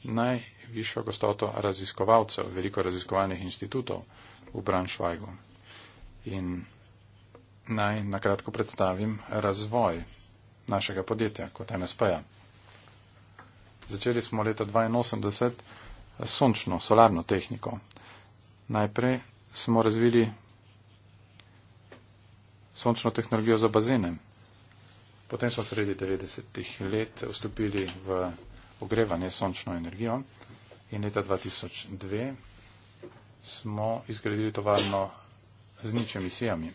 najvišjo gostoto raziskovalcev, veliko raziskovalnih inštitutov v Braunschweigu. In naj nakratko predstavim razvoj našega podjetja kot MSP-ja. Začeli smo leta 1982 sončno, solarno tehniko. Najprej smo razvili sončno tehnologijo za bazene. Potem smo sredi 90-ih let vstopili v ogrevanje sončno energijo in leta 2002 smo izgradili tovarno z nič emisijami,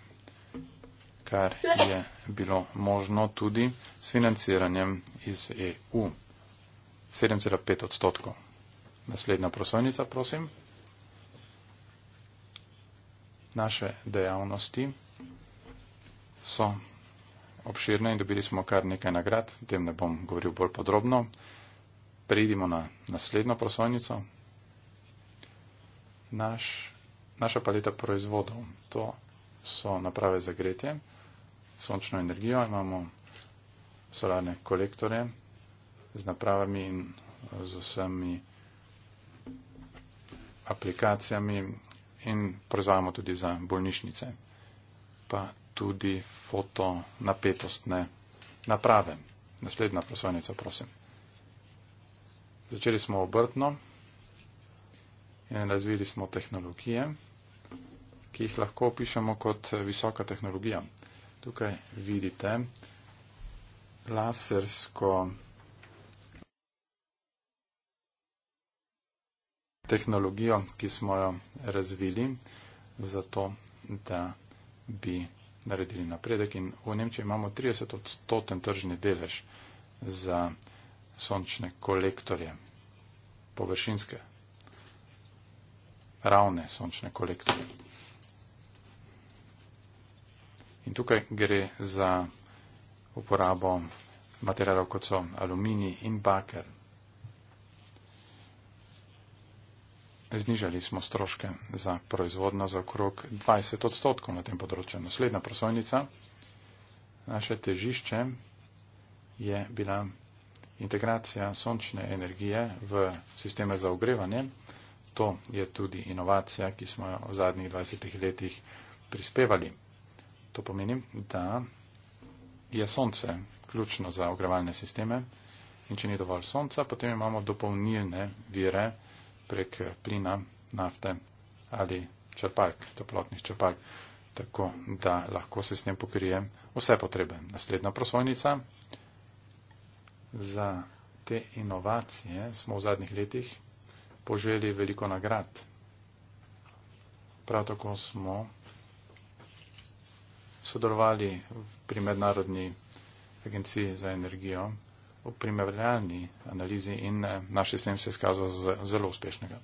kar je bilo možno tudi s financiranjem iz EU. 7,5 odstotkov. Naslednja prosojnica, prosim. Naše dejavnosti so obširne in dobili smo kar nekaj nagrad, o tem ne bom govoril bolj podrobno. Preidimo na naslednjo prosojnico. Naš, naša paleta proizvodov, to so naprave za gretje, sončno energijo, imamo solarne kolektore, z napravami in eh, z vsemi aplikacijami in proizvajamo tudi za bolnišnice, pa tudi fotonapetostne naprave. Naslednja prosojnica, prosim. Začeli smo obrtno in razvili smo tehnologije, ki jih lahko opišemo kot eh, visoka tehnologija. Tukaj vidite lasersko tehnologijo, ki smo jo razvili, zato da bi naredili napredek. In v Nemčiji imamo 30 odstoten tržni delež za sončne kolektorje, površinske, ravne sončne kolektorje. In tukaj gre za uporabo materijalov, kot so aluminij in baker, znižali smo stroške za proizvodno za okrog 20 odstotkov na tem področju. Naslednja prosojnica, naše težišče je bila integracija sončne energije v sisteme za ogrevanje. To je tudi inovacija, ki smo jo v zadnjih 20 letih prispevali. To pomeni, da je sonce ključno za ogrevalne sisteme in če ni dovolj sonca, potem imamo dopolnilne vire prek plina, nafte ali črpalk, toplotnih črpalk, tako da lahko se s njim pokrije vse potrebe. Naslednja prosojnica. Za te inovacije smo v zadnjih letih poželi veliko nagrad. Prav tako smo sodelovali pri Mednarodni agenciji za energijo v primerjalni analizi in eh, naš sistem se je skazal za zelo uspešnega.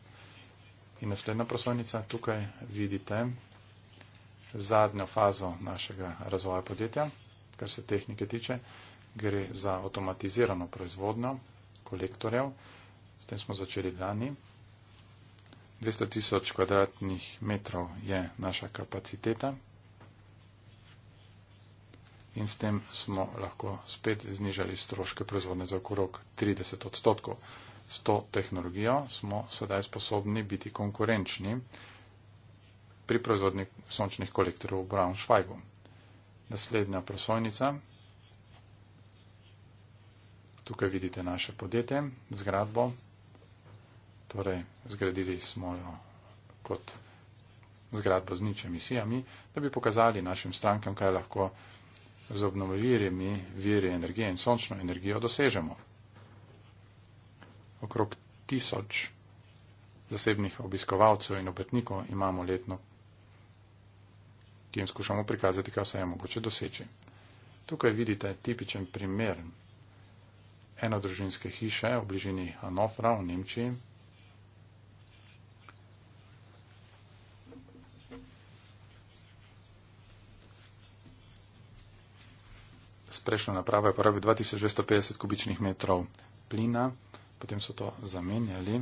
In naslednja prosojnica, tukaj vidite zadnjo fazo našega razvoja podjetja, kar se tehnike tiče, gre za avtomatizirano proizvodnjo kolektorjev. S tem smo začeli lani. 200 tisoč kvadratnih metrov je naša kapaciteta in s tem smo lahko spet znižali stroške proizvodne za okrog 30 odstotkov. S to tehnologijo smo sedaj sposobni biti konkurenčni pri proizvodni sončnih kolektorjev v Braunschweigu. Naslednja prosojnica. Tukaj vidite naše podjetje, zgradbo. Torej, zgradili smo jo kot zgradbo z nič emisijami, da bi pokazali našim strankam, kaj lahko z obnovljivimi viri energije in sončno energijo dosežemo. Okrog tisoč zasebnih obiskovalcev in obetnikov imamo letno, ki jim skušamo prikazati, kaj se je mogoče doseči. Tukaj vidite tipičen primer enodružinske hiše v bližini Hanofra v Nemčiji, prejšnjo napravo je porabil 2250 kubičnih metrov plina, potem so to zamenjali.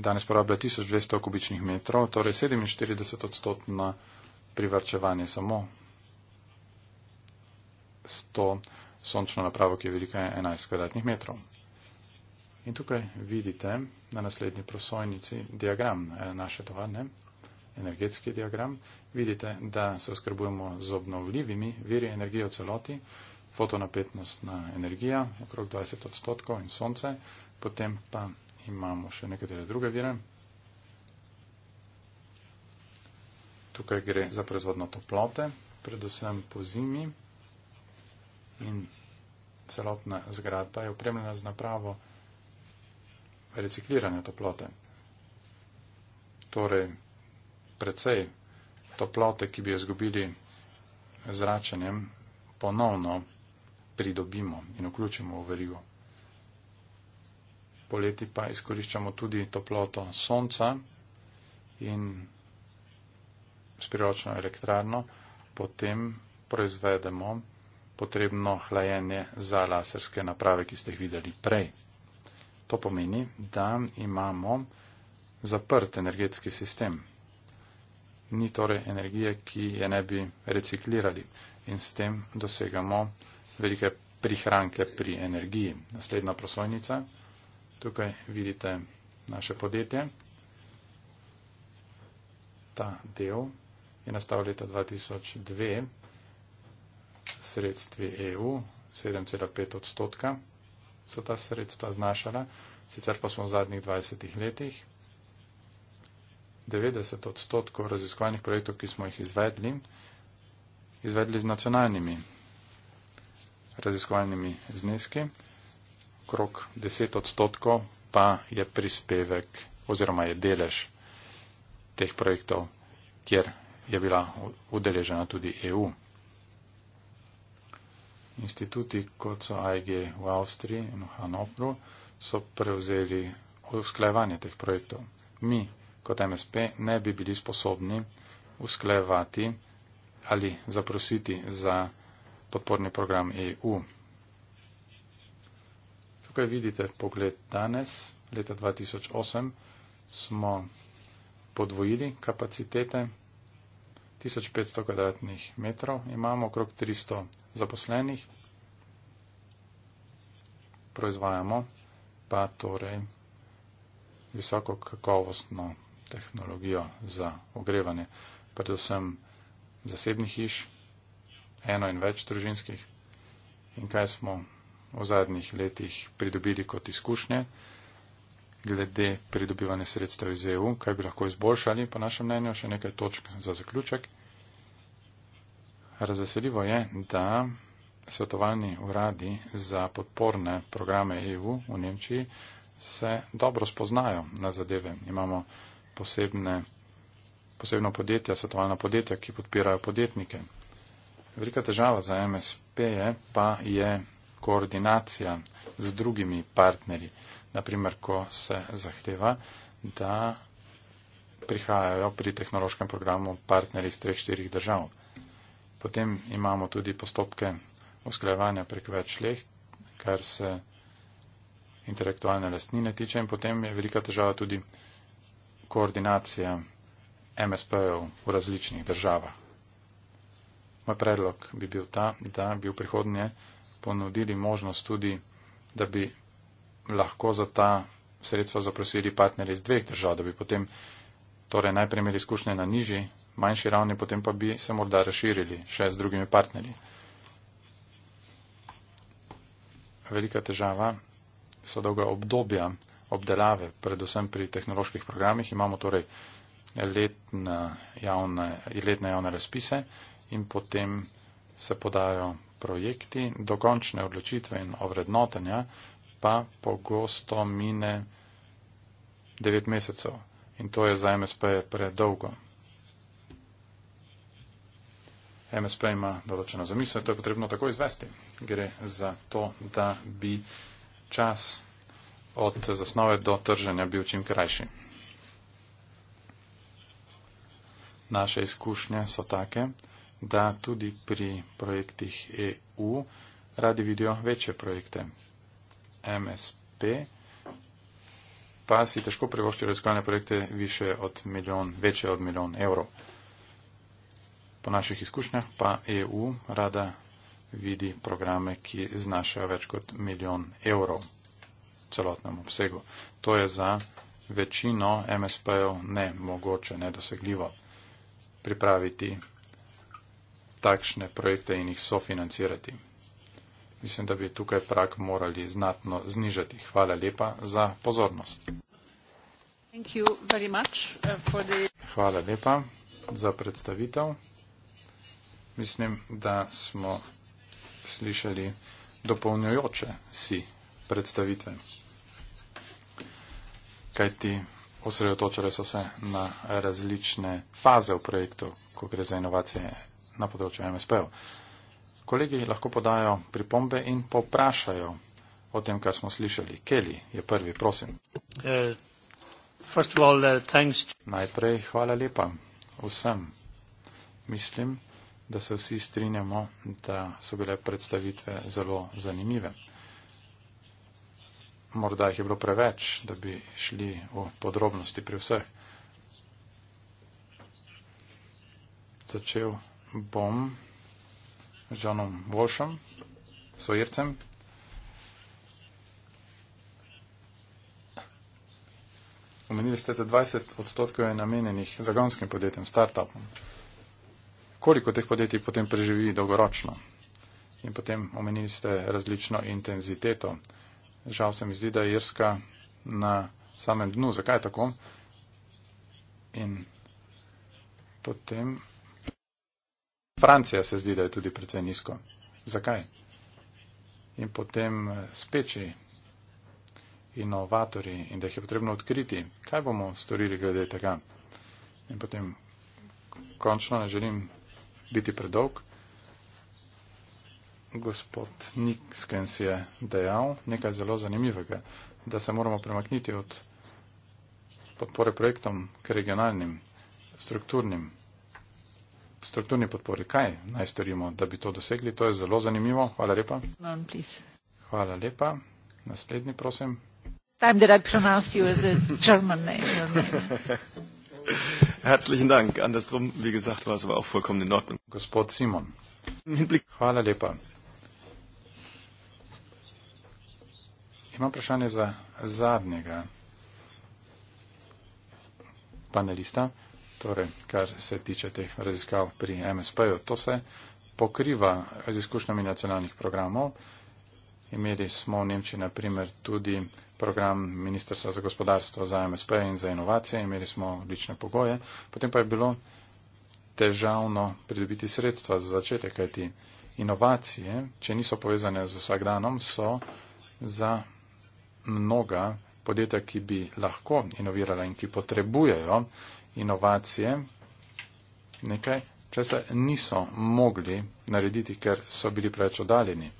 Danes porablja 1200 kubičnih metrov, torej 47 odstotno privrčevanje samo s to sončno napravo, ki je velika 11 kvadratnih metrov. In tukaj vidite na naslednji prosojnici diagram eh, naše tovarne energetski diagram, vidite, da se oskrbujemo z obnovljivimi viri energije v celoti, fotonapetnostna energija, okrog 20 odstotkov in sonce, potem pa imamo še nekatere druge vire. Tukaj gre za proizvodno toplote, predvsem po zimi in celotna zgradba je opremljena z napravo recikliranja toplote. Torej, precej toplote, ki bi jo izgubili zračenjem, ponovno pridobimo in vključimo v verigo. Poleti pa izkoriščamo tudi toploto sonca in spiročno elektrarno, potem proizvedemo potrebno hlajenje za laserske naprave, ki ste jih videli prej. To pomeni, da imamo zaprt energetski sistem ni torej energije, ki je ne bi reciklirali in s tem dosegamo velike prihranke pri energiji. Naslednja prosojnica. Tukaj vidite naše podjetje. Ta del je nastal leta 2002 sredstvi EU, 7,5 odstotka so ta sredstva znašala, sicer pa smo v zadnjih 20 letih 90 odstotkov raziskovalnih projektov, ki smo jih izvedli, izvedli z nacionalnimi raziskovalnimi zneski, krok 10 odstotkov pa je prispevek oziroma je delež teh projektov, kjer je bila udeležena tudi EU. Instituti, kot so IG v Avstriji in v Hanovru, so prevzeli usklajevanje teh projektov. Mi kot MSP ne bi bili sposobni usklejevati ali zaprositi za podporni program EU. Tukaj vidite pogled danes, leta 2008 smo podvojili kapacitete, 1500 kvadratnih metrov, imamo okrog 300 zaposlenih, proizvajamo pa torej visoko kakovostno tehnologijo za ogrevanje, predvsem zasebnih hiš, eno in več družinskih. In kaj smo v zadnjih letih pridobili kot izkušnje glede pridobivanja sredstev iz EU, kaj bi lahko izboljšali, po našem mnenju, še nekaj točk za zaključek. Razveseljivo je, da svetovalni uradi za podporne programe EU v Nemčiji se dobro spoznajo na zadeve. Imamo posebne, posebno podjetja, svetovalna podjetja, ki podpirajo podjetnike. Velika težava za MSP je pa je koordinacija z drugimi partnerji. Naprimer, ko se zahteva, da prihajajo pri tehnološkem programu partnerji iz treh, štirih držav. Potem imamo tudi postopke usklajevanja prek več leh, kar se intelektualne lastnine tiče in potem je velika težava tudi koordinacije MSP-ev v različnih državah. Moj predlog bi bil ta, da bi v prihodnje ponudili možnost tudi, da bi lahko za ta sredstva zaprosili partnerje iz dveh držav, da bi potem torej najprej imeli izkušnje na nižji, manjši ravni, potem pa bi se morda razširili še z drugimi partnerji. Velika težava so dolga obdobja obdelave, predvsem pri tehnoloških programih, imamo torej letne javne, letne javne razpise in potem se podajo projekti, dokončne odločitve in ovrednotenja pa pogosto mine 9 mesecev in to je za MSP predolgo. MSP ima določeno zamisel, to je potrebno tako izvesti. Gre za to, da bi čas od zasnove do trženja bil čim krajši. Naše izkušnje so take, da tudi pri projektih EU radi vidijo večje projekte. MSP pa si težko privoščijo raziskovalne projekte više od milijon, večje od milijon evrov. Po naših izkušnjah pa EU rada vidi programe, ki znašajo več kot milijon evrov celotnem obsegu. To je za večino MSP-ev ne mogoče, nedosegljivo pripraviti takšne projekte in jih sofinancirati. Mislim, da bi tukaj prak morali znatno znižati. Hvala lepa za pozornost. Uh, Hvala lepa za predstavitev. Mislim, da smo slišali dopolnjujoče si predstavitve kajti osredotočali so se na različne faze v projektu, ko gre za inovacije na področju MSP-ov. Kolegi lahko podajo pripombe in poprašajo o tem, kar smo slišali. Keli je prvi, prosim. Uh, all, uh, Najprej hvala lepa vsem. Mislim, da se vsi strinjamo, da so bile predstavitve zelo zanimive morda jih je bilo preveč, da bi šli v podrobnosti pri vseh. Začel bom z Johnom Walshom, sojircem. Omenili ste, da 20 odstotkov je namenjenih zagonskim podjetjem, startupom. Koliko teh podjetij potem preživi dolgoročno? In potem omenili ste različno intenziteto Žal se mi zdi, da je Irska na samem dnu. Zakaj je tako? In potem. Francija se zdi, da je tudi precej nizko. Zakaj? In potem eh, speči inovatori in da jih je potrebno odkriti. Kaj bomo storili glede tega? In potem končno ne želim biti predolg gospod Nikskens je dejal nekaj zelo zanimivega, da se moramo premakniti od podpore projektom k regionalnim, strukturnim, strukturni podpori. Kaj naj storimo, da bi to dosegli? To je zelo zanimivo. Hvala lepa. Hvala lepa. Naslednji, prosim. Time that I pronounce you as a German name. Herzlichen Dank. Andersrum, wie gesagt, war es aber auch vollkommen in Ordnung. Gospod Simon. Hvala lepa. Imam vprašanje za zadnjega panelista, torej, kar se tiče teh raziskav pri MSP-ju. To se pokriva z izkušnjami nacionalnih programov. Imeli smo v Nemčiji, na primer, tudi program Ministrstva za gospodarstvo za MSP in za inovacije. Imeli smo odlične pogoje. Potem pa je bilo težavno pridobiti sredstva za začetek, kajti inovacije, če niso povezane z vsakdanom, so za mnoga podjetja, ki bi lahko inovirala in ki potrebujejo inovacije, nekaj časa niso mogli narediti, ker so bili preveč oddaljeni.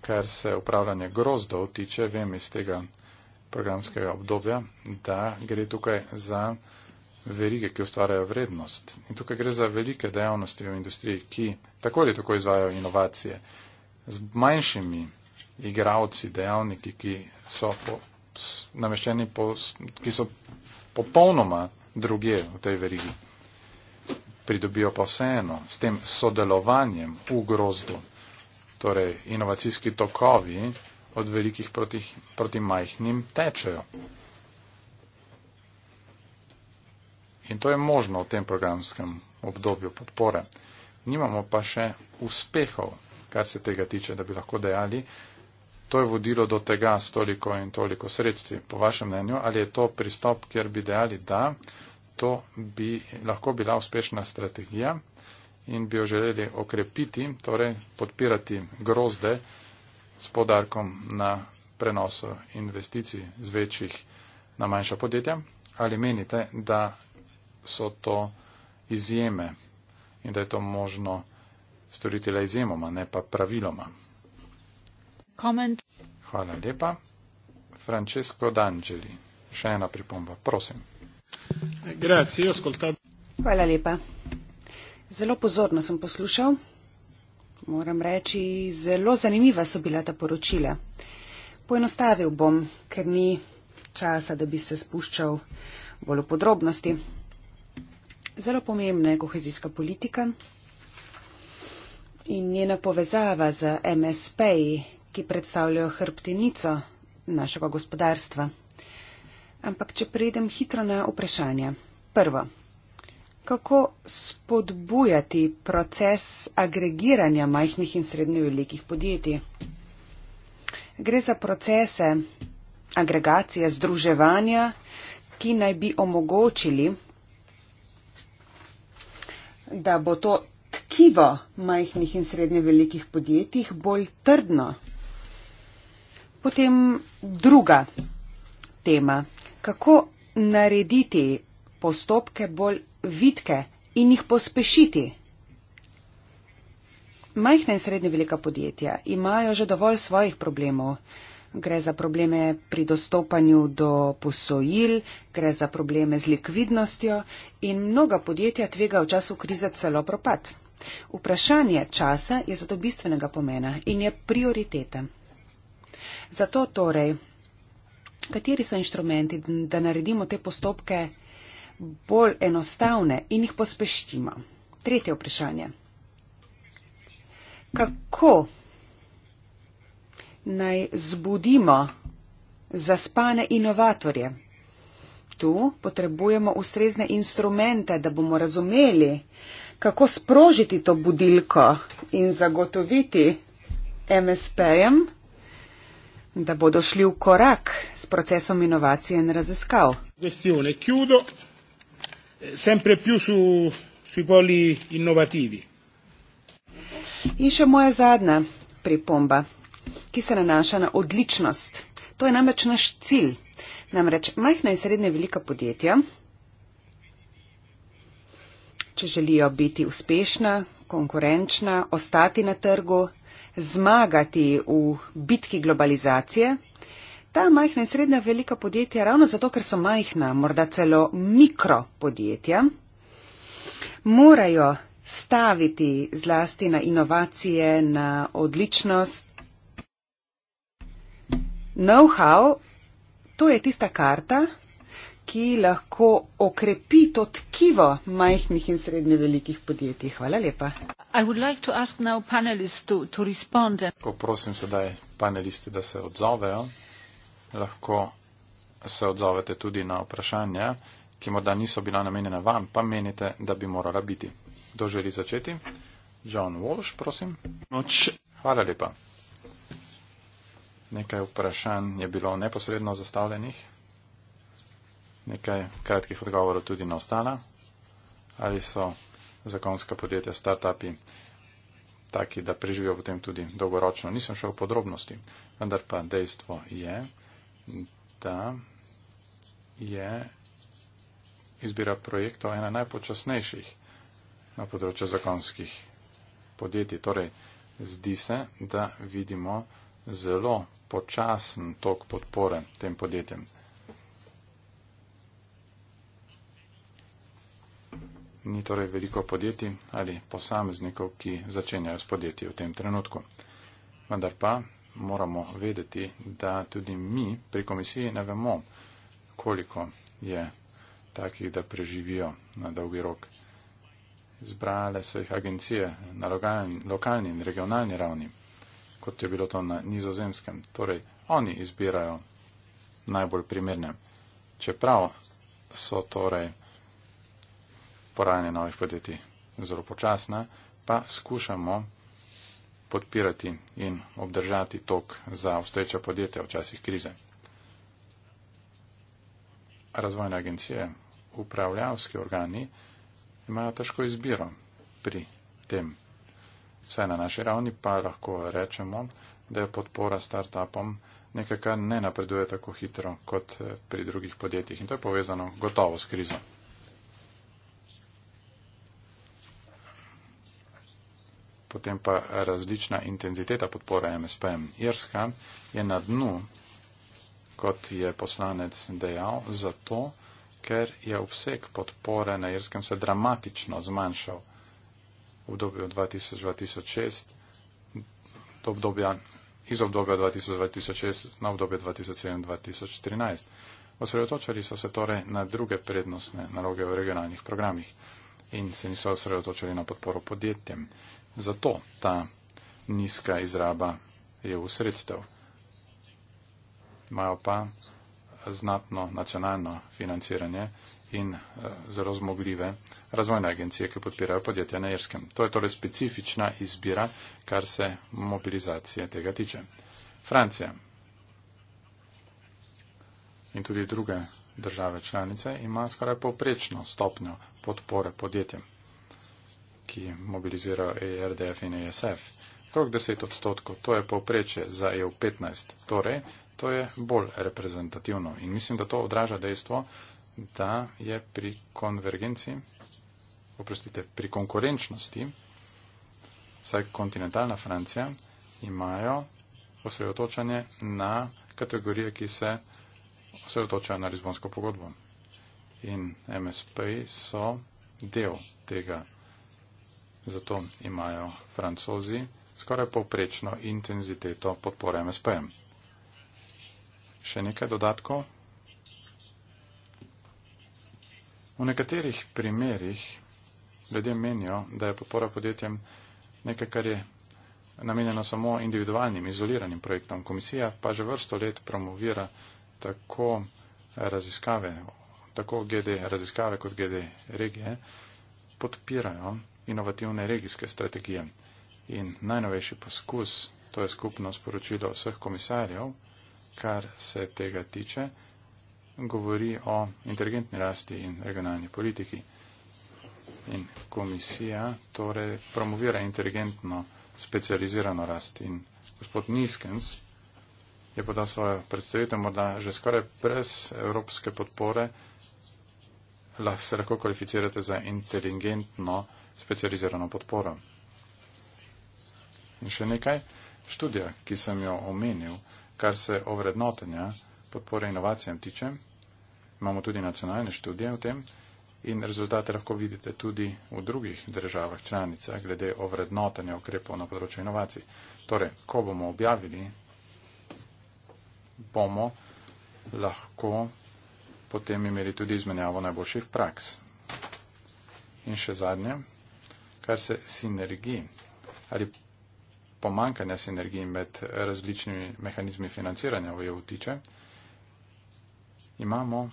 Kar se upravljanje grozdov tiče, vem iz tega programskega obdobja, da gre tukaj za verige, ki ustvarjajo vrednost. In tukaj gre za velike dejavnosti v industriji, ki tako ali tako izvajo inovacije z manjšimi igravci, dejavniki, ki so po, nameščeni, po, ki so popolnoma druge v tej verigi, pridobijo pa vseeno s tem sodelovanjem v grozdu, torej inovacijski tokovi od velikih proti, proti majhnim tečejo. In to je možno v tem programskem obdobju podpore. Nimamo pa še uspehov kar se tega tiče, da bi lahko dejali, to je vodilo do tega s toliko in toliko sredstvi. Po vašem mnenju, ali je to pristop, kjer bi dejali, da to bi lahko bila uspešna strategija in bi jo želeli okrepiti, torej podpirati grozde s podarkom na prenoso investicij z večjih na manjša podjetja? Ali menite, da so to izjeme in da je to možno? storitela izjemoma, ne pa praviloma. Comment. Hvala lepa. Francesco D'Angeli, še ena pripomba, prosim. Grazie, Hvala lepa. Zelo pozorno sem poslušal. Moram reči, zelo zanimiva so bila ta poročila. Poenostavil bom, ker ni časa, da bi se spuščal bolj v podrobnosti. Zelo pomembna je kohezijska politika, in njena povezava z MSP-ji, ki predstavljajo hrbtenico našega gospodarstva. Ampak, če preidem hitro na vprašanje. Prvo, kako spodbujati proces agregiranja majhnih in srednje velikih podjetij? Gre za procese agregacije, združevanja, ki naj bi omogočili, da bo to tkivo majhnih in srednje velikih podjetjih bolj trdno. Potem druga tema, kako narediti postopke bolj vitke in jih pospešiti. Majhna in srednje velika podjetja imajo že dovolj svojih problemov. Gre za probleme pri dostopanju do posojil, gre za probleme z likvidnostjo in mnoga podjetja tvega v času krize celo propad. Vprašanje časa je zato bistvenega pomena in je prioriteta. Zato torej, kateri so inštrumenti, da naredimo te postopke bolj enostavne in jih pospeštimo? Tretje vprašanje. Kako naj zbudimo zaspane inovatorje? Tu potrebujemo ustrezne instrumente, da bomo razumeli, kako sprožiti to budilko in zagotoviti MSP-jem, da bodo šli v korak s procesom inovacije in raziskav. Eh, in še moja zadnja pripomba, ki se nanaša na odličnost. To je namreč naš cilj. Namreč majhna in srednja velika podjetja če želijo biti uspešna, konkurenčna, ostati na trgu, zmagati v bitki globalizacije. Ta majhna in srednja velika podjetja, ravno zato, ker so majhna, morda celo mikro podjetja, morajo staviti zlasti na inovacije, na odličnost. Know-how, to je tista karta, ki lahko okrepi to tkivo majhnih in srednje velikih podjetij. Hvala lepa. Like to, to Ko prosim sedaj panelisti, da se odzovejo, lahko se odzovete tudi na vprašanja, ki morda niso bila namenjena vam, pa menite, da bi morala biti. Kdo želi začeti? John Walsh, prosim. Noč. Hvala lepa. Nekaj vprašanj je bilo neposredno zastavljenih nekaj kratkih odgovorov tudi na ostala. Ali so zakonska podjetja, start-upi taki, da preživijo potem tudi dolgoročno. Nisem šel v podrobnosti, vendar pa dejstvo je, da je izbira projektov ena najpočasnejših na področju zakonskih podjetij. Torej, zdi se, da vidimo zelo počasen tok podpore tem podjetjem. ni torej veliko podjetij ali posameznikov, ki začenjajo s podjetji v tem trenutku. Vendar pa moramo vedeti, da tudi mi pri komisiji ne vemo, koliko je takih, da preživijo na dolgi rok. Zbrale so jih agencije na lokalni, lokalni in regionalni ravni, kot je bilo to na nizozemskem. Torej, oni izbirajo najbolj primerne. Čeprav so torej porajanje novih podjetij zelo počasna, pa skušamo podpirati in obdržati tok za obstoječa podjetja v časih krize. Razvojne agencije, upravljavski organi imajo težko izbiro pri tem. Vse na naši ravni pa lahko rečemo, da je podpora startupom nekaj, kar ne napreduje tako hitro kot pri drugih podjetjih. In to je povezano gotovo s krizo. potem pa različna intenziteta podpore MSP-jem. Irska je na dnu, kot je poslanec dejal, zato, ker je obseg podpore na Irskem se dramatično zmanjšal v obdobju 2000-2006, obdobja, iz obdobja 2000-2006 na obdobje 2007-2013. Osredotočali so se torej na druge prednostne naloge v regionalnih programih in se niso osredotočali na podporo podjetjem zato ta nizka izraba EU sredstev. Imajo pa znatno nacionalno financiranje in eh, zelo zmogljive razvojne agencije, ki podpirajo podjetja na Irskem. To je torej specifična izbira, kar se mobilizacije tega tiče. Francija in tudi druge države članice ima skoraj povprečno stopnjo podpore podjetjem ki mobilizirajo ARDF e in ASF. Krok 10 odstotkov, to je povprečje za EU 15. Torej, to je bolj reprezentativno in mislim, da to odraža dejstvo, da je pri konvergenci, oprostite, pri konkurenčnosti, saj kontinentalna Francija, imajo osredotočanje na kategorije, ki se osredotočajo na Lizbonsko pogodbo. In MSP so del tega Zato imajo francozi skoraj povprečno intenziteto podpore MSP-jem. Še nekaj dodatkov? V nekaterih primerjih ljudje menijo, da je podpora podjetjem nekaj, kar je namenjeno samo individualnim, izoliranim projektom. Komisija pa že vrsto let promovira tako raziskave, tako GD raziskave kot GD regije, podpirajo inovativne regijske strategije. In najnovejši poskus, to je skupno sporočilo vseh komisarjev, kar se tega tiče, govori o inteligentni rasti in regionalni politiki. In komisija torej promovira inteligentno specializirano rast. In gospod Niskens je podal svojo predstavitev, morda že skoraj brez evropske podpore, lahko se lahko kvalificirate za inteligentno specializirano podporo. In še nekaj, študija, ki sem jo omenil, kar se o vrednotenja podpore inovacijam tiče, imamo tudi nacionalne študije o tem in rezultate lahko vidite tudi v drugih državah članicah glede o vrednotenja ukrepov na področju inovacij. Torej, ko bomo objavili, bomo lahko potem imeli tudi izmenjavo najboljših praks. In še zadnje kar se sinergij ali pomankanja sinergij med različnimi mehanizmi financiranja v EU tiče, imamo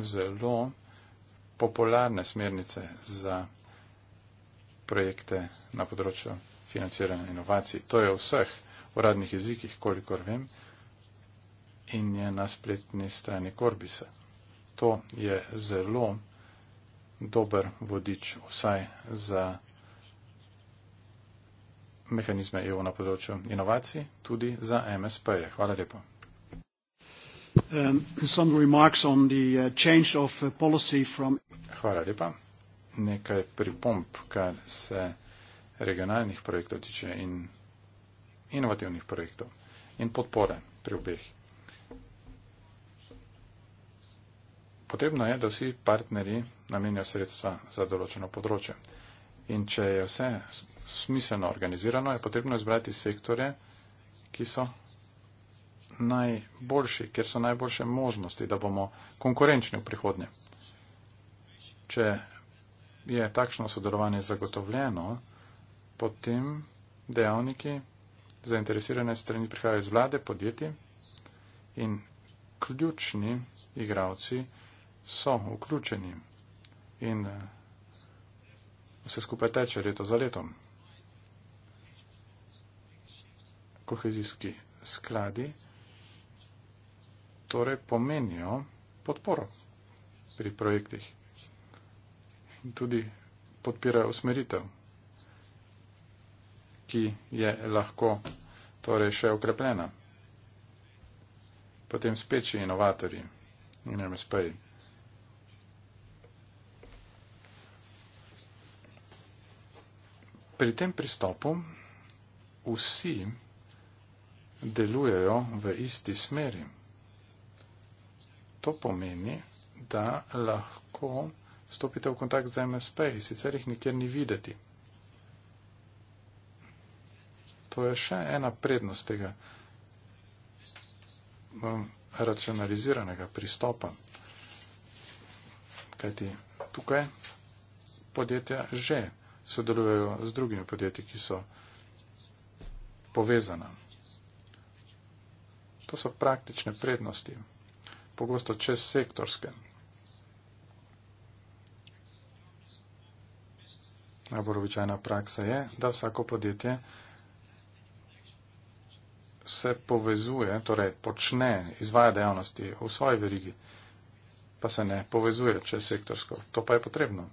zelo popularne smernice za projekte na področju financiranja inovacij. To je v vseh uradnih jezikih, kolikor vem, in je na spletni strani Korbise. To je zelo dober vodič vsaj za mehanizme EU na področju inovacij, tudi za MSP-je. Hvala lepa. Um, uh, uh, Hvala lepa. Nekaj pripomb, kar se regionalnih projektov tiče in inovativnih projektov in podpore pri obeh. Potrebno je, da vsi partnerji namenijo sredstva za določeno področje. In če je vse smiselno organizirano, je potrebno izbrati sektore, ki so najboljši, kjer so najboljše možnosti, da bomo konkurenčni v prihodnje. Če je takšno sodelovanje zagotovljeno, potem dejavniki zainteresirane strani prihajajo iz vlade, podjetij in ključni igravci so vključeni in vse skupaj teče leto za letom. Kohezijski skladi torej pomenijo podporo pri projektih in tudi podpirajo usmeritev, ki je lahko torej še okrepljena. Potem speči inovatorji in MSP-ji. Pri tem pristopu vsi delujejo v isti smeri. To pomeni, da lahko stopite v kontakt z MSP, sicer jih nikjer ni videti. To je še ena prednost tega um, racionaliziranega pristopa. Kajti tukaj podjetja že sodelujejo z drugimi podjetji, ki so povezana. To so praktične prednosti, pogosto čez sektorske. Najbolj običajna praksa je, da vsako podjetje se povezuje, torej počne, izvaja dejavnosti v svoji verigi, pa se ne povezuje čez sektorsko. To pa je potrebno.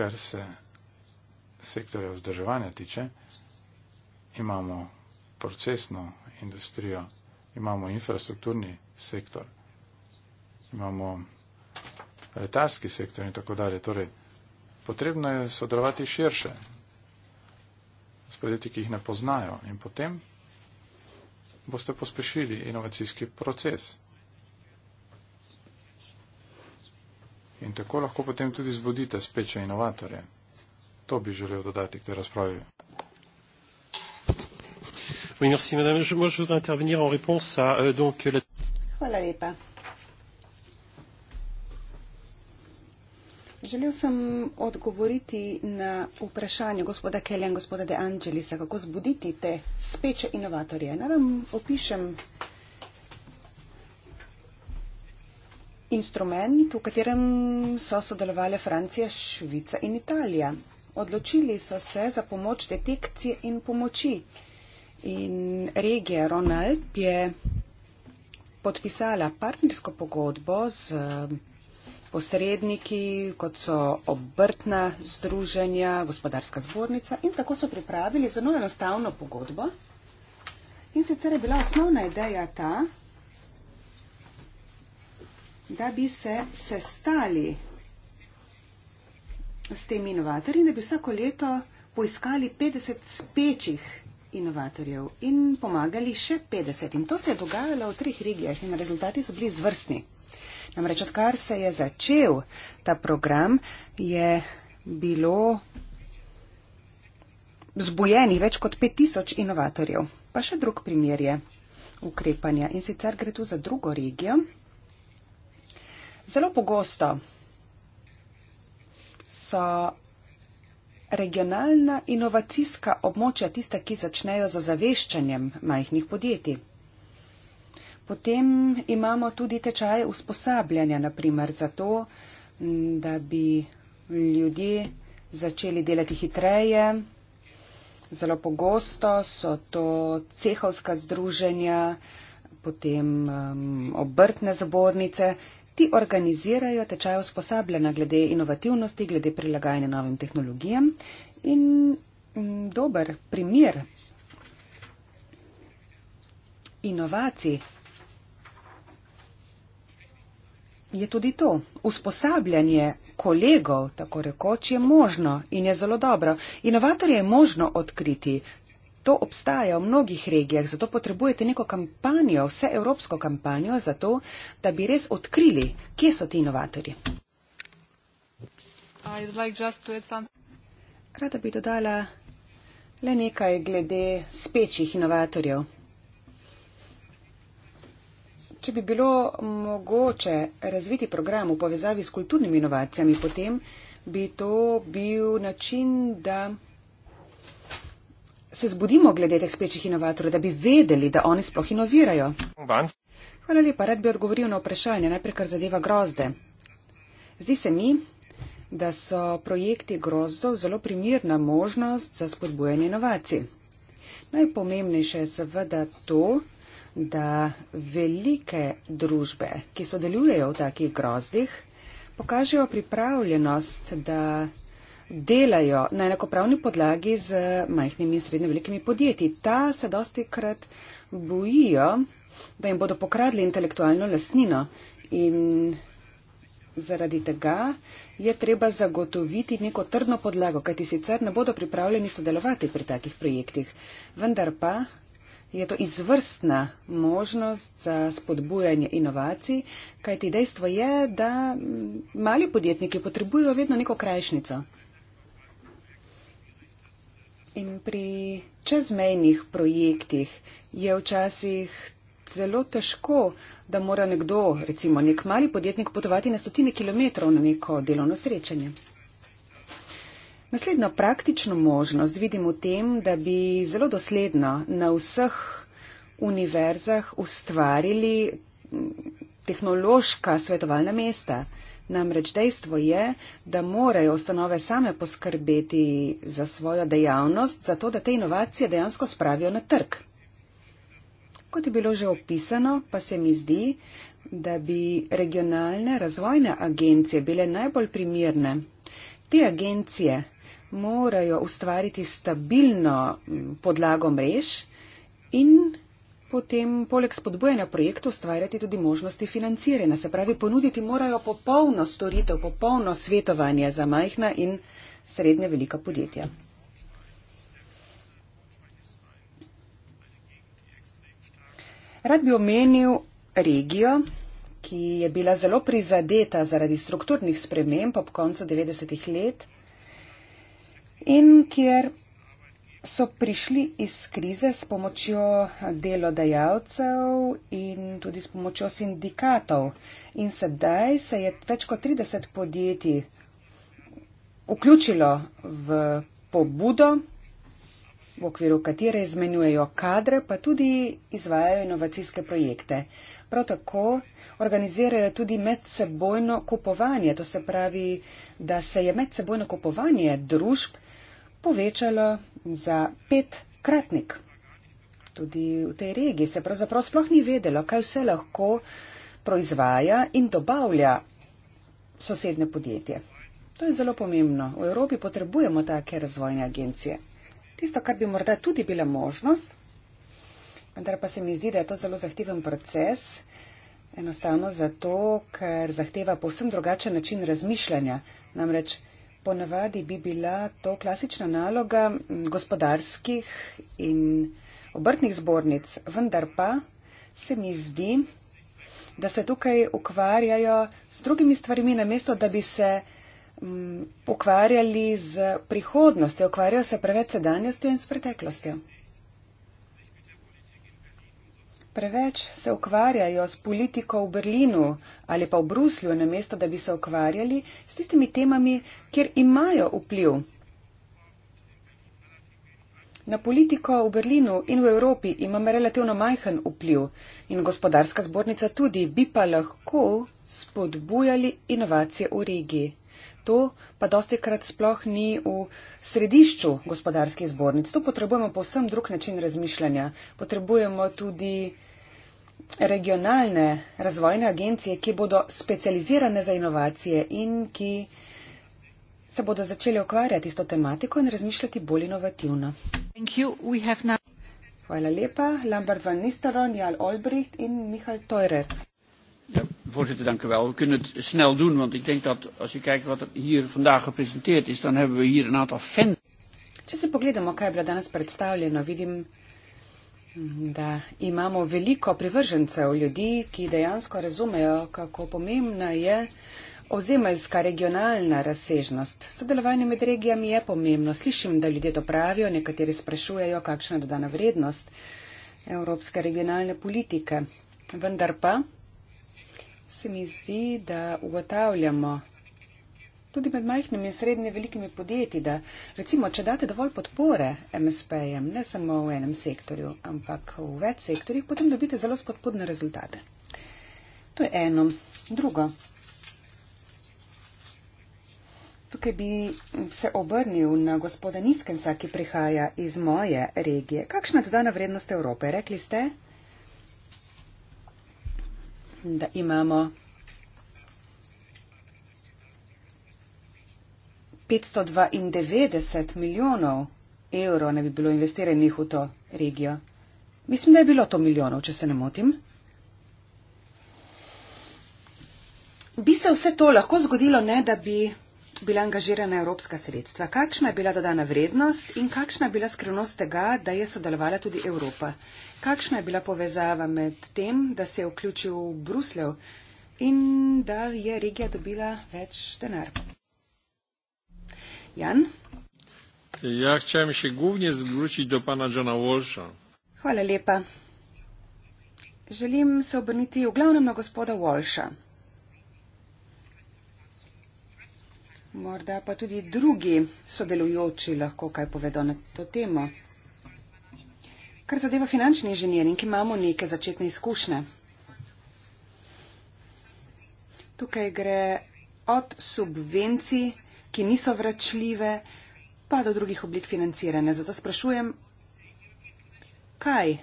kar se sektorja vzdrževanja tiče, imamo procesno industrijo, imamo infrastrukturni sektor, imamo letarski sektor in tako dalje. Torej, potrebno je sodelovati širše s podjetji, ki jih ne poznajo in potem boste pospešili inovacijski proces. In tako lahko potem tudi zbudite speče inovatorje. To bi želel dodati k tej razpravi. Euh, Hvala lepa. Želel sem odgovoriti na vprašanje gospoda Kelja in gospoda De Angelisa, kako zbuditi te speče inovatorje. Naj vam opišem instrument, v katerem so sodelovali Francija, Švica in Italija. Odločili so se za pomoč detekcije in pomoči. In regija Ronald je podpisala partnersko pogodbo z eh, posredniki, kot so obrtna združenja, gospodarska zbornica in tako so pripravili zelo enostavno pogodbo. In sicer je bila osnovna ideja ta, da bi se sestali s temi inovatorji in da bi vsako leto poiskali 50 spečih inovatorjev in pomagali še 50. In to se je dogajalo v treh regijah in rezultati so bili izvrstni. Namreč, odkar se je začel ta program, je bilo zbujenih več kot 5000 inovatorjev. Pa še drug primer je ukrepanja in sicer gre tu za drugo regijo. Zelo pogosto so regionalna inovacijska območja tista, ki začnejo z ozaveščanjem majhnih podjetij. Potem imamo tudi tečaje usposabljanja, naprimer zato, da bi ljudje začeli delati hitreje. Zelo pogosto so to cehovska združenja, potem um, obrtne zbornice, Ti organizirajo tečaje usposabljanja glede inovativnosti, glede prilagajanja novim tehnologijam in m, mm, dober primer inovacij je tudi to. Usposabljanje kolegov, tako rekoč, je možno in je zelo dobro. Inovatorje je možno odkriti, To obstaja v mnogih regijah, zato potrebujete neko kampanjo, vseevropsko kampanjo, zato, da bi res odkrili, kje so ti inovatorji. Like Rada bi dodala le nekaj glede spečjih inovatorjev. Če bi bilo mogoče razviti program v povezavi s kulturnimi inovacijami, potem bi to bil način, da se zbudimo glede teh spečih inovatorjev, da bi vedeli, da oni sploh inovirajo? Hvala lepa, rad bi odgovoril na vprašanje, najprej kar zadeva grozde. Zdi se mi, da so projekti grozdov zelo primirna možnost za spodbujanje inovacij. Najpomembnejše je seveda to, da velike družbe, ki sodelujejo v takih grozdih, pokažejo pripravljenost, da delajo na enakopravni podlagi z majhnimi in srednje velikimi podjetji. Ta se dosti krat bojijo, da jim bodo pokradli intelektualno lasnino in zaradi tega je treba zagotoviti neko trdno podlago, kajti sicer ne bodo pripravljeni sodelovati pri takih projektih. Vendar pa je to izvrstna možnost za spodbujanje inovacij, kajti dejstvo je, da mali podjetniki potrebujejo vedno neko krajšnico. In pri čezmejnih projektih je včasih zelo težko, da mora nekdo, recimo nek mali podjetnik, potovati na stotine kilometrov na neko delovno srečanje. Naslednjo praktično možnost vidim v tem, da bi zelo dosledno na vseh univerzah ustvarili tehnološka svetovalna mesta. Namreč dejstvo je, da morajo ustanove same poskrbeti za svojo dejavnost, zato da te inovacije dejansko spravijo na trg. Kot je bilo že opisano, pa se mi zdi, da bi regionalne razvojne agencije bile najbolj primirne. Te agencije morajo ustvariti stabilno podlago mrež in potem poleg spodbujanja projektu ustvarjati tudi možnosti financiranja. Se pravi, ponuditi morajo popolno storitev, popolno svetovanje za majhna in srednje velika podjetja. Rad bi omenil regijo ki je bila zelo prizadeta zaradi strukturnih sprememb ob koncu 90-ih let in kjer so prišli iz krize s pomočjo delodajalcev in tudi s pomočjo sindikatov. In sedaj se je več kot 30 podjetij vključilo v pobudo, v okviru katere izmenjujejo kadre, pa tudi izvajajo inovacijske projekte. Prav tako organizirajo tudi medsebojno kupovanje, to se pravi, da se je medsebojno kupovanje družb povečalo za petkratnik. Tudi v tej regiji se pravzaprav sploh ni vedelo, kaj vse lahko proizvaja in dobavlja sosedne podjetje. To je zelo pomembno. V Evropi potrebujemo take razvojne agencije. Tisto, kar bi morda tudi bila možnost, vendar pa se mi zdi, da je to zelo zahteven proces, enostavno zato, ker zahteva povsem drugačen način razmišljanja. Namreč ponavadi bi bila to klasična naloga gospodarskih in obrtnih zbornic, vendar pa se mi zdi, da se tukaj ukvarjajo z drugimi stvarmi, namesto da bi se ukvarjali z prihodnostjo, ukvarjajo se preveč sedanjostjo in s preteklostjo. Preveč se ukvarjajo s politiko v Berlinu ali pa v Bruslju, namesto da bi se ukvarjali s tistimi temami, kjer imajo vpliv. Na politiko v Berlinu in v Evropi imam relativno majhen vpliv in gospodarska zbornica tudi bi pa lahko spodbujali inovacije v regiji to pa dosti krat sploh ni v središču gospodarskih zbornic. Tu potrebujemo povsem drug način razmišljanja. Potrebujemo tudi regionalne razvojne agencije, ki bodo specializirane za inovacije in ki se bodo začeli ukvarjati s to tematiko in razmišljati bolj inovativno. Hvala lepa. Lambert van Nistelrooy, Jal Olbricht in Mihael Teurer. Ja, voorzitter, dank u wel. We kunnen het snel doen, want ik denk dat als je kijkt wat er hier vandaag gepresenteerd is, dan hebben we hier een aantal fans. Če se pogledamo, kaj je bilo danes predstavljeno, vidim, da imamo veliko privržencev ljudi, ki dejansko razumejo, kako pomembna je ozemeljska regionalna razsežnost. Sodelovanje med regijami je pomembno. Slišim, da ljudje to pravijo, nekateri sprašujejo, kakšna je dodana vrednost evropske regionalne politike. Vendar pa se mi zdi, da ugotavljamo tudi med majhnimi in srednje velikimi podjetji, da recimo, če date dovolj podpore MSP-jem, ne samo v enem sektorju, ampak v več sektorjih, potem dobite zelo spodpudne rezultate. To je eno. Drugo. Tukaj bi se obrnil na gospoda Niskensa, ki prihaja iz moje regije. Kakšna dodana vrednost Evrope? Rekli ste, da imamo 592 milijonov evrov ne bi bilo investiranih v to regijo. Mislim, da je bilo to milijonov, če se ne motim. Bi se vse to lahko zgodilo, ne da bi bila angažirana evropska sredstva? Kakšna je bila dodana vrednost in kakšna je bila skrivnost tega, da je sodelovala tudi Evropa? Kakšna je bila povezava med tem, da se je vključil v Bruslev in da je regija dobila več denar? Jan? Ja, če mi še govnje zgručiti do pana Johna Walsha. Hvala lepa. Želim se obrniti v glavnem na gospoda Walsha. Morda pa tudi drugi sodelujoči lahko kaj povedo na to temo. Kar zadeva finančni inženiring, imamo neke začetne izkušnje. Tukaj gre od subvencij, ki niso vračljive, pa do drugih oblik financiranja. Zato sprašujem, kaj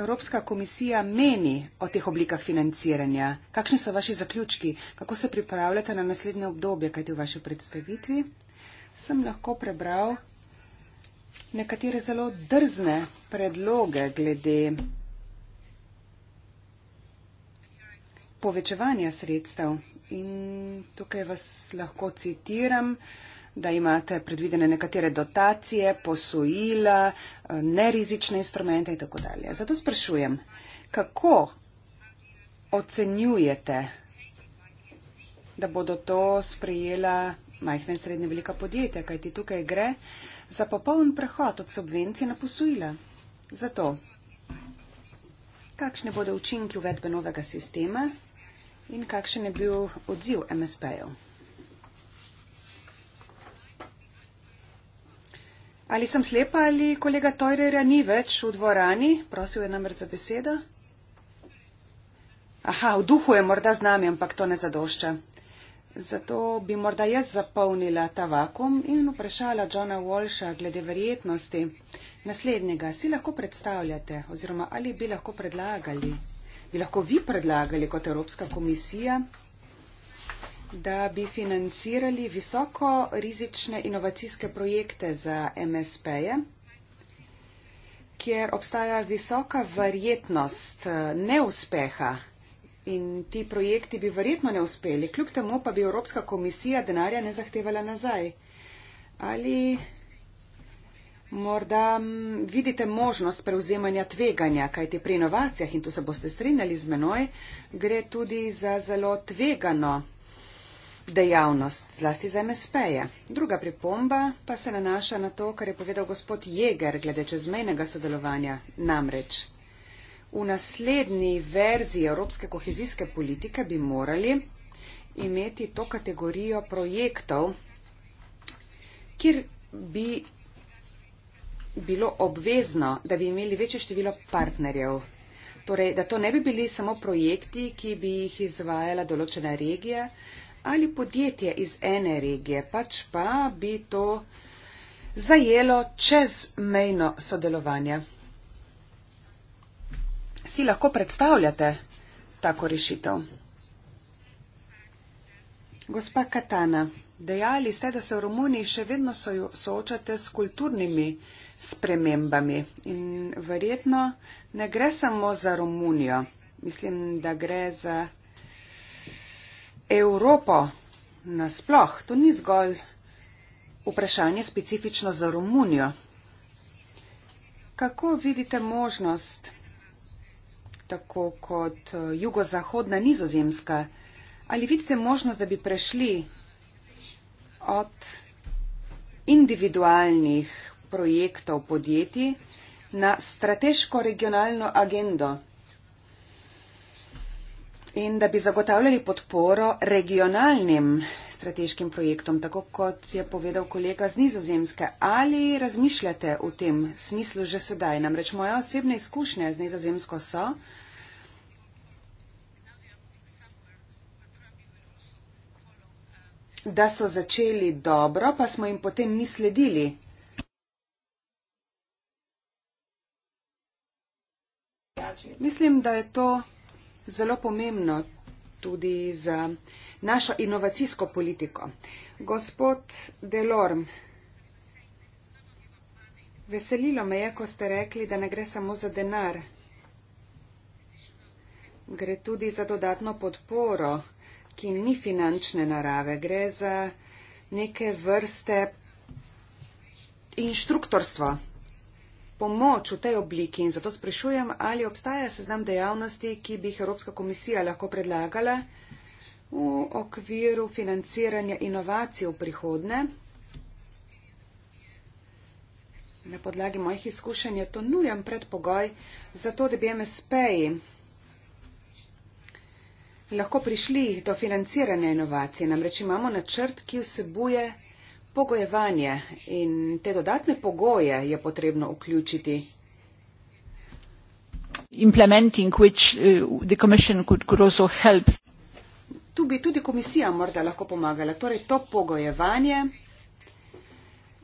Evropska komisija meni o teh oblikah financiranja? Kakšni so vaši zaključki? Kako se pripravljate na naslednje obdobje, kajti v vaši predstavitvi sem lahko prebral nekatere zelo drzne predloge glede povečevanja sredstev. In tukaj vas lahko citiram, da imate predvidene nekatere dotacije, posojila, eh, nerizične instrumente in tako dalje. Zato sprašujem, kako ocenjujete, da bodo to sprejela majhna in srednja velika podjetja, kajti tukaj gre za popoln prehod od subvencije na posojila. Zato, kakšne bodo učinki uvedbe novega sistema in kakšen je bil odziv MSP-jev? Ali sem slepa ali kolega Tojrera ni več v dvorani? Prosil je namreč za besedo. Aha, v duhu je morda z nami, ampak to ne zadošča. Zato bi morda jaz zapolnila ta vakum in vprašala Johna Walsha glede verjetnosti naslednjega. Si lahko predstavljate oziroma ali bi lahko predlagali, bi lahko vi predlagali kot Evropska komisija, da bi financirali visoko rizične inovacijske projekte za MSP-je, kjer obstaja visoka verjetnost eh, neuspeha in ti projekti bi verjetno ne uspeli, kljub temu pa bi Evropska komisija denarja ne zahtevala nazaj. Ali morda vidite možnost prevzemanja tveganja, kajte pri inovacijah, in tu se boste strinjali z menoj, gre tudi za zelo tvegano dejavnost, zlasti za MSP-je. Druga pripomba pa se nanaša na to, kar je povedal gospod Jeger glede čezmejnega sodelovanja, namreč v naslednji verziji Evropske kohezijske politike bi morali imeti to kategorijo projektov, kjer bi bilo obvezno, da bi imeli večje število partnerjev. Torej, da to ne bi bili samo projekti, ki bi jih izvajala določena regija ali podjetje iz ene regije, pač pa bi to zajelo čezmejno sodelovanje si lahko predstavljate tako rešitev? Gospa Katana, dejali ste, da se v Romuniji še vedno soočate s kulturnimi spremembami in verjetno ne gre samo za Romunijo. Mislim, da gre za Evropo nasploh. To ni zgolj vprašanje specifično za Romunijo. Kako vidite možnost tako kot eh, jugozahodna nizozemska. Ali vidite možnost, da bi prešli od individualnih projektov podjetij na strateško regionalno agendo in da bi zagotavljali podporo regionalnim strateškim projektom, tako kot je povedal kolega z Nizozemske. Ali razmišljate v tem smislu že sedaj? Namreč moje osebne izkušnje z Nizozemsko so, da so začeli dobro, pa smo jim potem mi sledili. Mislim, da je to zelo pomembno tudi za našo inovacijsko politiko. Gospod Delorm, veselilo me je, ko ste rekli, da ne gre samo za denar. Gre tudi za dodatno podporo ki ni finančne narave, gre za neke vrste inštruktorstvo, pomoč v tej obliki in zato sprašujem, ali obstaja seznam dejavnosti, ki bi jih Evropska komisija lahko predlagala v okviru financiranja inovacij v prihodne. Na podlagi mojih izkušenj je to nujen predpogoj za to, da bi MSP-ji lahko prišli do financiranja inovacije. Namreč imamo načrt, ki vsebuje pogojevanje in te dodatne pogoje je potrebno vključiti. Which, uh, could, could tu bi tudi komisija morda lahko pomagala. Torej to pogojevanje,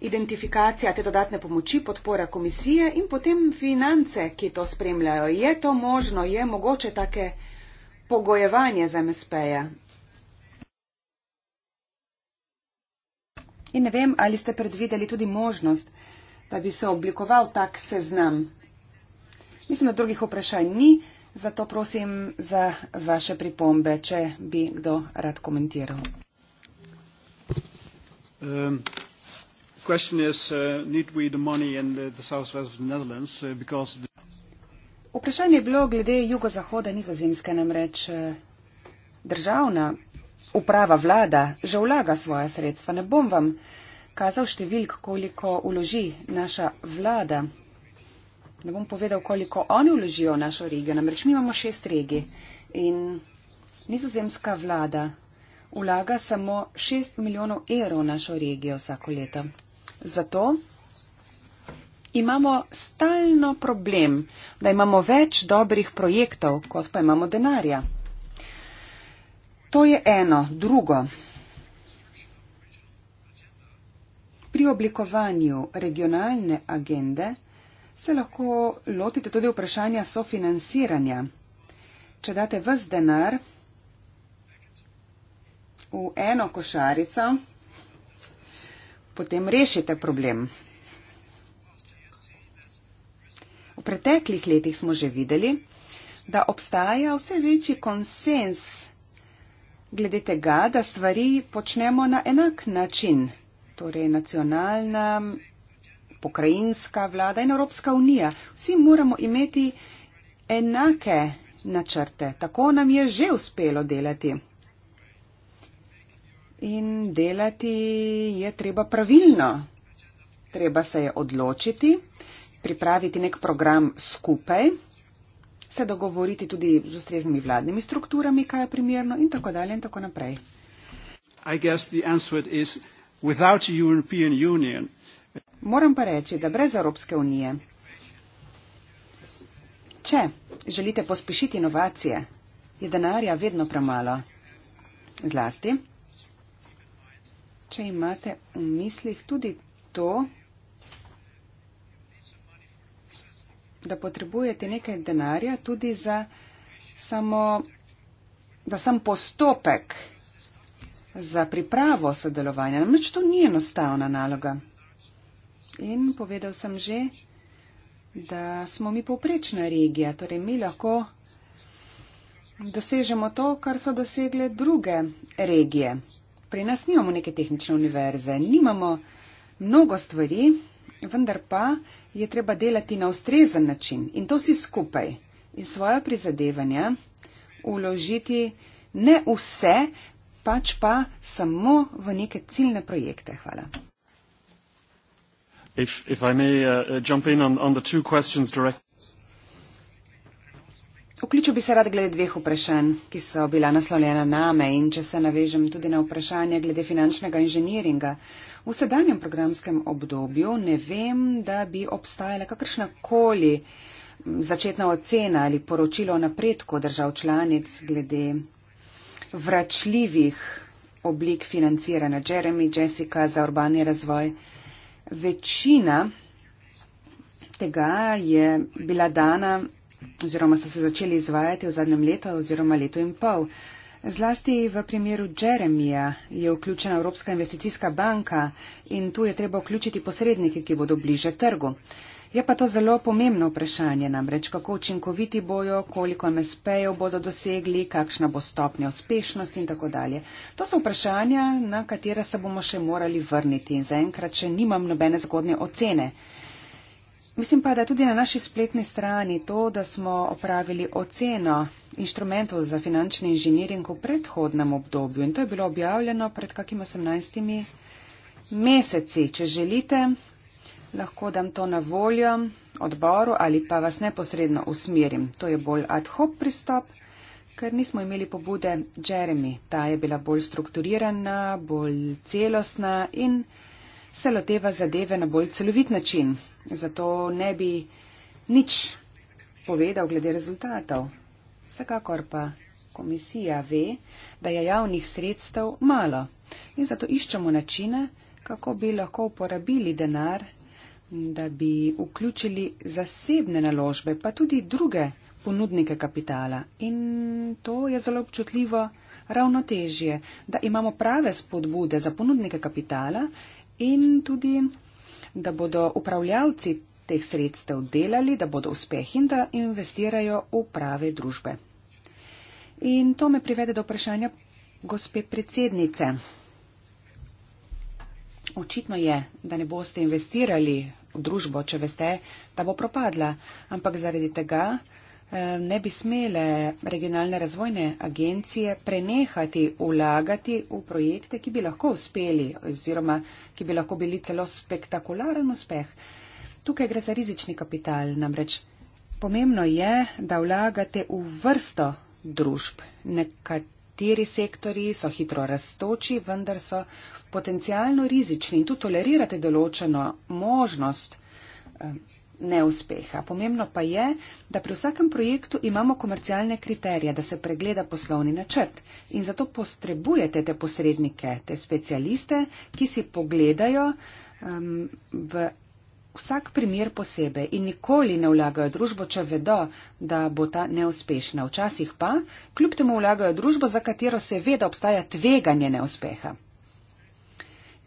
identifikacija te dodatne pomoči, podpora komisije in potem finance, ki to spremljajo. Je to možno, je mogoče take pogojevanje za MSP-je. In ne vem, ali ste predvideli tudi možnost, da bi se oblikoval tak seznam. Mislim, da drugih vprašanj ni, zato prosim za vaše pripombe, če bi kdo rad komentiral. Um. The question is, uh, need we the money in the, the South West of the Netherlands? Uh, because the Vprašanje je bilo glede jugozahoda nizozemske, namreč eh, državna uprava vlada že vlaga svoja sredstva. Ne bom vam kazal številk, koliko uloži naša vlada. Ne bom povedal, koliko oni uložijo v našo regijo. Namreč mi imamo šest regij in nizozemska vlada vlaga samo šest milijonov evrov v našo regijo vsako leto. Zato imamo stalno problem da imamo več dobrih projektov, kot pa imamo denarja. To je eno. Drugo. Pri oblikovanju regionalne agende se lahko lotite tudi vprašanja sofinansiranja. Če date vz denar v eno košarico, potem rešite problem. V preteklih letih smo že videli, da obstaja vse večji konsens glede tega, da stvari počnemo na enak način, torej nacionalna, pokrajinska vlada in Evropska unija. Vsi moramo imeti enake načrte, tako nam je že uspelo delati. In delati je treba pravilno, treba se je odločiti pripraviti nek program skupaj, se dogovoriti tudi z ustreznimi vladnimi strukturami, kaj je primerno in tako dalje in tako naprej. Union, Moram pa reči, da brez Evropske unije, če želite pospešiti inovacije, je denarja vedno premalo. Zlasti, če imate v mislih tudi to, da potrebujete nekaj denarja tudi za samo, da sam postopek za pripravo sodelovanja. Namreč to ni enostavna naloga. In povedal sem že, da smo mi povprečna regija, torej mi lahko dosežemo to, kar so dosegle druge regije. Pri nas nimamo neke tehnične univerze, nimamo mnogo stvari, vendar pa je treba delati na ustrezen način in to si skupaj in svoje prizadevanja uložiti ne vse, pač pa samo v neke ciljne projekte. Hvala. If, if may, uh, uh on, on Vključil bi se rad glede dveh vprašanj, ki so bila naslovljena name in če se navežem tudi na vprašanje glede finančnega inženiringa. Uh, V sedanjem programskem obdobju ne vem, da bi obstajala kakršna koli začetna ocena ali poročilo o napredku držav članic glede vračljivih oblik financiranja. Jeremy, Jessica za urbani razvoj. Večina tega je bila dana oziroma so se začeli izvajati v zadnjem letu oziroma letu in pol. Zlasti v primeru Jeremija je vključena Evropska investicijska banka in tu je treba vključiti posrednike, ki bodo bliže trgu. Je pa to zelo pomembno vprašanje, namreč kako učinkoviti bojo, koliko MSP-jev bodo dosegli, kakšna bo stopnja uspešnosti in tako dalje. To so vprašanja, na katera se bomo še morali vrniti in zaenkrat še nimam nobene zgodne ocene. Mislim pa, da tudi na naši spletni strani to, da smo opravili oceno inštrumentov za finančni inženiring v predhodnem obdobju in to je bilo objavljeno pred kakimi 18 meseci. Če želite, lahko dam to na voljo odboru ali pa vas neposredno usmerim. To je bolj ad hoc pristop, ker nismo imeli pobude Jeremy. Ta je bila bolj strukturirana, bolj celostna in se loteva zadeve na bolj celovit način. Zato ne bi nič povedal glede rezultatov. Vsekakor pa komisija ve, da je javnih sredstev malo in zato iščemo načine, kako bi lahko uporabili denar, da bi vključili zasebne naložbe, pa tudi druge ponudnike kapitala. In to je zelo občutljivo ravnotežje, da imamo prave spodbude za ponudnike kapitala in tudi da bodo upravljavci teh sredstev delali, da bodo uspehi in da investirajo v prave družbe. In to me privede do vprašanja gospe predsednice. Očitno je, da ne boste investirali v družbo, če veste, da bo propadla, ampak zaradi tega ne bi smele regionalne razvojne agencije prenehati vlagati v projekte, ki bi lahko uspeli oziroma ki bi lahko bili celo spektakularen uspeh. Tukaj gre za rizični kapital, namreč pomembno je, da vlagate v vrsto družb. Nekateri sektori so hitro rastoči, vendar so potencialno rizični in tu tolerirate določeno možnost neuspeha. Pomembno pa je, da pri vsakem projektu imamo komercialne kriterije, da se pregleda poslovni načrt in zato potrebujete te posrednike, te specialiste, ki si pogledajo um, v vsak primer posebej in nikoli ne vlagajo družbo, če vedo, da bo ta neuspešna. Včasih pa kljub temu vlagajo družbo, za katero se ve, da obstaja tveganje neuspeha.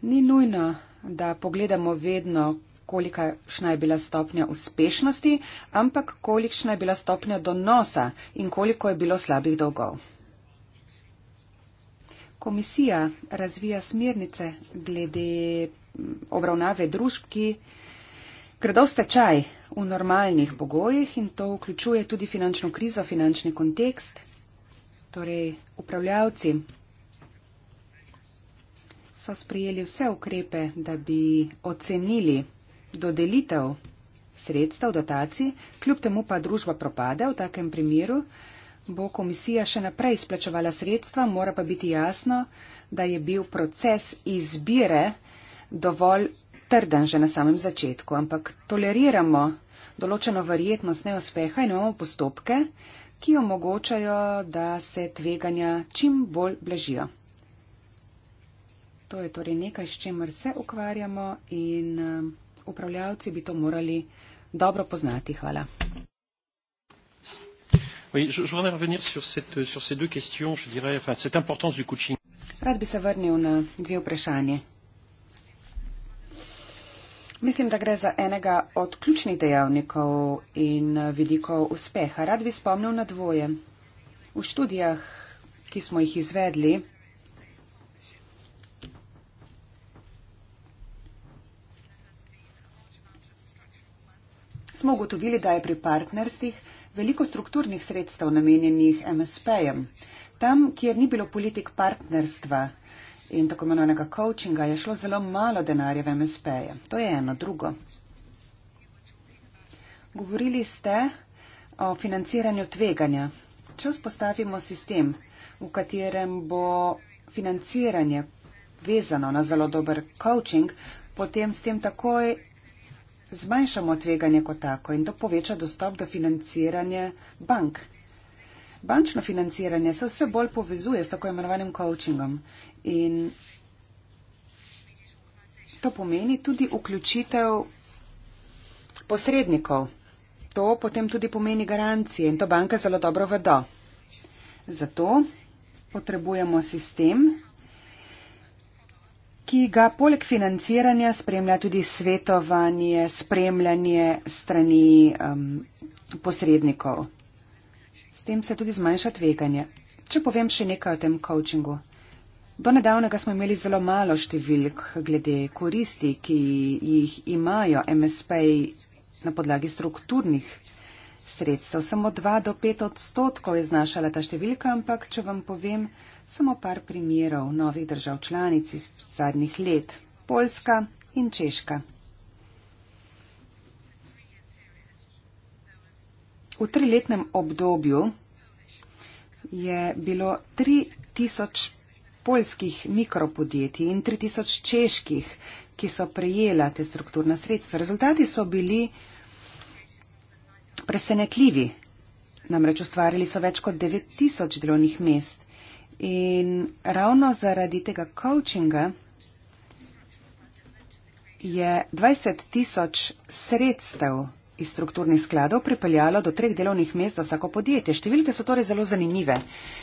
Ni nujno, da pogledamo vedno, kolikašna je bila stopnja uspešnosti, ampak kolikšna je bila stopnja donosa in koliko je bilo slabih dolgov. Komisija razvija smernice glede mm, obravnave družb, ki gredo stečaj v normalnih pogojih in to vključuje tudi finančno krizo, finančni kontekst. Torej, upravljavci so sprejeli vse ukrepe, da bi ocenili dodelitev sredstev, dotacij, kljub temu pa družba propade v takem primeru, bo komisija še naprej splačevala sredstva, mora pa biti jasno, da je bil proces izbire dovolj trden že na samem začetku, ampak toleriramo določeno verjetnost neuspeha in imamo postopke, ki omogočajo, da se tveganja čim bolj blažijo. To je torej nekaj, s čemer se ukvarjamo in um, upravljavci bi to morali dobro poznati. Hvala. Rad bi se vrnil na dve vprašanje. Mislim, da gre za enega od ključnih dejavnikov in vidikov uspeha. Rad bi spomnil na dvoje. V študijah, ki smo jih izvedli, smo ugotovili, da je pri partnerstvih veliko strukturnih sredstev namenjenih MSP-jem. Tam, kjer ni bilo politik partnerstva in tako imenovanega coachinga, je šlo zelo malo denarja v MSP-je. To je eno drugo. Govorili ste o financiranju tveganja. Če vzpostavimo sistem, v katerem bo financiranje vezano na zelo dober coaching, potem s tem takoj zmanjšamo tveganje kot tako in to poveča dostop do financiranja bank. Bančno financiranje se vse bolj povezuje s tako imenovanim coachingom in to pomeni tudi vključitev posrednikov. To potem tudi pomeni garancije in to banke zelo dobro vedo. Zato potrebujemo sistem, ki ga poleg financiranja spremlja tudi svetovanje, spremljanje strani um, posrednikov. S tem se tudi zmanjša tveganje. Če povem še nekaj o tem coachingu. Do nedavnega smo imeli zelo malo številk glede koristi, ki jih imajo MSP-ji na podlagi strukturnih sredstev. Samo 2 do 5 odstotkov je znašala ta številka, ampak če vam povem, samo par primerov novih držav članic iz zadnjih let - Poljska in Češka. V triletnem obdobju je bilo 3000 poljskih mikropodjetij in 3000 čeških, ki so prejela te strukturna sredstva. Rezultati so bili presenetljivi. Namreč ustvarili so več kot 9000 delovnih mest. In ravno zaradi tega coachinga je 20 tisoč sredstev iz strukturnih skladov pripeljalo do treh delovnih mest za vsako podjetje. Številke so torej zelo zanimive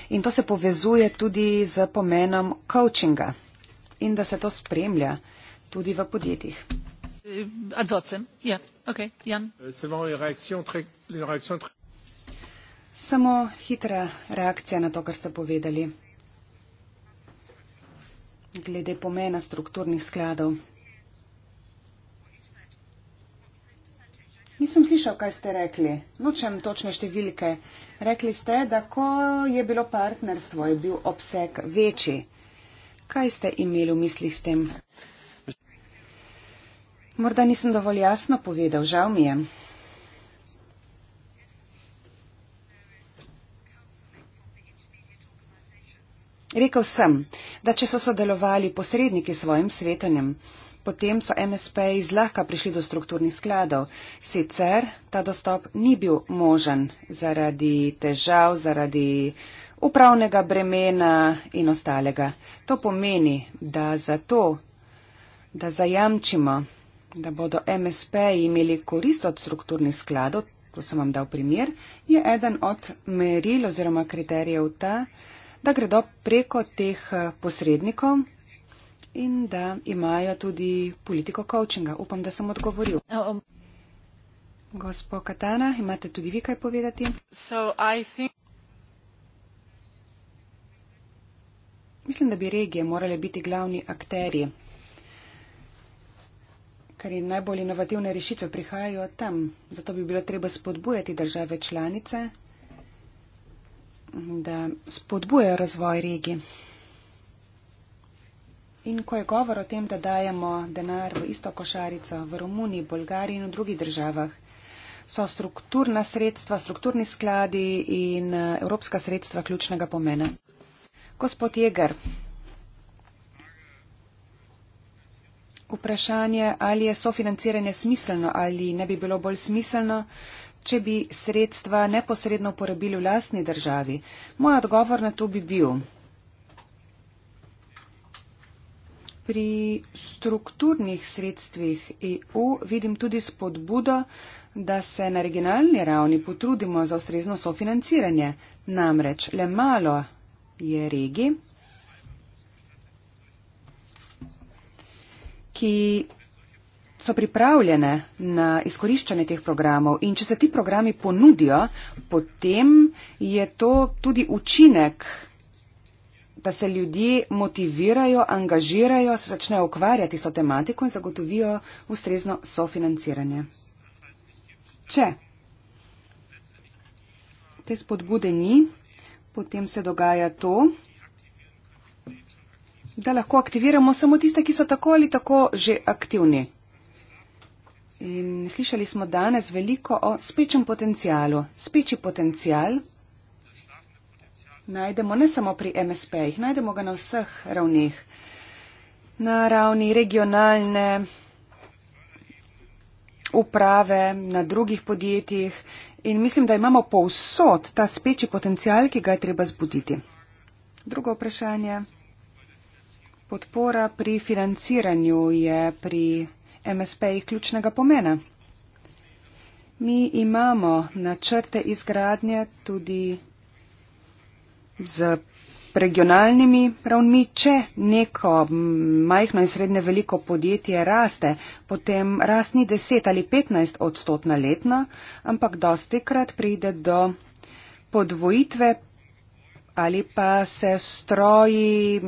in to se povezuje tudi z pomenom coachinga in da se to spremlja tudi v podjetjih. Eh, Advocem, ja, yeah. ok, Jan. Euh, Samo hitra reakcija na to, kar ste povedali. Glede pomena strukturnih skladov. Nisem slišal, kaj ste rekli. Nočem točne številke. Rekli ste, da ko je bilo partnerstvo, je bil obseg večji. Kaj ste imeli v mislih s tem? Morda nisem dovolj jasno povedal, žal mi je. Rekl sem, da če so sodelovali posredniki s svojim svetenjem, potem so MSP izlahka prišli do strukturnih skladov. Sicer ta dostop ni bil možen zaradi težav, zaradi upravnega bremena in ostalega. To pomeni, da zato, da zajamčimo, da bodo MSP imeli korist od strukturnih skladov, ko sem vam dal primer, je eden od meril oziroma kriterijev ta, da gredo preko teh eh, posrednikov in da imajo tudi politiko coachinga. Upam, da sem odgovoril. No, um, Gospo Katana, imate tudi vi kaj povedati? So, think... Mislim, da bi regije morale biti glavni akterji, ker in najbolj inovativne rešitve prihajajo tam. Zato bi bilo treba spodbujati države članice da spodbujajo razvoj regije. In ko je govor o tem, da dajemo denar v isto košarico v Romuniji, Bolgariji in v drugih državah, so strukturna sredstva, strukturni skladi in eh, evropska sredstva ključnega pomena. Gospod Jeger, vprašanje, ali je sofinanciranje smiselno ali ne bi bilo bolj smiselno če bi sredstva neposredno uporabili v lastni državi? Moj odgovor na to bi bil. Pri strukturnih sredstvih EU vidim tudi spodbudo, da se na regionalni ravni potrudimo za ustrezno sofinanciranje. Namreč le malo je regi, ki so pripravljene na izkoriščanje teh programov in če se ti programi ponudijo, potem je to tudi učinek, da se ljudje motivirajo, angažirajo, se začnejo ukvarjati s to tematiko in zagotovijo ustrezno sofinanciranje. Če te spodbude ni, potem se dogaja to, da lahko aktiviramo samo tiste, ki so tako ali tako že aktivni. In slišali smo danes veliko o spečem potencialu. Speči potencial najdemo ne samo pri MSP-jih, najdemo ga na vseh ravnih. Na ravni regionalne uprave, na drugih podjetjih. In mislim, da imamo povsod ta speči potencial, ki ga je treba zbuditi. Drugo vprašanje. Podpora pri financiranju je pri. MSP-ji ključnega pomena. Mi imamo načrte izgradnje tudi z regionalnimi ravnmi. Če neko majhno in srednje veliko podjetje raste, potem rast ni 10 ali 15 odstotna letna, ampak dostikrat pride do podvojitve ali pa se stroji,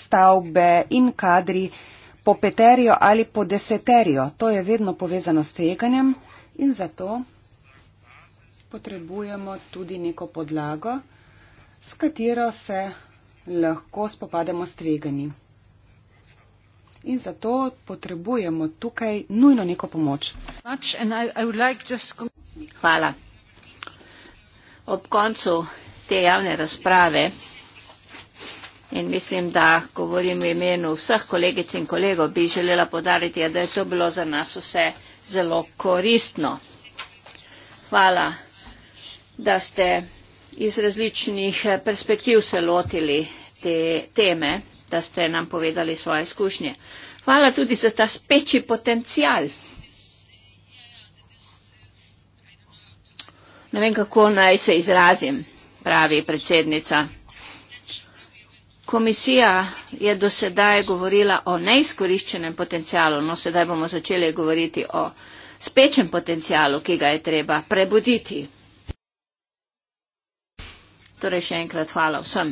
stavbe in kadri po peterijo ali po deseterijo. To je vedno povezano s tveganjem in zato potrebujemo tudi neko podlago, s katero se lahko spopademo s tveganji. In zato potrebujemo tukaj nujno neko pomoč. Hvala. Ob koncu te javne razprave. In mislim, da govorim v imenu vseh kolegic in kolegov, bi želela podariti, da je to bilo za nas vse zelo koristno. Hvala, da ste iz različnih eh, perspektiv se lotili te teme, da ste nam povedali svoje izkušnje. Hvala tudi za ta speči potencial. Ne vem, kako naj se izrazim, pravi predsednica. Komisija je do sedaj govorila o neizkoriščenem potencialu, no sedaj bomo začeli govoriti o spečem potencialu, ki ga je treba prebuditi. Torej še enkrat hvala vsem.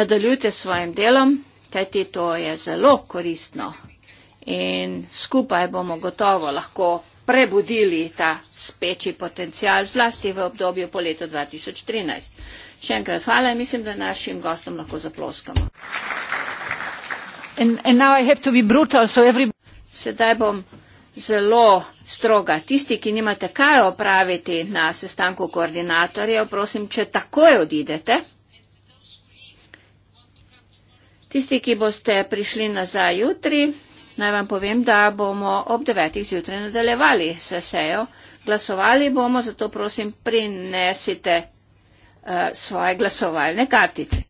Nadaljujte s svojim delom, kajti to je zelo koristno in skupaj bomo gotovo lahko prebudili ta speči potencial zlasti v obdobju po letu 2013. Še enkrat hvala in mislim, da našim gostom lahko zaploskamo. Sedaj bom zelo stroga. Tisti, ki nimate kaj opraviti na sestanku koordinatorjev, prosim, če takoj odidete. Tisti, ki boste prišli nazaj jutri, naj vam povem, da bomo ob devetih zjutraj nadaljevali se sejo. Glasovali bomo, zato prosim, prinesite Eh, svoje glasovalne kartice.